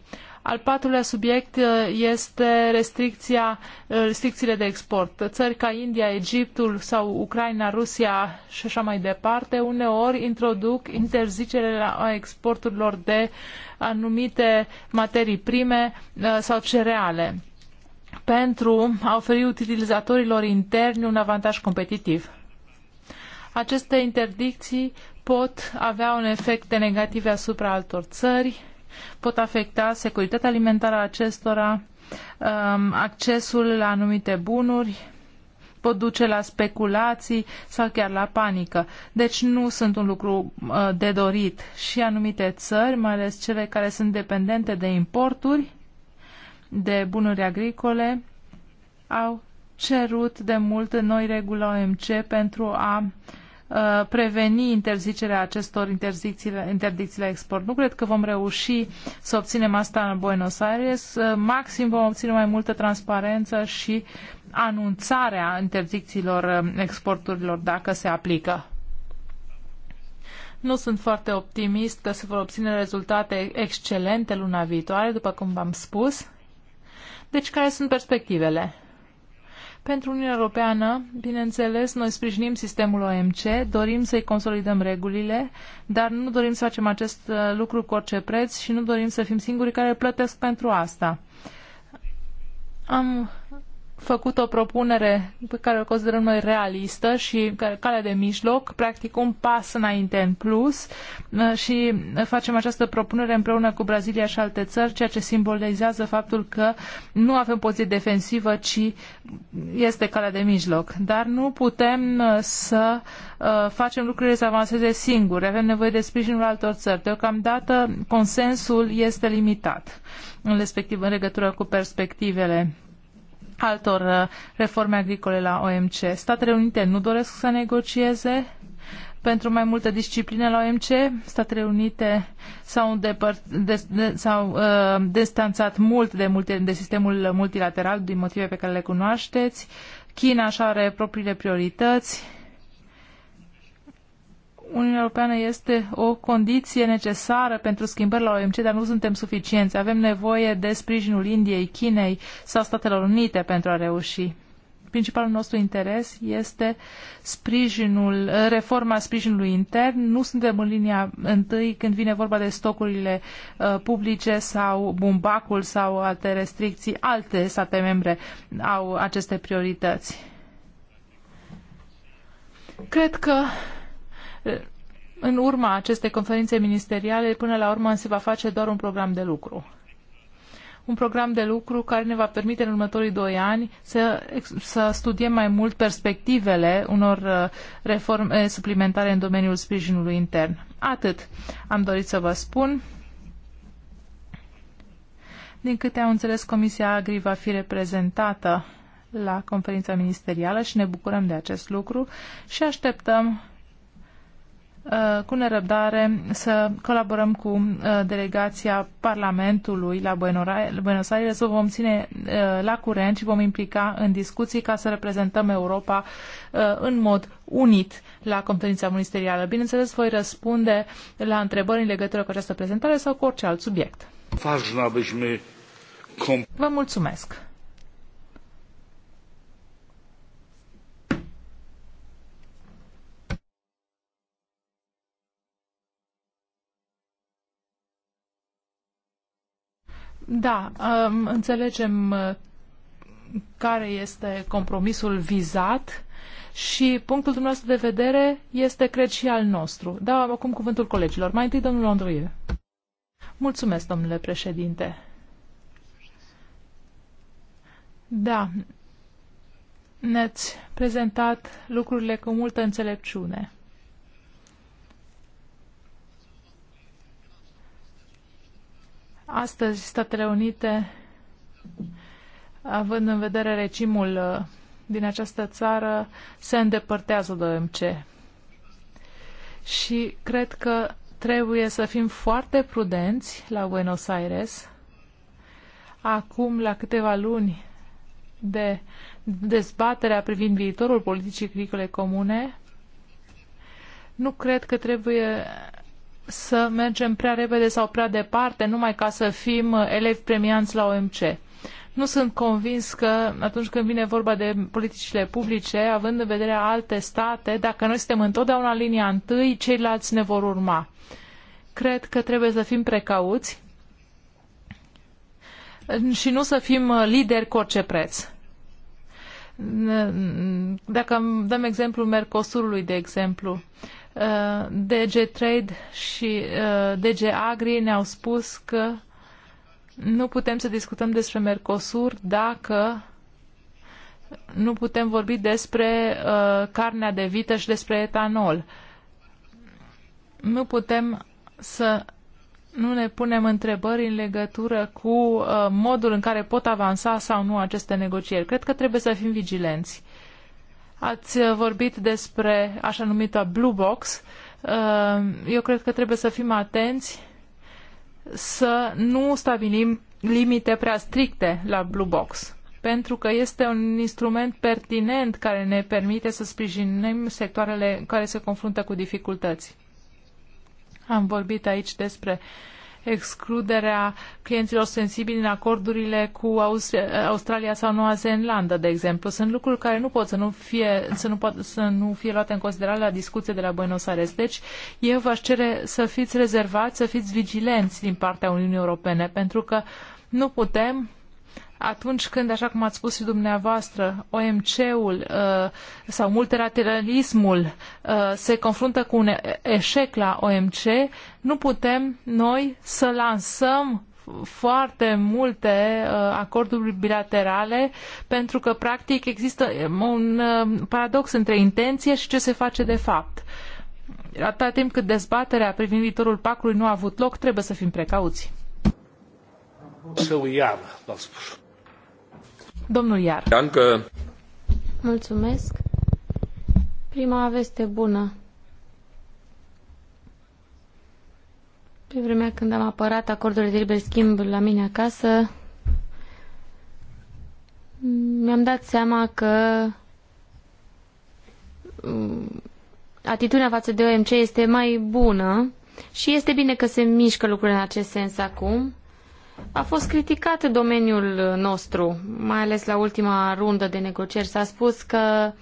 Al patrulea subiect uh, este restricția, uh, restricțiile de export. Țări ca India, Egiptul sau Ucraina, Rusia și așa mai departe, uneori introduc interzicerea exporturilor de anumite materii prime uh, sau cereale pentru a oferi utilizatorilor interni un avantaj competitiv. Aceste interdicții pot avea un efecte negative asupra altor țări, pot afecta securitatea alimentară a acestora, um, accesul la anumite bunuri, pot duce la speculații sau chiar la panică. Deci nu sunt un lucru uh, de dorit și anumite țări, mai ales cele care sunt dependente de importuri de bunuri agricole, au cerut de mult noi reguli OMC pentru a uh, Uh, preveni interzicerea acestor interdicții la export. Nu cred că vom reuși să obținem asta în Buenos Aires. Uh, maxim vom obține mai multă transparență și anunțarea interdicțiilor uh, exporturilor dacă se aplică. Nu sunt foarte optimist că se vor obține rezultate excelente luna viitoare, după cum v-am spus. Deci, care sunt perspectivele? Pentru Uniunea Europeană, bineînțeles, noi sprijinim sistemul OMC, dorim să-i consolidăm regulile, dar nu dorim să facem acest uh, lucru cu orice preț și nu dorim să fim singurii care plătesc pentru asta. Am făcut o propunere pe care o considerăm noi realistă și calea de mijloc, practic un pas înainte în plus uh, și facem această propunere împreună cu Brazilia și alte țări, ceea ce simbolizează faptul că nu avem poziție defensivă, ci este calea de mijloc. Dar nu putem uh, să uh, facem lucrurile să avanseze singuri, avem nevoie de sprijinul altor țări. Deocamdată consensul este limitat în, respectiv, în legătură cu perspectivele altor uh, reforme agricole la OMC. Statele Unite nu doresc să negocieze pentru mai multă disciplină la OMC. Statele Unite s-au, de, de, s-au uh, distanțat mult de, multe, de sistemul multilateral din motive pe care le cunoașteți. China așa are propriile priorități Uniunea Europeană este o condiție necesară pentru schimbări la OMC, dar nu suntem suficienți. Avem nevoie de sprijinul Indiei, Chinei sau Statelor Unite pentru a reuși. Principalul nostru interes este sprijinul, reforma sprijinului intern. Nu suntem în linia întâi când vine vorba de stocurile uh, publice sau bumbacul sau alte restricții. Alte state membre au aceste priorități. Cred că în urma acestei conferințe ministeriale, până la urmă se va face doar un program de lucru. Un program de lucru care ne va permite în următorii doi ani să, să studiem mai mult perspectivele unor uh, reforme suplimentare în domeniul sprijinului intern. Atât am dorit să vă spun. Din câte am înțeles, Comisia Agri va fi reprezentată la conferința ministerială și ne bucurăm de acest lucru și așteptăm Uh, cu nerăbdare să colaborăm cu uh, delegația Parlamentului la Buenos Aires. să vom ține uh, la curent și vom implica în discuții ca să reprezentăm Europa în mod unit la conferința ministerială. Bineînțeles, voi răspunde la întrebări în legătură cu această prezentare sau cu orice alt subiect. Vă mulțumesc! Da, înțelegem uh, care este compromisul vizat și punctul dumneavoastră de vedere este, cred, și al nostru. Da, acum cuvântul colegilor. Mai întâi, domnul Andruie. Mulțumesc, domnule președinte. Da, ne-ați prezentat lucrurile cu multă înțelepciune. Astăzi, Statele Unite, având în vedere regimul uh, din această țară, se îndepărtează de OMC. Și cred că trebuie să fim foarte prudenți la Buenos Aires. Acum, la câteva luni de dezbaterea privind viitorul politicii agricole comune, nu cred că trebuie să mergem prea repede sau prea departe numai ca să fim uh, elevi premianți la OMC. Nu sunt convins că atunci când vine vorba de politicile publice, având în vedere alte state, dacă noi suntem întotdeauna în linia întâi, ceilalți ne vor urma. Cred că trebuie să fim precauți și nu să fim uh, lideri cu orice preț. Dacă dăm exemplul Mercosurului, de exemplu, Uh, DG Trade și uh, DG Agri ne-au spus că nu putem să discutăm despre Mercosur dacă nu putem vorbi despre uh, carnea de vită și despre etanol. Nu putem să nu ne punem întrebări în legătură cu modul în care pot avansa sau nu aceste negocieri. Cred că trebuie să fim vigilenți. Ați uh, vorbit despre așa numita blue box. Uh, eu cred că trebuie să fim atenți să nu stabilim limite prea stricte la blue box pentru că este un instrument pertinent care ne permite să sprijinim sectoarele care se confruntă cu dificultăți. Am vorbit aici despre uh, excluderea clienților sensibili în acordurile cu Austria, Australia sau Noua Zeelandă, de exemplu. Sunt lucruri care nu pot să nu fie, să nu pot, să nu fie luate în considerare la discuție de la Buenos Aires. Deci, eu v-aș cere să fiți rezervați, să fiți vigilenți din partea Uniunii Europene, pentru că nu putem atunci când, așa cum ați spus și dumneavoastră, OMC-ul uh, sau multilateralismul uh, se confruntă cu un eșec la OMC, nu putem noi să lansăm foarte multe uh, acorduri bilaterale pentru că practic există um, un uh, paradox între intenție și ce se face de fapt. Atâta timp cât dezbaterea privind viitorul pacului nu a avut loc, trebuie să fim precauți. Să o iau, Domnul Iar. Danke. Mulțumesc. Prima veste bună. Pe vremea când am apărat acordurile de liber schimb la mine acasă, mi-am dat seama că mm, atitudinea față de OMC este mai bună și este bine că se mișcă lucrurile în acest sens acum. A fost criticat domeniul nostru, mai ales la ultima rundă de negocieri. S-a spus că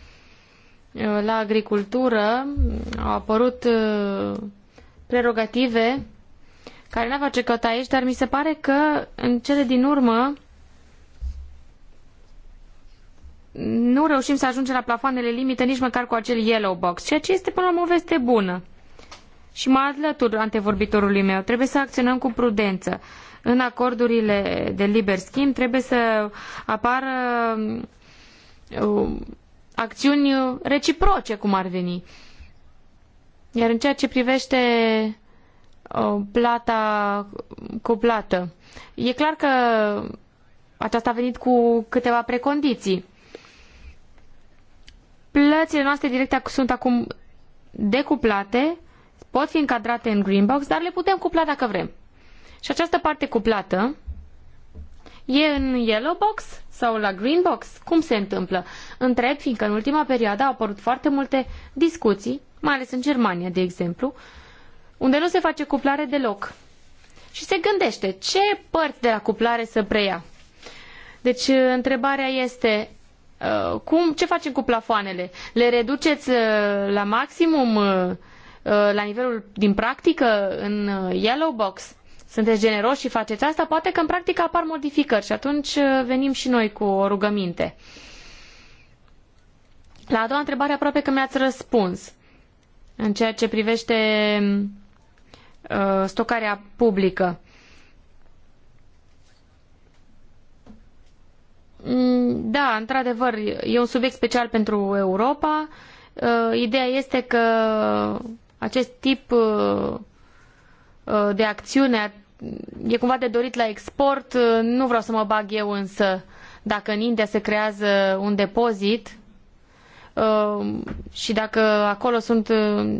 uh, la agricultură au apărut uh, prerogative care n a ce căuta aici, dar mi se pare că în cele din urmă nu reușim să ajungem la plafoanele limite nici măcar cu acel yellow box, ceea ce este până la urmă o veste bună. Și mă alătur antevorbitorului meu, trebuie să acționăm cu prudență în acordurile de liber schimb trebuie să apară uh, acțiuni reciproce, cum ar veni. Iar în ceea ce privește uh, plata cu plată, e clar că aceasta a venit cu câteva precondiții. Plățile noastre directe sunt acum decuplate, pot fi încadrate în Greenbox, dar le putem cupla dacă vrem. Și această parte cuplată e în yellow box sau la green box? Cum se întâmplă? Întreb, fiindcă în ultima perioadă au apărut foarte multe discuții, mai ales în Germania, de exemplu, unde nu se face cuplare deloc. Și se gândește ce părți de la cuplare să preia. Deci uh, întrebarea este uh, cum, ce facem cu plafoanele? Le reduceți uh, la maximum la nivelul din practică în yellow box? sunteți generoși și faceți asta, poate că în practică apar modificări și atunci uh, venim și noi cu o rugăminte. La a doua întrebare aproape că mi-ați răspuns în ceea ce privește mm, uh, stocarea publică. Mm, da, într-adevăr, e un subiect special pentru Europa. Uh, ideea este că acest tip uh, uh de acțiune e cumva de dorit la export. Nu vreau să mă bag eu însă dacă în India se creează un depozit uh, și dacă acolo sunt uh,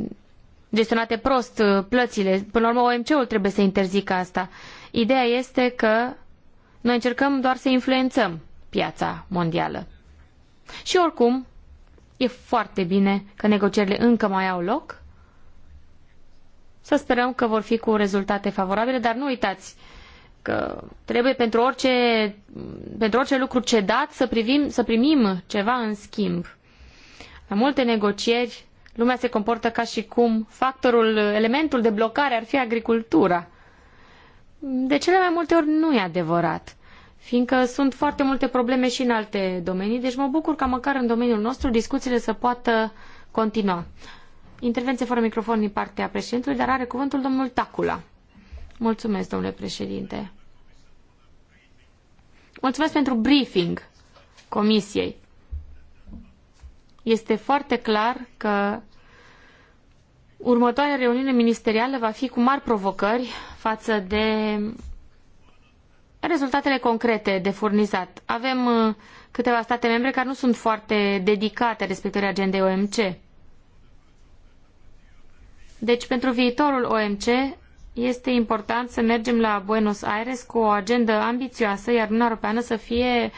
gestionate prost uh, plățile. Până la urmă, OMC-ul trebuie să interzică asta. Ideea este că noi încercăm doar să influențăm piața mondială. Și oricum, e foarte bine că negocierile încă mai au loc să sperăm că vor fi cu rezultate favorabile, dar nu uitați că trebuie pentru orice, pentru orice lucru cedat să, privim, să primim ceva în schimb. La multe negocieri, lumea se comportă ca și cum factorul, elementul de blocare ar fi agricultura. De cele mai multe ori nu e adevărat, fiindcă sunt foarte multe probleme și în alte domenii, deci mă bucur ca măcar în domeniul nostru discuțiile să poată continua. Intervenție fără microfon din partea președintelui dar are cuvântul domnul Tacula. Mulțumesc, domnule președinte. Mulțumesc pentru briefing comisiei. Este foarte clar că următoarea reuniune ministerială va fi cu mari provocări față de rezultatele concrete de furnizat. Avem uh, câteva state membre care nu sunt foarte dedicate respectării agendei OMC. Deci, pentru viitorul OMC este important să mergem la Buenos Aires cu o agendă ambițioasă, iar Uniunea Europeană să fie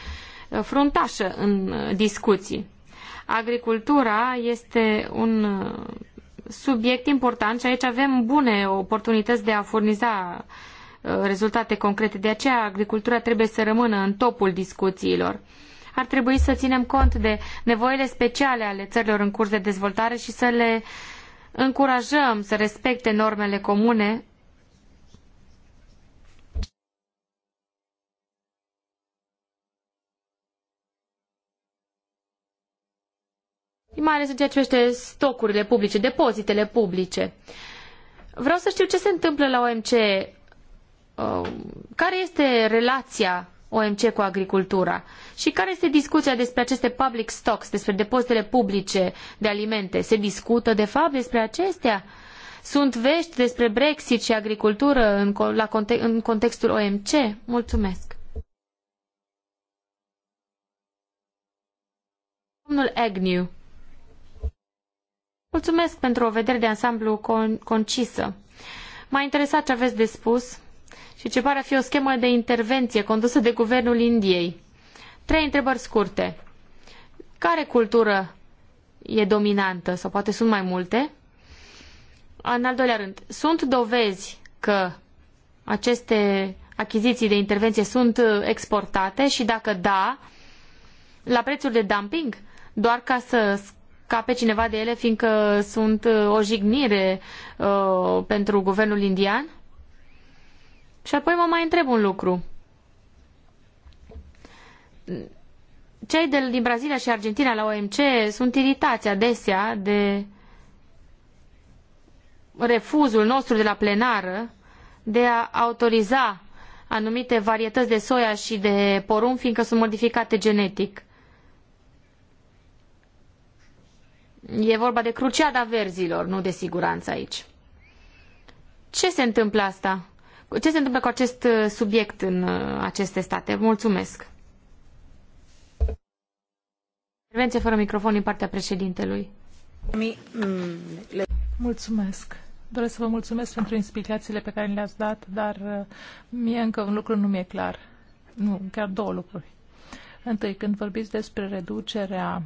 uh, fruntașă în uh, discuții. Agricultura este un uh, subiect important și aici avem bune oportunități de a furniza rezultate concrete. De aceea, agricultura trebuie să rămână în topul discuțiilor ar trebui să ținem cont de nevoile speciale ale țărilor în curs de dezvoltare și să le încurajăm să respecte normele comune mai ales în ceea ce privește stocurile publice, depozitele publice. Vreau să știu ce se întâmplă la OMC, um, care este relația OMC cu agricultura? Și care este discuția despre aceste public stocks, despre depozitele publice de alimente? Se discută, de fapt, despre acestea? Sunt vești despre Brexit și agricultură în, la în contextul OMC? Mulțumesc! Domnul Agnew. Mulțumesc pentru o vedere de ansamblu con concisă. M-a interesat ce aveți de spus și ce pare a fi o schemă de intervenție condusă de guvernul Indiei. Trei întrebări scurte. Care cultură e dominantă sau poate sunt mai multe? În al doilea rând, sunt dovezi că aceste achiziții de intervenție sunt uh, exportate și dacă da, la prețuri de dumping, doar ca să scape cineva de ele, fiindcă sunt uh, o jignire uh, pentru guvernul indian? Și apoi mă mai întreb un lucru. Cei de, din Brazilia și Argentina la OMC sunt iritați adesea de refuzul nostru de la plenară de a autoriza anumite varietăți de soia și de porumb, fiindcă sunt modificate genetic. E vorba de cruciada verzilor, nu de siguranță aici. Ce se întâmplă asta? ce se întâmplă cu acest uh, subiect în uh, aceste state? Mulțumesc! Intervenție fără microfon din partea președintelui. Mulțumesc! Doresc să vă mulțumesc pentru inspirațiile pe care le-ați dat, dar uh, mie încă un lucru nu mi-e clar. Nu, chiar două lucruri. Întâi, când vorbiți despre reducerea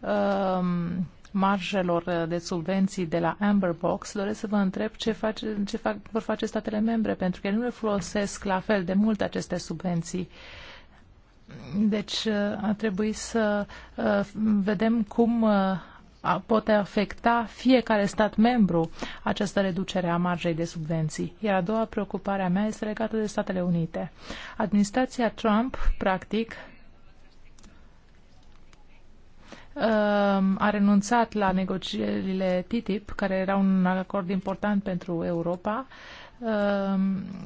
um, marjelor uh, de subvenții de la Amber Box, doresc să vă întreb ce, face, ce fac, vor face statele membre, pentru că ele nu le folosesc la fel de mult aceste subvenții. Deci uh, ar trebui să uh, vedem cum poate afecta fiecare stat membru această reducere a marjei de subvenții. Iar a doua preocupare a mea este legată de Statele Unite. Administrația Trump, practic, Um, a renunțat la negocierile TTIP, care era un acord important pentru Europa, um,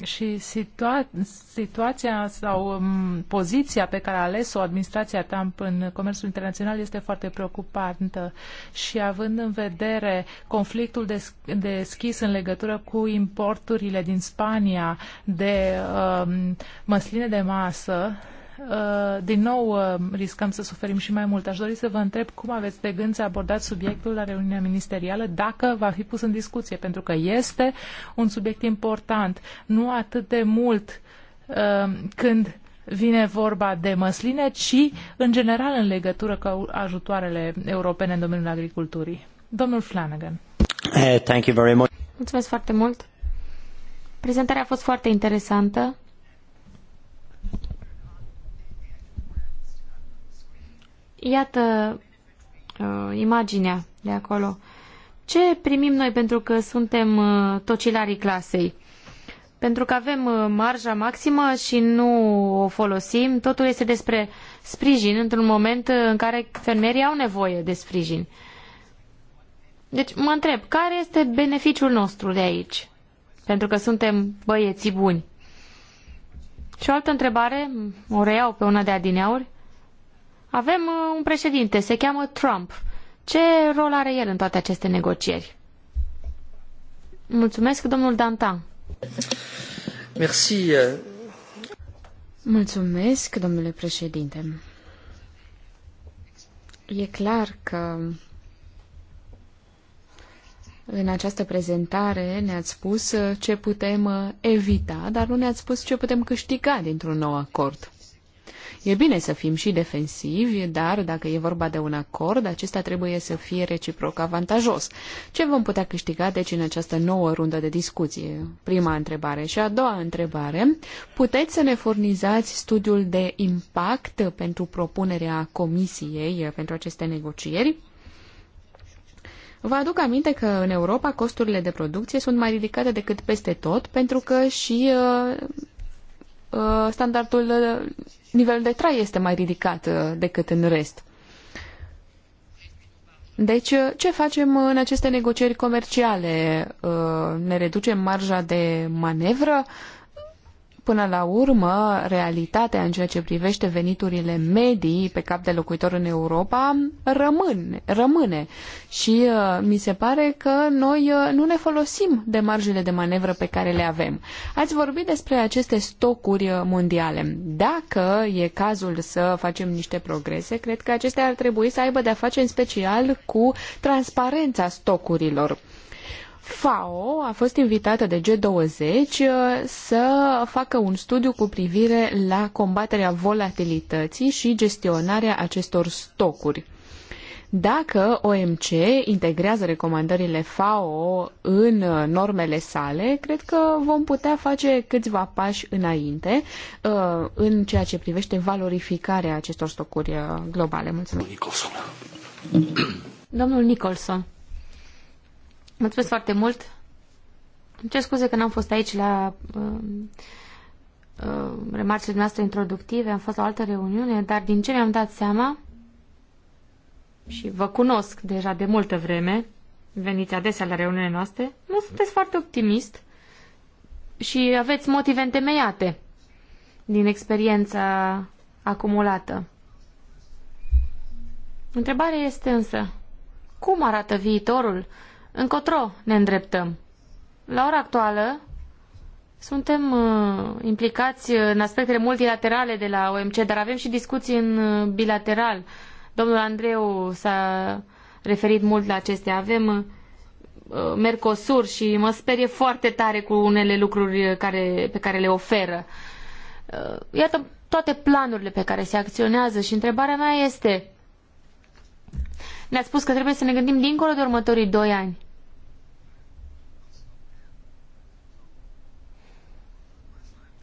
și situa- situația sau um, poziția pe care a ales-o administrația Trump în comerțul internațional este foarte preocupantă și având în vedere conflictul deschis în legătură cu importurile din Spania de măsline de masă, Uh, din nou uh, riscăm să suferim și mai mult. Aș dori să vă întreb cum aveți de gând să abordați subiectul la reuniunea ministerială, dacă va fi pus în discuție, pentru că este un subiect important, nu atât de mult uh, când vine vorba de măsline, ci în general în legătură cu ajutoarele europene în domeniul agriculturii. Domnul Flanagan. Eh, thank you very much. Mulțumesc foarte mult. Prezentarea a fost foarte interesantă. Iată uh, imaginea de acolo. Ce primim noi pentru că suntem uh, tocilarii clasei? Pentru că avem uh, marja maximă și nu o folosim, totul este despre sprijin într-un moment uh, în care fermerii au nevoie de sprijin. Deci mă întreb, care este beneficiul nostru de aici? Pentru că suntem băieții buni. Și o altă întrebare, o reiau pe una de adineauri. Avem uh, un președinte, se cheamă Trump. Ce rol are el în toate aceste negocieri? Mulțumesc, domnul Dantan. Merci. Uh. Mulțumesc, domnule președinte. E clar că în această prezentare ne-ați spus ce putem uh, evita, dar nu ne-ați spus ce putem câștiga dintr-un nou acord. E bine să fim și defensivi, dar dacă e vorba de un acord, acesta trebuie să fie reciproc avantajos. Ce vom putea câștiga deci în această nouă rundă de discuție? Prima întrebare. Și a doua întrebare, puteți să ne furnizați studiul de impact pentru propunerea Comisiei pentru aceste negocieri? Vă aduc aminte că în Europa costurile de producție sunt mai ridicate decât peste tot, pentru că și uh, uh, standardul nivelul de trai este mai ridicat uh, decât în rest. Deci, uh, ce facem în aceste negocieri comerciale? Uh, ne reducem marja de manevră? Până la urmă, realitatea în ceea ce privește veniturile medii pe cap de locuitor în Europa rămâne. rămâne. Și uh, mi se pare că noi uh, nu ne folosim de marjele de manevră pe care le avem. Ați vorbit despre aceste stocuri uh, mondiale. Dacă e cazul să facem niște progrese, cred că acestea ar trebui să aibă de-a face în special cu transparența stocurilor FAO a fost invitată de G20 uh, să facă un studiu cu privire la combaterea volatilității și gestionarea acestor stocuri. Dacă OMC integrează recomandările FAO în uh, normele sale, cred că vom putea face câțiva pași înainte uh, în ceea ce privește valorificarea acestor stocuri globale. Mulțumesc. Nicholson. Domnul Nicholson. Mulțumesc foarte mult. Îmi cer scuze că n-am fost aici la uh, uh, remarcile noastre introductive, am fost la o altă reuniune, dar din ce mi-am dat seama, și vă cunosc deja de multă vreme, veniți adesea la reuniunile noastre, nu sunteți foarte optimist și aveți motive întemeiate din experiența acumulată. Întrebarea este însă, cum arată viitorul încotro ne îndreptăm. La ora actuală suntem uh, implicați în aspectele multilaterale de la OMC, dar avem și discuții în uh, bilateral. Domnul Andreu s-a referit mult la acestea. Avem uh, Mercosur și mă sperie foarte tare cu unele lucruri uh, care, pe care le oferă. Uh, iată toate planurile pe care se acționează și întrebarea mea este ne-ați spus că trebuie să ne gândim dincolo de următorii doi ani.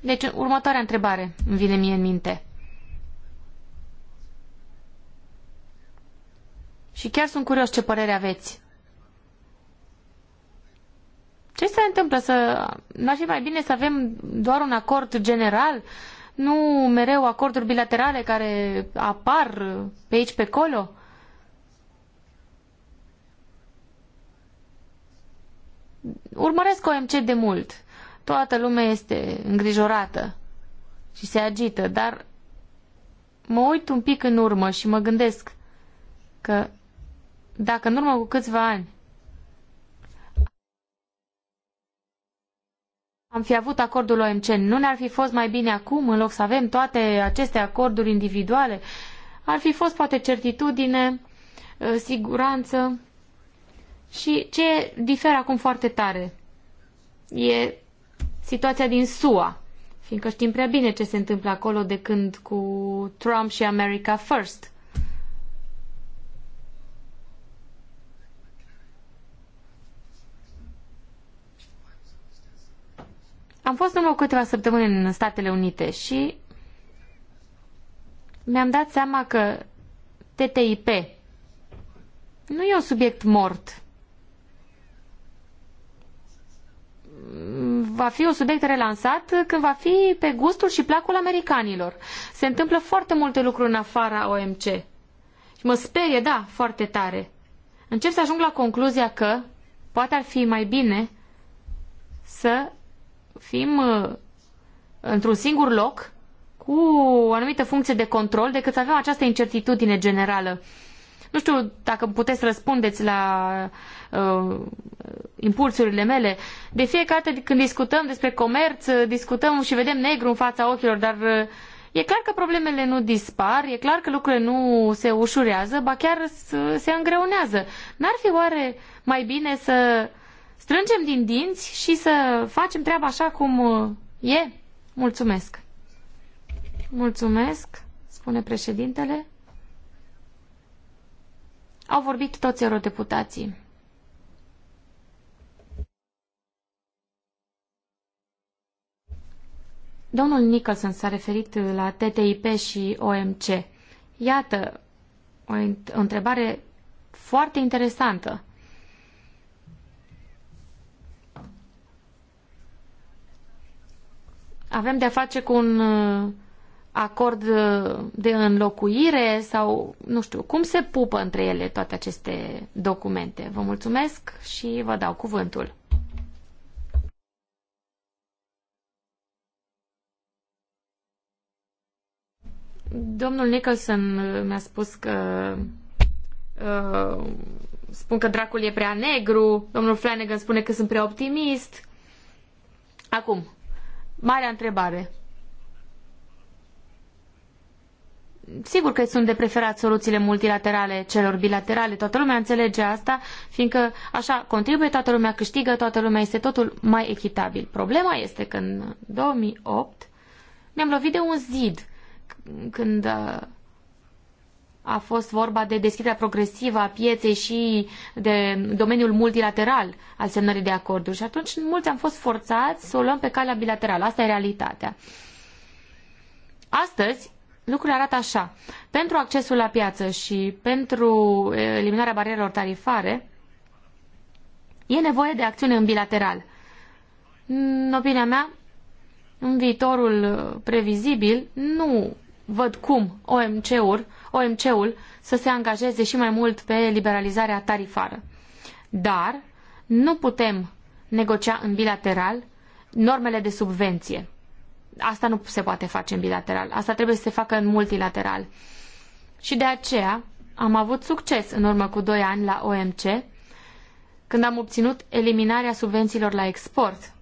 Deci, următoarea întrebare îmi vine mie în minte. Și chiar sunt curios ce părere aveți. Ce se întâmplă? Să... N-ar fi mai bine să avem doar un acord general? Nu mereu acorduri bilaterale care apar pe aici, pe acolo? Urmăresc OMC de mult Toată lumea este îngrijorată și se agită, dar mă uit un pic în urmă și mă gândesc că dacă în urmă cu câțiva ani am fi avut acordul OMC, nu ne-ar fi fost mai bine acum, în loc să avem toate aceste acorduri individuale? Ar fi fost poate certitudine, ă, siguranță și ce diferă acum foarte tare e situația din SUA, fiindcă știm prea bine ce se întâmplă acolo de când cu Trump și America First. Am fost numai câteva săptămâni în Statele Unite și mi-am dat seama că TTIP nu e un subiect mort. va fi un subiect relansat când va fi pe gustul și placul americanilor. Se întâmplă foarte multe lucruri în afara OMC. Și mă sperie, da, foarte tare. Încep să ajung la concluzia că poate ar fi mai bine să fim uh, într-un singur loc cu o anumită funcție de control decât să avem această incertitudine generală. Nu știu dacă puteți răspundeți la uh, impulsurile mele. De fiecare dată când discutăm despre comerț, uh, discutăm și vedem negru în fața ochilor, dar uh, e clar că problemele nu dispar, e clar că lucrurile nu se ușurează, ba chiar se îngreunează. N-ar fi oare mai bine să strângem din dinți și să facem treaba așa cum uh, e? Mulțumesc! Mulțumesc, spune președintele. Au vorbit toți eurodeputații. Domnul Nicholson s-a referit la TTIP și OMC. Iată, o întrebare foarte interesantă. Avem de-a face cu un uh, acord uh, de înlocuire sau nu știu, cum se pupă între ele toate aceste documente. Vă mulțumesc și vă dau cuvântul. Domnul Nicholson uh, mi-a spus că uh, spun că dracul e prea negru, domnul Flanagan spune că sunt prea optimist. Acum, marea întrebare. sigur că sunt de preferat soluțiile multilaterale celor bilaterale. Toată lumea înțelege asta, fiindcă așa contribuie, toată lumea câștigă, toată lumea este totul mai echitabil. Problema este că în 2008 ne-am lovit de un zid când uh, a fost vorba de deschiderea progresivă a pieței și de domeniul multilateral al semnării de acorduri. Și atunci mulți am fost forțați să o luăm pe calea bilaterală. Asta e realitatea. Astăzi, lucrurile arată așa. Pentru accesul la piață și pentru eh, eliminarea barierelor tarifare, e nevoie de acțiune în bilateral. În opinia mea, în viitorul eh, previzibil, nu văd cum OMC-ul, OMC-ul să se angajeze și mai mult pe liberalizarea tarifară. Dar nu putem negocia în bilateral normele de subvenție. Asta nu se poate face în bilateral. Asta trebuie să se facă în multilateral. Și de aceea am avut succes în urmă cu doi ani la OMC, când am obținut eliminarea subvențiilor la export.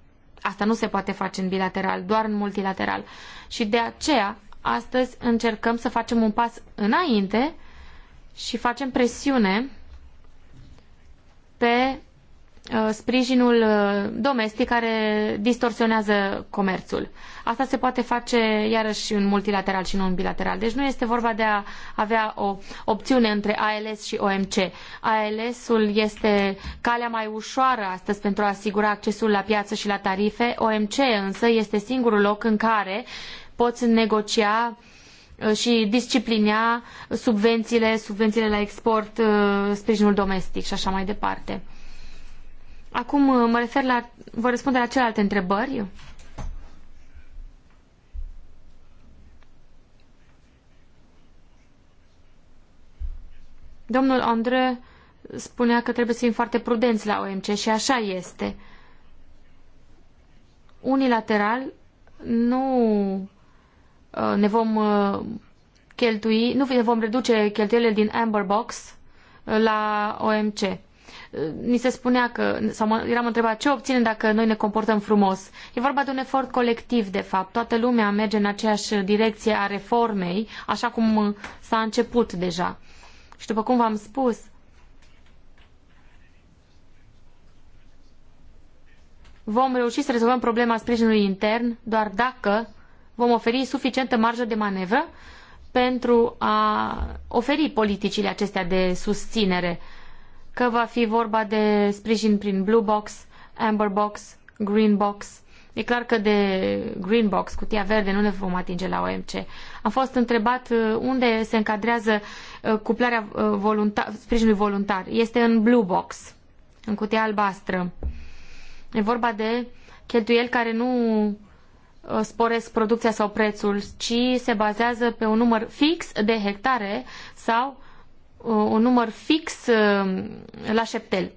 Asta nu se poate face în bilateral, doar în multilateral. Și de aceea, astăzi încercăm să facem un pas înainte și facem presiune pe Uh, sprijinul uh, domestic care distorsionează comerțul. Asta se poate face iarăși în multilateral și nu în bilateral. Deci nu este vorba de a avea o opțiune între ALS și OMC. ALS-ul este calea mai ușoară astăzi pentru a asigura accesul la piață și la tarife. OMC însă este singurul loc în care poți negocia uh, și disciplina subvențiile, subvențiile la export, sprijinul domestic și așa mai departe. Acum uh, mă refer la... Vă răspunde la celelalte întrebări? Domnul Andre spunea că trebuie să fim foarte prudenți la OMC și așa este. Unilateral nu uh, ne vom uh, cheltui, nu ne vom reduce cheltuielile din Amber Box la OMC ni se spunea că, sau eram întrebat ce obținem dacă noi ne comportăm frumos. E vorba de un efort colectiv, de fapt. Toată lumea merge în aceeași direcție a reformei, așa cum s-a început deja. Și după cum v-am spus, vom reuși să rezolvăm problema sprijinului intern doar dacă vom oferi suficientă marjă de manevră pentru a oferi politicile acestea de susținere că va fi vorba de sprijin prin Blue Box, Amber Box, Green Box. E clar că de Green Box, cutia verde, nu ne vom atinge la OMC. Am fost întrebat uh, unde se încadrează uh, cuplarea uh, voluntar, sprijinului voluntar. Este în Blue Box, în cutia albastră. E vorba de cheltuieli care nu sporesc producția sau prețul, ci se bazează pe un număr fix de hectare sau Uh, un număr fix uh, la șeptel.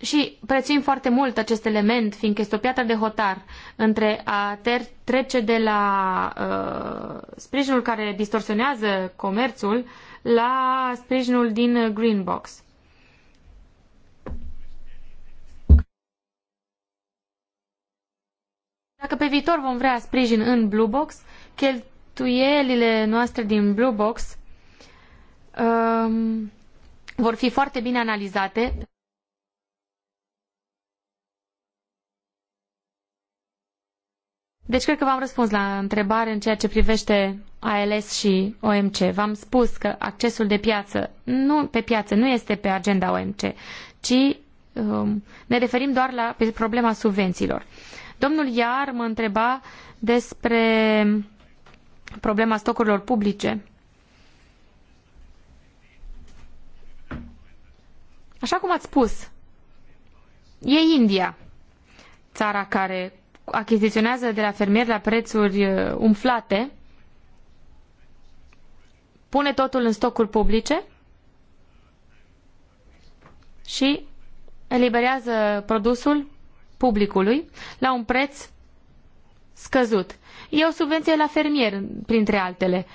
Și prețuim foarte mult acest element, fiindcă este o piatră de hotar între a trece de la uh, sprijinul care distorsionează comerțul la sprijinul din Green Box. Dacă pe viitor vom vrea sprijin în Blue Box, cheltuielile noastre din Blue Box Ehm, vor fi foarte bine analizate. Deci cred că v-am răspuns la întrebare în ceea ce privește ALS și OMC. V-am spus că accesul de piață nu, pe piață nu este pe agenda OMC, ci um, ne referim doar la problema subvențiilor. Domnul Iar mă întreba despre problema stocurilor publice. Așa cum ați spus, e India, țara care achiziționează de la fermieri la prețuri uh, umflate, pune totul în stocuri publice și eliberează produsul publicului la un preț scăzut. E o subvenție la fermier, printre altele.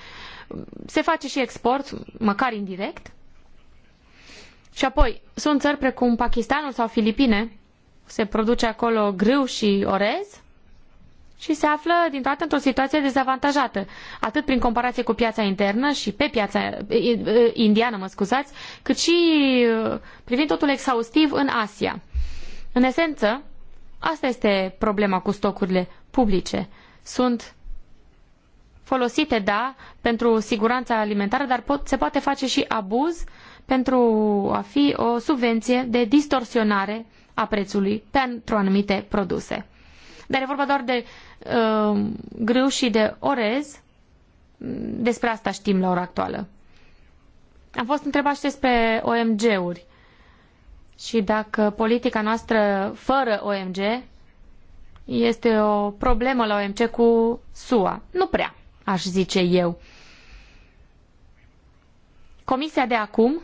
Se face și export, măcar indirect, și apoi, sunt țări precum Pakistanul sau Filipine, se produce acolo grâu și orez și se află din toată într-o situație dezavantajată, atât prin comparație cu piața internă și pe piața indiană, mă scuzați, cât și uh, privind totul exhaustiv în Asia. În esență, asta este problema cu stocurile publice. Sunt folosite, da, pentru siguranța alimentară, dar pot, se poate face și abuz uh, pentru a fi o subvenție de distorsionare a prețului pentru anumite produse. Dar e vorba doar de uh, grâu și de orez. Despre asta știm la ora actuală. Am fost întrebat și despre OMG-uri și dacă politica noastră fără OMG este o problemă la OMC cu SUA. Nu prea, aș zice eu. Comisia de acum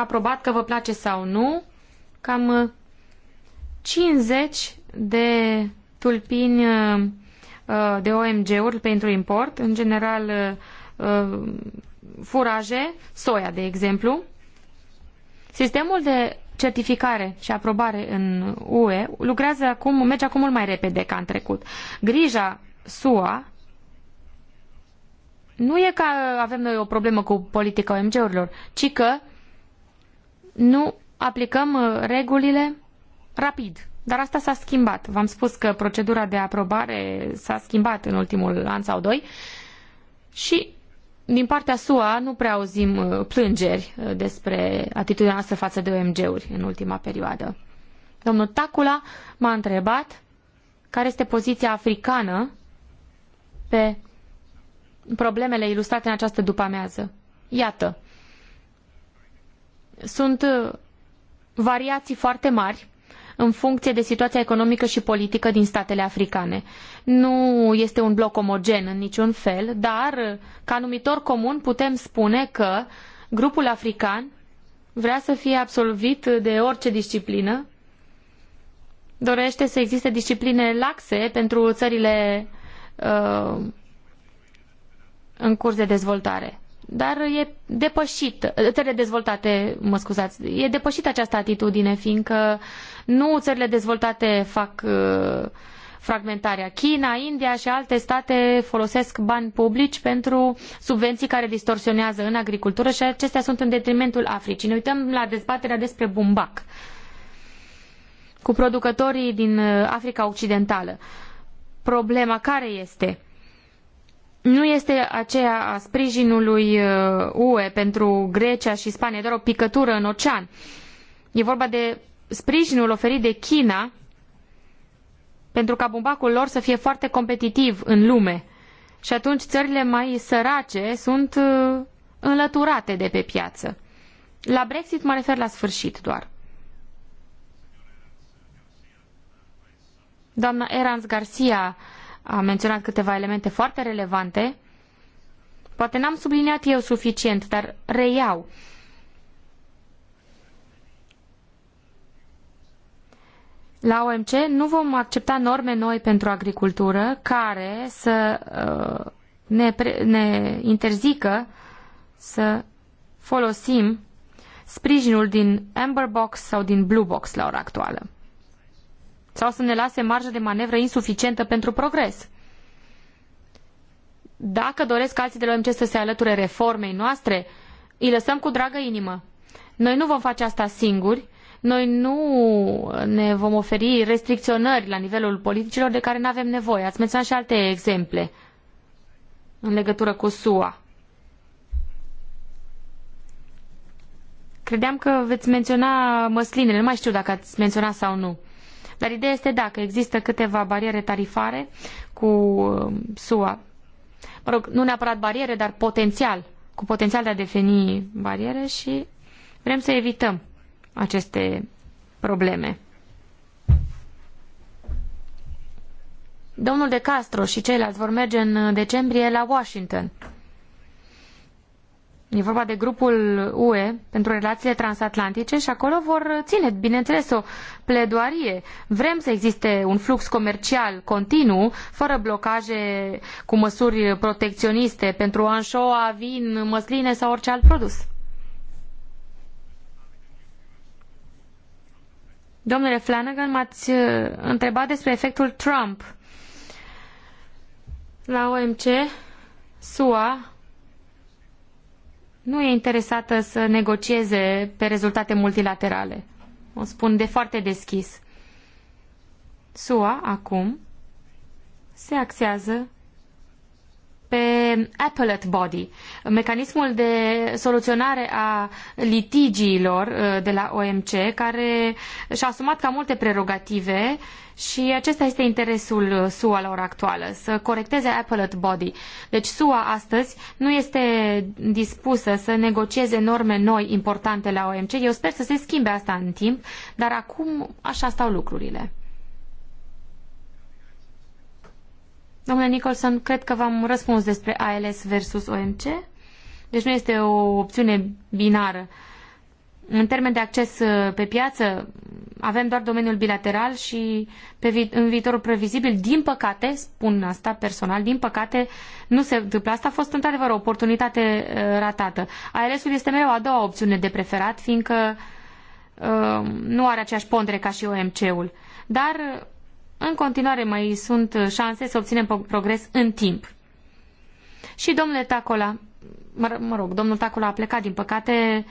aprobat, că vă place sau nu, cam 50 uh, de tulpini uh, uh, de OMG-uri pentru import, în general furaje, soia, de exemplu. Sistemul de certificare și aprobare în UE lucrează acum, merge acum mult mai repede ca în trecut. Grija SUA nu e că avem noi o problemă cu politica OMG-urilor, ci că nu aplicăm uh, regulile rapid. Dar asta s-a schimbat. V-am spus că procedura de aprobare s-a schimbat în ultimul an sau doi și din partea SUA nu prea auzim uh, plângeri uh, despre atitudinea noastră față de OMG-uri în ultima perioadă. Domnul Tacula m-a întrebat care este poziția africană pe problemele ilustrate în această după-amiază. Iată, sunt uh, variații foarte mari în funcție de situația economică și politică din statele africane. Nu este un bloc omogen în niciun fel, dar uh, ca numitor comun putem spune că grupul african vrea să fie absolvit de orice disciplină, dorește să existe discipline laxe pentru țările uh, în curs de dezvoltare dar e depășit, țările dezvoltate, mă scuzați, e depășită această atitudine, fiindcă nu țările dezvoltate fac uh, fragmentarea. China, India și alte state folosesc bani publici pentru subvenții care distorsionează în agricultură și acestea sunt în detrimentul Africii. Ne uităm la dezbaterea despre bumbac cu producătorii din uh, Africa Occidentală. Problema care este? nu este aceea a sprijinului UE uh, pentru Grecia și Spania, doar o picătură în ocean. E vorba de sprijinul oferit de China pentru ca bumbacul lor să fie foarte competitiv în lume. Și atunci țările mai sărace sunt uh, înlăturate de pe piață. La Brexit mă refer la sfârșit doar. Doamna Erans Garcia a menționat câteva elemente foarte relevante. Poate n-am subliniat eu suficient, dar reiau. La OMC nu vom accepta norme noi pentru agricultură care să uh, ne, pre, ne interzică să folosim sprijinul din Amber Box sau din Blue Box la ora actuală sau să ne lase marjă de manevră insuficientă pentru progres. Dacă doresc alții de la OMC să se alăture reformei noastre, îi lăsăm cu dragă inimă. Noi nu vom face asta singuri, noi nu ne vom oferi restricționări la nivelul politicilor de care nu avem nevoie. Ați menționat și alte exemple în legătură cu SUA. Credeam că veți menționa măslinele, nu mai știu dacă ați menționat sau nu. Dar ideea este dacă există câteva bariere tarifare cu um, SUA. Mă rog, nu neapărat bariere, dar potențial, cu potențial de a defini bariere și vrem să evităm aceste probleme. Domnul De Castro și ceilalți vor merge în decembrie la Washington E vorba de grupul UE pentru relațiile transatlantice și acolo vor ține, bineînțeles, o pledoarie. Vrem să existe un flux comercial continuu, fără blocaje cu măsuri protecționiste pentru anșoa, vin, măsline sau orice alt produs. Domnule Flanagan, m-ați uh, întrebat despre efectul Trump. La OMC, SUA nu e interesată să negocieze pe rezultate multilaterale. O spun de foarte deschis. SUA, acum, se axează pe appellate body, mecanismul de soluționare a litigiilor uh, de la OMC, care și-a asumat ca multe prerogative și acesta este interesul uh, SUA la ora actuală, să corecteze appellate body. Deci SUA astăzi nu este dispusă să negocieze norme noi importante la OMC. Eu sper să se schimbe asta în timp, dar acum așa stau lucrurile. Domnule Nicholson, cred că v-am răspuns despre ALS versus OMC. Deci nu este o opțiune binară. În termen de acces uh, pe piață, avem doar domeniul bilateral și pe vi- în viitorul previzibil, din păcate, spun asta personal, din păcate nu se întâmplă. Asta a fost într-adevăr o oportunitate uh, ratată. ALS-ul este mereu a doua opțiune de preferat, fiindcă uh, nu are aceeași pondere ca și OMC-ul. Dar în continuare mai sunt șanse să obținem progres în timp. Și domnule Tacola, mă, mă rog, domnul Tacola a plecat, din păcate,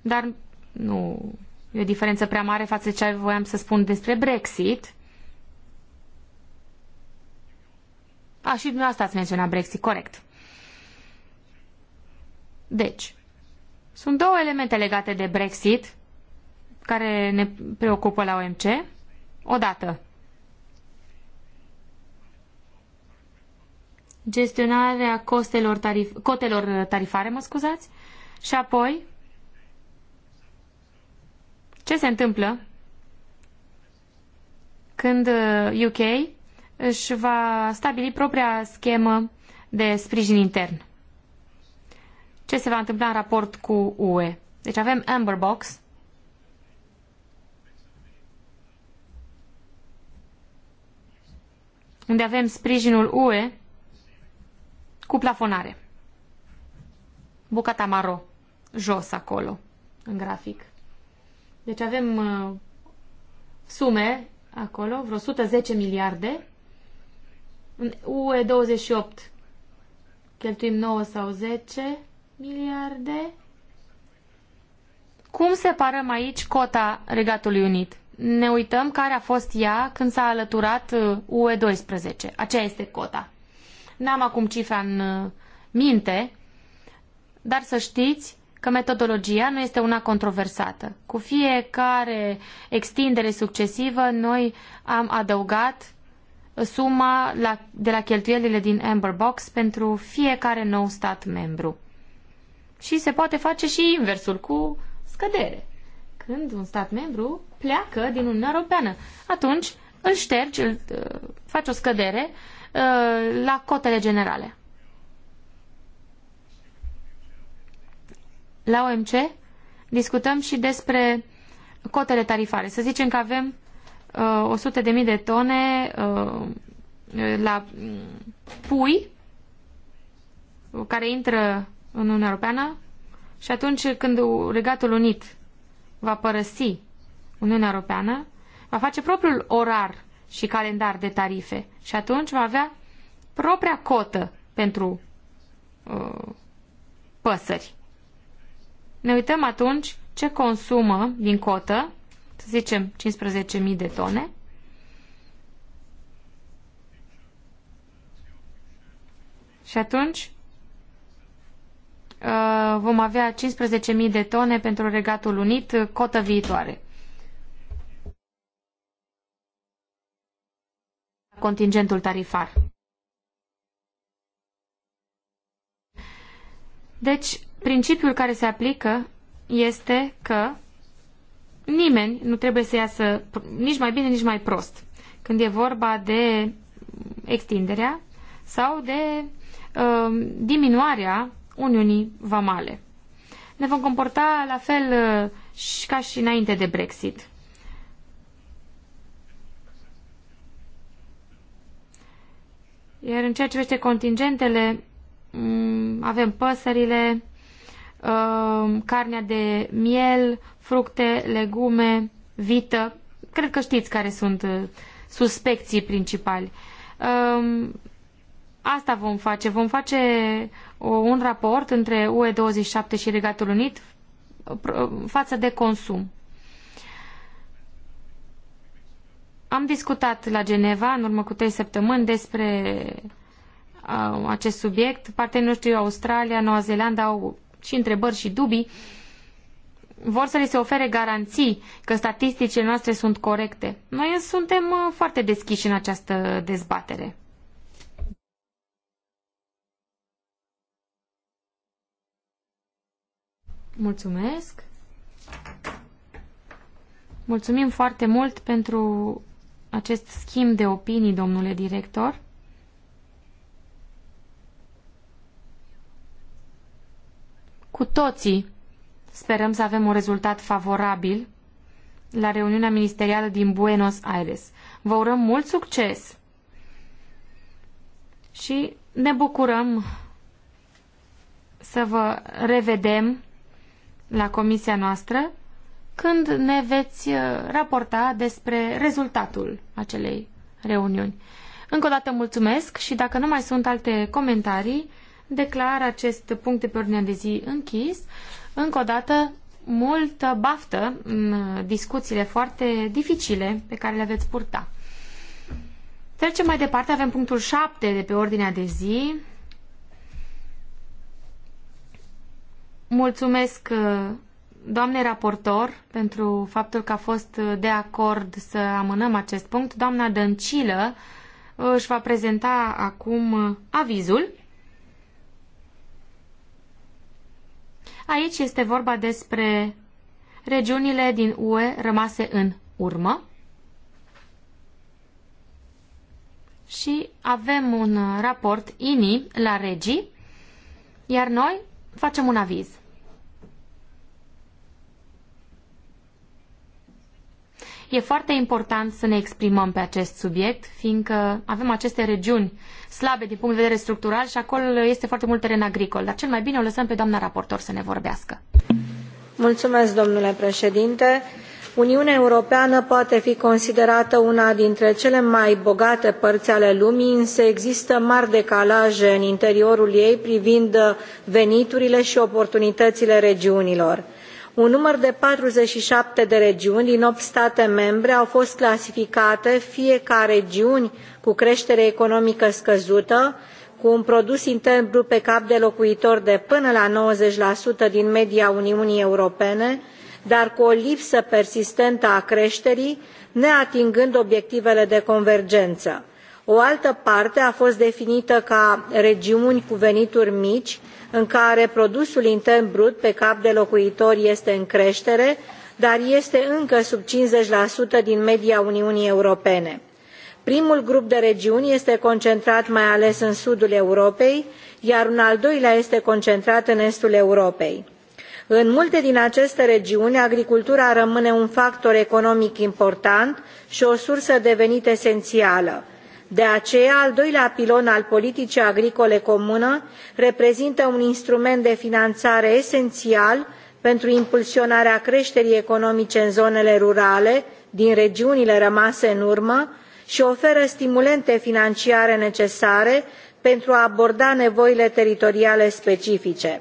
dar nu e o diferență prea mare față de ce voiam să spun despre Brexit. A, și dumneavoastră ați menționat Brexit, corect. Deci, sunt două elemente legate de Brexit care ne preocupă la OMC. Odată, gestionarea costelor tarif, cotelor tarifare, mă scuzați, și apoi ce se întâmplă când UK uh, își va stabili propria schemă de sprijin intern. Ce se va întâmpla în raport cu UE? Deci avem Amber Box. Unde avem sprijinul UE cu plafonare. Bucata maro, jos acolo, în grafic. Deci avem uh, sume acolo, vreo 110 miliarde. În UE 28 cheltuim 9 sau 10 miliarde. Cum separăm aici cota Regatului Unit? Ne uităm care a fost ea când s-a alăturat UE uh, 12. Aceea este cota. N-am acum cifra în uh, minte, dar să știți că metodologia nu este una controversată. Cu fiecare extindere succesivă, noi am adăugat suma la, de la cheltuielile din Amber Box pentru fiecare nou stat membru. Și se poate face și inversul, cu scădere. Când un stat membru pleacă din Uniunea Europeană, atunci îl ștergi, îl, uh, faci o scădere Uh, la cotele generale. La OMC discutăm și despre cotele tarifare. Să zicem că avem uh, 100.000 de tone uh, la pui care intră în Uniunea Europeană și atunci când Regatul Unit va părăsi Uniunea Europeană, va face propriul orar și calendar de tarife. Și atunci va avea propria cotă pentru uh, păsări. Ne uităm atunci ce consumă din cotă, să zicem 15.000 de tone, Și atunci uh, vom avea 15.000 de tone pentru Regatul Unit cotă viitoare. contingentul tarifar. Deci, principiul care se aplică este că nimeni nu trebuie să iasă nici mai bine, nici mai prost când e vorba de extinderea sau de uh, diminuarea Uniunii Vamale. Ne vom comporta la fel uh, ca și înainte de Brexit. Iar în ceea ce vește contingentele, mm, avem păsările, uh, carnea de miel, fructe, legume, vită. Cred că știți care sunt uh, suspecții principali. Um, asta vom face. Vom face un raport între UE27 și Regatul Unit uh, față de consum. Am discutat la Geneva în urmă cu trei săptămâni despre uh, acest subiect. Partenerii noștri Australia, Noua Zeelandă au și întrebări și dubii. Vor să li se ofere garanții că statisticile noastre sunt corecte. Noi suntem uh, foarte deschiși în această dezbatere. Mulțumesc! Mulțumim foarte mult pentru acest schimb de opinii, domnule director. Cu toții sperăm să avem un rezultat favorabil la reuniunea ministerială din Buenos Aires. Vă urăm mult succes și ne bucurăm să vă revedem la comisia noastră când ne veți uh, raporta despre rezultatul acelei reuniuni. Încă o dată mulțumesc și dacă nu mai sunt alte comentarii, declar acest punct de pe ordinea de zi închis. Încă o dată, multă baftă în discuțiile foarte dificile pe care le veți purta. Trecem mai departe, avem punctul 7 de pe ordinea de zi. Mulțumesc uh, doamnei raportor pentru faptul că a fost de acord să amânăm acest punct. Doamna Dăncilă își va prezenta acum avizul. Aici este vorba despre regiunile din UE rămase în urmă. Și avem un raport INI la regii, iar noi facem un aviz. E foarte important să ne exprimăm pe acest subiect, fiindcă avem aceste regiuni slabe din punct de vedere structural și acolo este foarte mult teren agricol. Dar cel mai bine o lăsăm pe doamna raportor să ne vorbească. Mulțumesc, domnule președinte. Uniunea Europeană poate fi considerată una dintre cele mai bogate părți ale lumii, însă există mari decalaje în interiorul ei privind veniturile și oportunitățile regiunilor un număr de patruzeci și șapte de regiuni din opt state membre au fost clasificate fie ca regiuni cu creștere economică scăzută cu un produs intern brut pe cap de locuitor de până la nouăzeci din media uniunii europene dar cu o lipsă persistentă a creșterii neatingând obiectivele de convergență. o altă parte a fost definită ca regiuni cu venituri mici în care produsul intern brut pe cap de locuitor este în creștere, dar este încă sub 50% din media Uniunii Europene. Primul grup de regiuni este concentrat mai ales în sudul Europei, iar un al doilea este concentrat în estul Europei. În multe din aceste regiuni, agricultura rămâne un factor economic important și o sursă de venit esențială de aceea al doilea pilon al politicii agricole comune reprezintă un instrument de finanțare esențial pentru impulsionarea creșterii economice în zonele rurale din regiunile rămase în urmă și oferă stimulente financiare necesare pentru a aborda nevoile teritoriale specifice.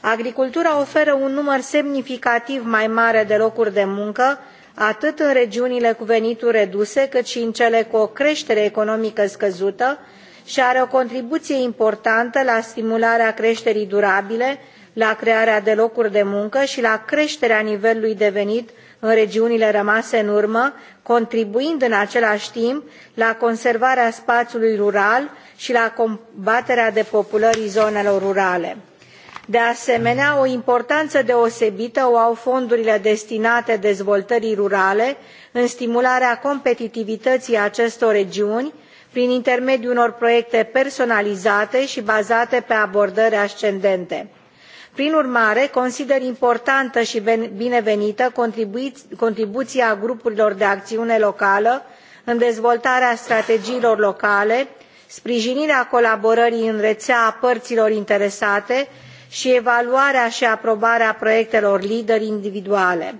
agricultura oferă un număr semnificativ mai mare de locuri de muncă atât în regiunile cu venituri reduse cât și în cele cu o creștere economică scăzută și are o contribuție importantă la stimularea creșterii durabile la crearea de locuri de muncă și la creșterea nivelului de venit în regiunile rămase în urmă contribuind în același timp la conservarea spațiului rural și la combaterea depopulării zonelor rurale de asemenea o importanță deosebită o au fondurile destinate dezvoltării rurale în stimularea competitivității acestor regiuni prin intermediul unor proiecte personalizate și bazate pe abordări ascendente. prin urmare consider importantă și binevenită contribuția grupurilor de acțiune locală în dezvoltarea strategiilor locale sprijinirea colaborării în rețea a părților interesate și și evaluarea și aprobarea proiectelor leader individuale.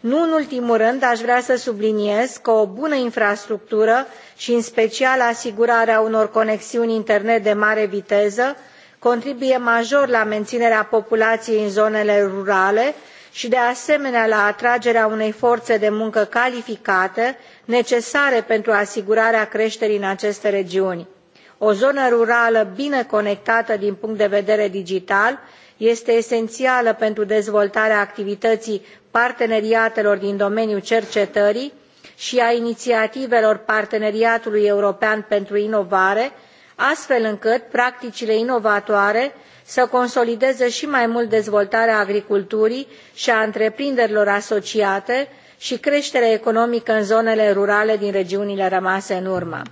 Nu în ultimul rând, aș vrea să subliniez că o bună infrastructură și în special asigurarea unor conexiuni internet de mare viteză contribuie major la menținerea populației în zonele rurale și de asemenea la atragerea unei forțe de muncă calificate necesare pentru asigurarea creșterii în aceste regiuni o zonă rurală bine conectată din punct de vedere digital este esențială pentru dezvoltarea activității parteneriatelor din domeniul cercetării și a inițiativelor parteneriatului european pentru inovare astfel încât practicile inovatoare să consolideze și mai mult dezvoltarea agriculturii și a întreprinderilor asociate și creșterea economică în zonele rurale din regiunile rămase în urmă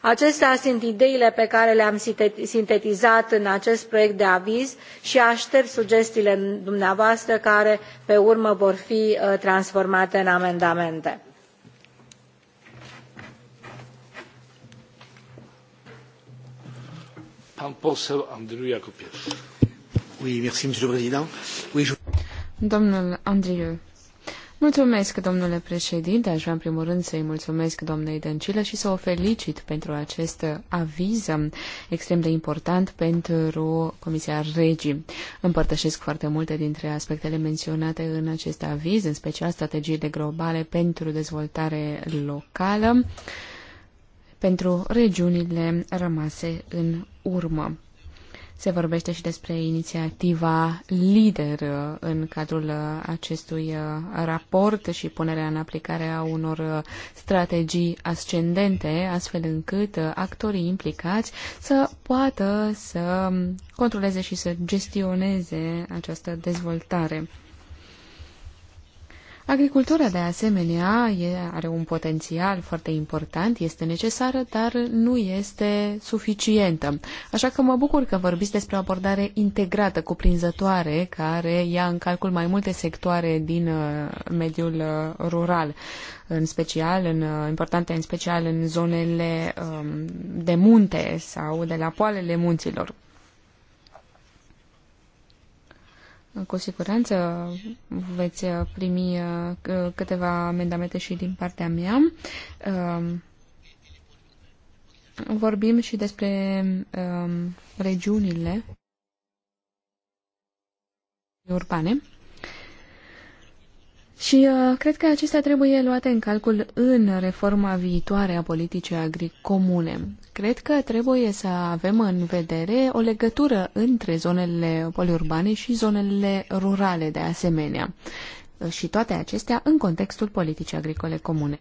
acestea sunt ideile pe care le am sintetizat în acest proiect de aviz și aștept sugestiile dumneavoastră care pe urmă vor fi uh, transformate în amendamente. Domnul Andriu. Mulțumesc, domnule președinte. Aș vrea în primul rând să-i mulțumesc doamnei Dăncilă și să o felicit pentru acest aviz extrem de important pentru Comisia Regii. Împărtășesc foarte multe dintre aspectele menționate în acest aviz, în special strategiile globale pentru dezvoltare locală pentru regiunile rămase în urmă. Se vorbește și despre inițiativa lider uh, în cadrul uh, acestui uh, raport și punerea în aplicare a unor strategii ascendente, astfel încât actorii implicați să poată să controleze și să gestioneze această dezvoltare. Agricultura, de asemenea, e, are un potențial foarte important, este necesară, dar nu este suficientă. Așa că mă bucur că vorbiți despre o abordare integrată, cuprinzătoare, care ia în calcul mai multe sectoare din uh, mediul uh, rural, în special, în, uh, importante în special în zonele um, de munte sau de la poalele munților. Cu siguranță veți primi uh, câteva amendamente și din partea mea. Um, vorbim și despre um, regiunile urbane. Și uh, cred că acestea trebuie luate în calcul în reforma viitoare a politicii agricomune. comune. Cred că trebuie să avem în vedere o legătură între zonele poliurbane și zonele rurale de asemenea și toate acestea în contextul politicii agricole comune.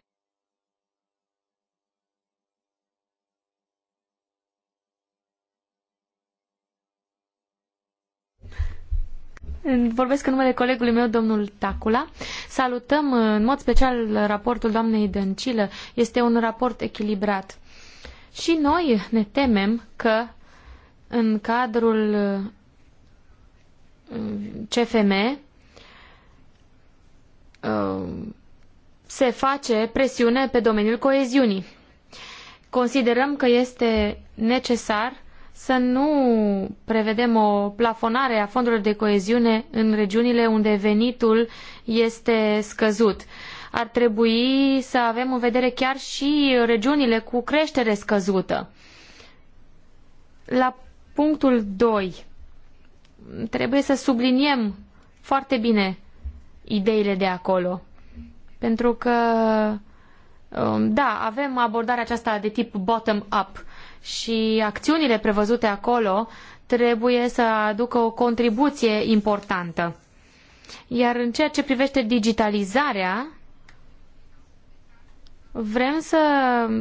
vorbesc în numele colegului meu, domnul Tacula. Salutăm uh, în mod special raportul doamnei Dăncilă. Este un raport echilibrat. Și noi ne temem că în cadrul uh, CFM uh, se face presiune pe domeniul coeziunii. Considerăm că este necesar să nu prevedem o plafonare a fondurilor de coeziune în regiunile unde venitul este scăzut. Ar trebui să avem în vedere chiar și regiunile cu creștere scăzută. La punctul 2 trebuie să subliniem foarte bine ideile de acolo. Pentru că, um, da, avem abordarea aceasta de tip bottom-up, și acțiunile prevăzute acolo trebuie să aducă o contribuție importantă. Iar în ceea ce privește digitalizarea, vrem să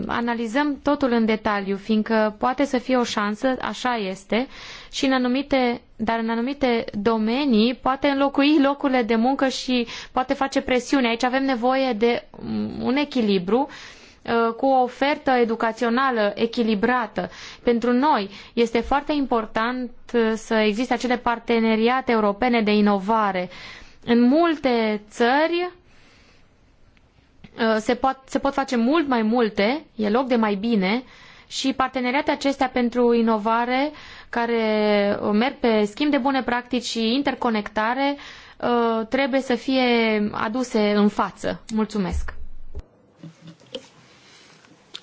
analizăm totul în detaliu, fiindcă poate să fie o șansă, așa este, și în anumite, dar în anumite domenii poate înlocui locurile de muncă și poate face presiune. Aici avem nevoie de un echilibru uh, Uh, cu o ofertă educațională echilibrată. Pentru noi este foarte important uh, să existe acele parteneriate europene de inovare. În multe țări uh, se pot, se pot face mult mai multe, e loc de mai bine și parteneriate acestea pentru inovare care merg pe schimb de bune practici și interconectare trebuie să fie aduse în față. Mulțumesc!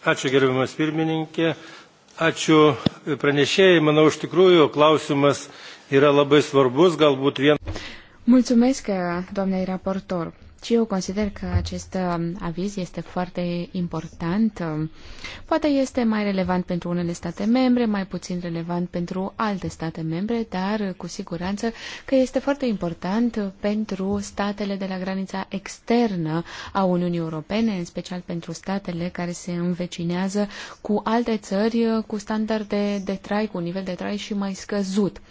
Ačiū gerbiamas pirmininkė, ačiū pranešėjai. Manau, iš tikrųjų, klausimas yra labai svarbus, galbūt vien. Mulțumesc, doamnei raportor. Și eu consider că acest um, aviz este foarte important. Um, poate este mai relevant pentru unele state membre, mai puțin relevant pentru alte state membre, dar uh, cu siguranță că este foarte important uh, pentru statele de la granița externă a Uniunii Europene, în special pentru statele care se învecinează cu alte țări uh, cu standarde de trai, cu un nivel de trai și mai scăzut.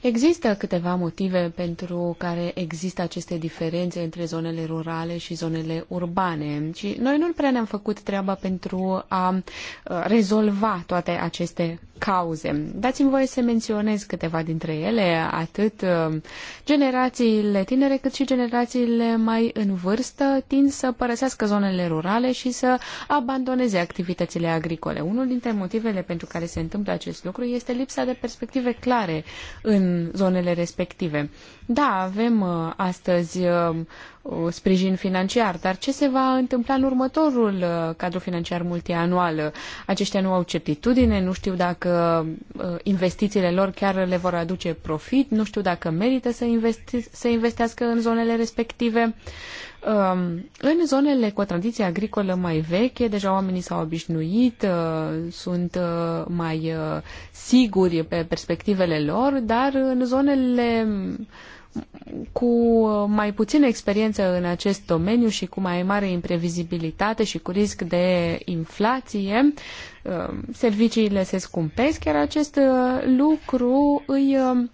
Există câteva motive pentru care există aceste diferențe între zonele rurale și zonele urbane și noi nu prea ne-am făcut treaba pentru a rezolva toate aceste cauze. Dați-mi voie să menționez câteva dintre ele, atât generațiile tinere cât și generațiile mai în vârstă tind să părăsească zonele rurale și să abandoneze activitățile agricole. Unul dintre motivele pentru care se întâmplă acest lucru este lipsa de perspective clare în zonele respective. Da, avem uh, astăzi uh, Uh, sprijin financiar. Dar ce se va întâmpla în următorul uh, cadru financiar multianual? Aceștia nu au certitudine, nu știu dacă uh, investițiile lor chiar le vor aduce profit, nu știu dacă merită să, investi- să investească în zonele respective. Um, în zonele cu o tradiție agricolă mai veche, deja oamenii s-au obișnuit, sunt mai siguri pe perspectivele lor, dar în zonele cu mai puțină experiență în acest domeniu și cu mai mare imprevizibilitate și cu risc de inflație, um, serviciile se scumpesc, iar acest uh, lucru îi um,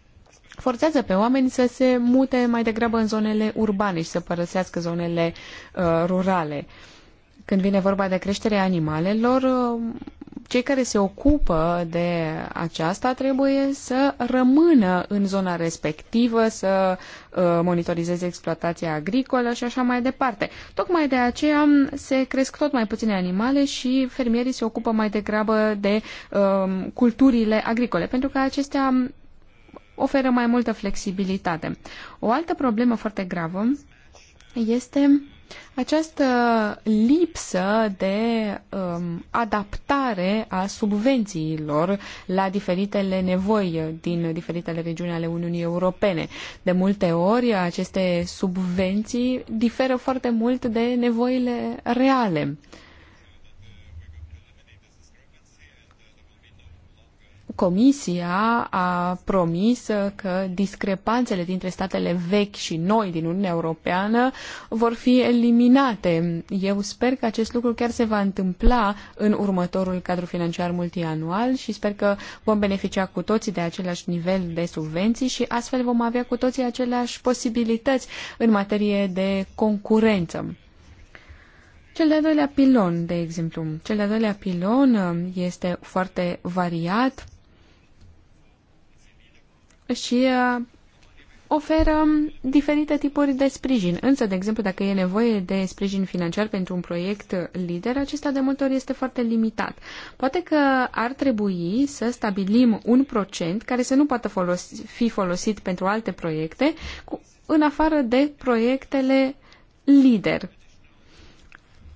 forțează pe oameni să se mute mai degrabă în zonele urbane și să părăsească zonele uh, rurale. Când vine vorba de creșterea animalelor, cei care se ocupă de aceasta trebuie să rămână în zona respectivă, să uh, monitorizeze exploatația agricolă și așa mai departe. Tocmai de aceea se cresc tot mai puține animale și fermierii se ocupă mai degrabă de um, culturile agricole, pentru că acestea oferă mai multă flexibilitate. O altă problemă foarte gravă este această lipsă de um, adaptare a subvențiilor la diferitele nevoi din diferitele regiuni ale Uniunii Europene. De multe ori, aceste subvenții diferă foarte mult de nevoile reale. Uh, Comisia a promis că discrepanțele dintre statele vechi și noi din Uniunea Europeană vor fi eliminate. Eu sper că acest lucru chiar se va întâmpla în următorul cadru financiar multianual și sper că vom beneficia cu toții de același nivel de subvenții și astfel vom avea cu toții aceleași posibilități în materie de concurență. Cel de-al doilea pilon, de exemplu. Cel de-al doilea pilon este foarte variat și uh, oferă diferite tipuri de sprijin. Însă, de exemplu, dacă e nevoie de sprijin financiar pentru un proiect lider, acesta de multe ori este foarte limitat. Poate că ar trebui să stabilim un procent care să nu poată folosi, fi folosit pentru alte proiecte, cu, în afară de proiectele lider.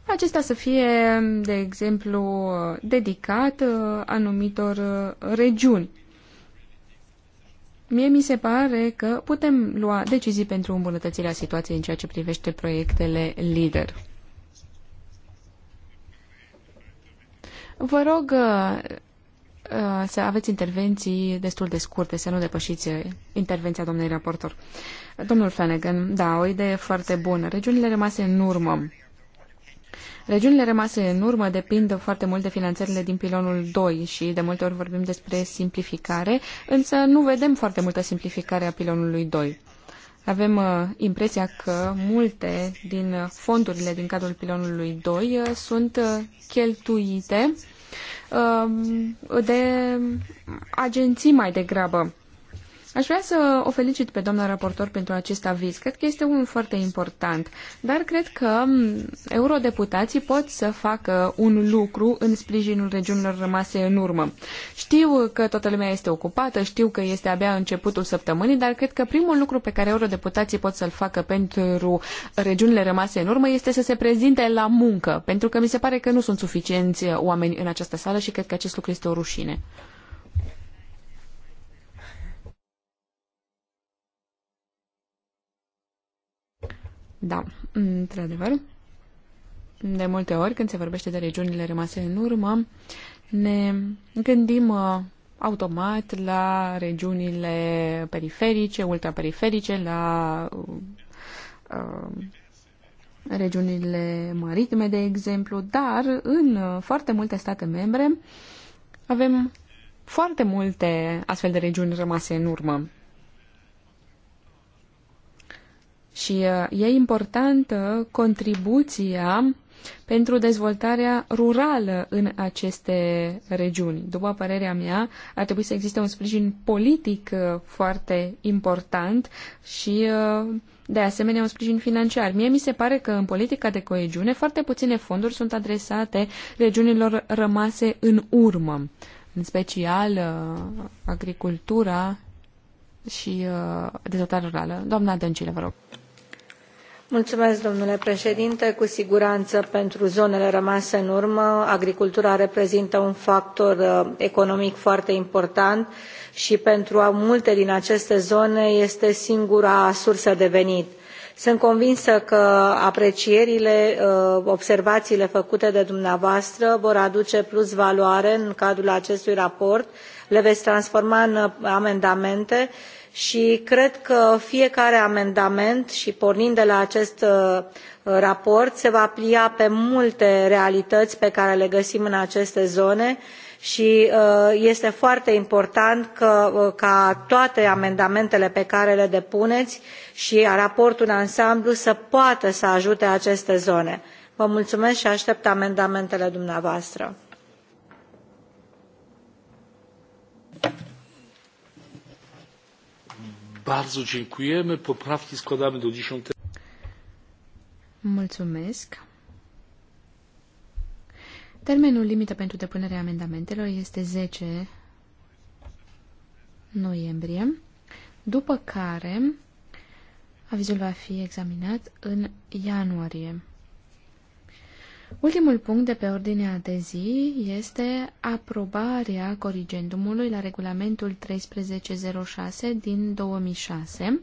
Acesta să fie, de exemplu, dedicat uh, anumitor uh, regiuni Mie mi se pare că putem lua decizii pentru îmbunătățirea situației în ceea ce privește proiectele lider. Vă rog uh, uh, să aveți intervenții destul de scurte, să nu depășiți uh, intervenția domnului raportor. Domnul Flanagan, da, o idee foarte bună. Regiunile rămase în urmă Regiunile rămase în urmă depind foarte mult de finanțările din pilonul 2 și de multe ori vorbim despre simplificare, însă nu vedem foarte multă simplificare a pilonului 2. Avem uh, impresia că multe din fondurile din cadrul pilonului 2 uh, sunt uh, cheltuite um, de agenții mai degrabă Aș vrea să o felicit pe doamna raportor pentru acest aviz. Cred că este unul foarte important, dar cred că eurodeputații pot să facă un lucru în sprijinul regiunilor rămase în urmă. Știu că toată lumea este ocupată, știu că este abia începutul săptămânii, dar cred că primul lucru pe care eurodeputații pot să-l facă pentru regiunile rămase în urmă este să se prezinte la muncă, pentru că mi se pare că nu sunt suficienți oameni în această sală și cred că acest lucru este o rușine. Da, într-adevăr. De multe ori, când se vorbește de regiunile rămase în urmă, ne gândim uh, automat la regiunile periferice, ultraperiferice, la uh, uh regiunile maritime, de exemplu, dar în uh, foarte multe state membre avem foarte multe astfel de regiuni rămase în urmă. și uh, e importantă contribuția pentru dezvoltarea rurală în aceste regiuni. După părerea mea, ar trebui să existe un sprijin politic uh, foarte important și uh, de asemenea un sprijin financiar. Mie mi se pare că în politica de coeziune foarte puține fonduri sunt adresate regiunilor rămase în urmă, în special agricultura și dezvoltarea rurală. Doamna Dăncile, vă rog. Mulțumesc, domnule președinte cu siguranță pentru zonele rămase în urmă agricultura reprezintă un factor uh, economic foarte important și pentru multe din aceste zone este singura sursă de venit. sunt convinsă că aprecierile uh, observațiile făcute de dumneavoastră vor aduce plus valoare în cadrul acestui raport le veți transforma în uh, amendamente și și cred că fiecare amendament și pornind de la acest uh, raport se va plia pe multe realități pe care le găsim în aceste zone și uh, este foarte important că, uh, ca toate amendamentele pe care le depuneți și raportul în ansamblu să poată să ajute aceste zone. Vă mulțumesc și aștept amendamentele dumneavoastră. Bardzo dziękujemy. Poprawki składamy do 10. Mulțumesc. Termenul limită pentru depunerea amendamentelor este 10 noiembrie, după care avizul va fi examinat în ianuarie. Ultimul punct de pe ordinea de zi este aprobarea corigendumului la regulamentul 1306 din 2006.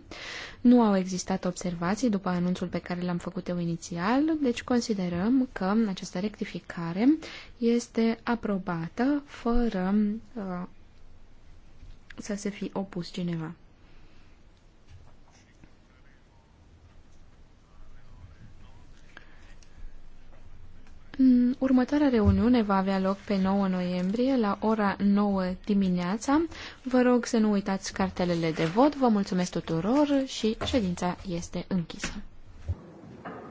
Nu au existat observații după anunțul pe care l-am făcut eu inițial, deci considerăm că această rectificare este aprobată fără uh, să se fi opus cineva. Mm, următoarea reuniune va avea loc pe 9 noiembrie la ora 9 dimineața. Vă rog să nu uitați cartelele de vot. Vă mulțumesc tuturor și ședința este închisă.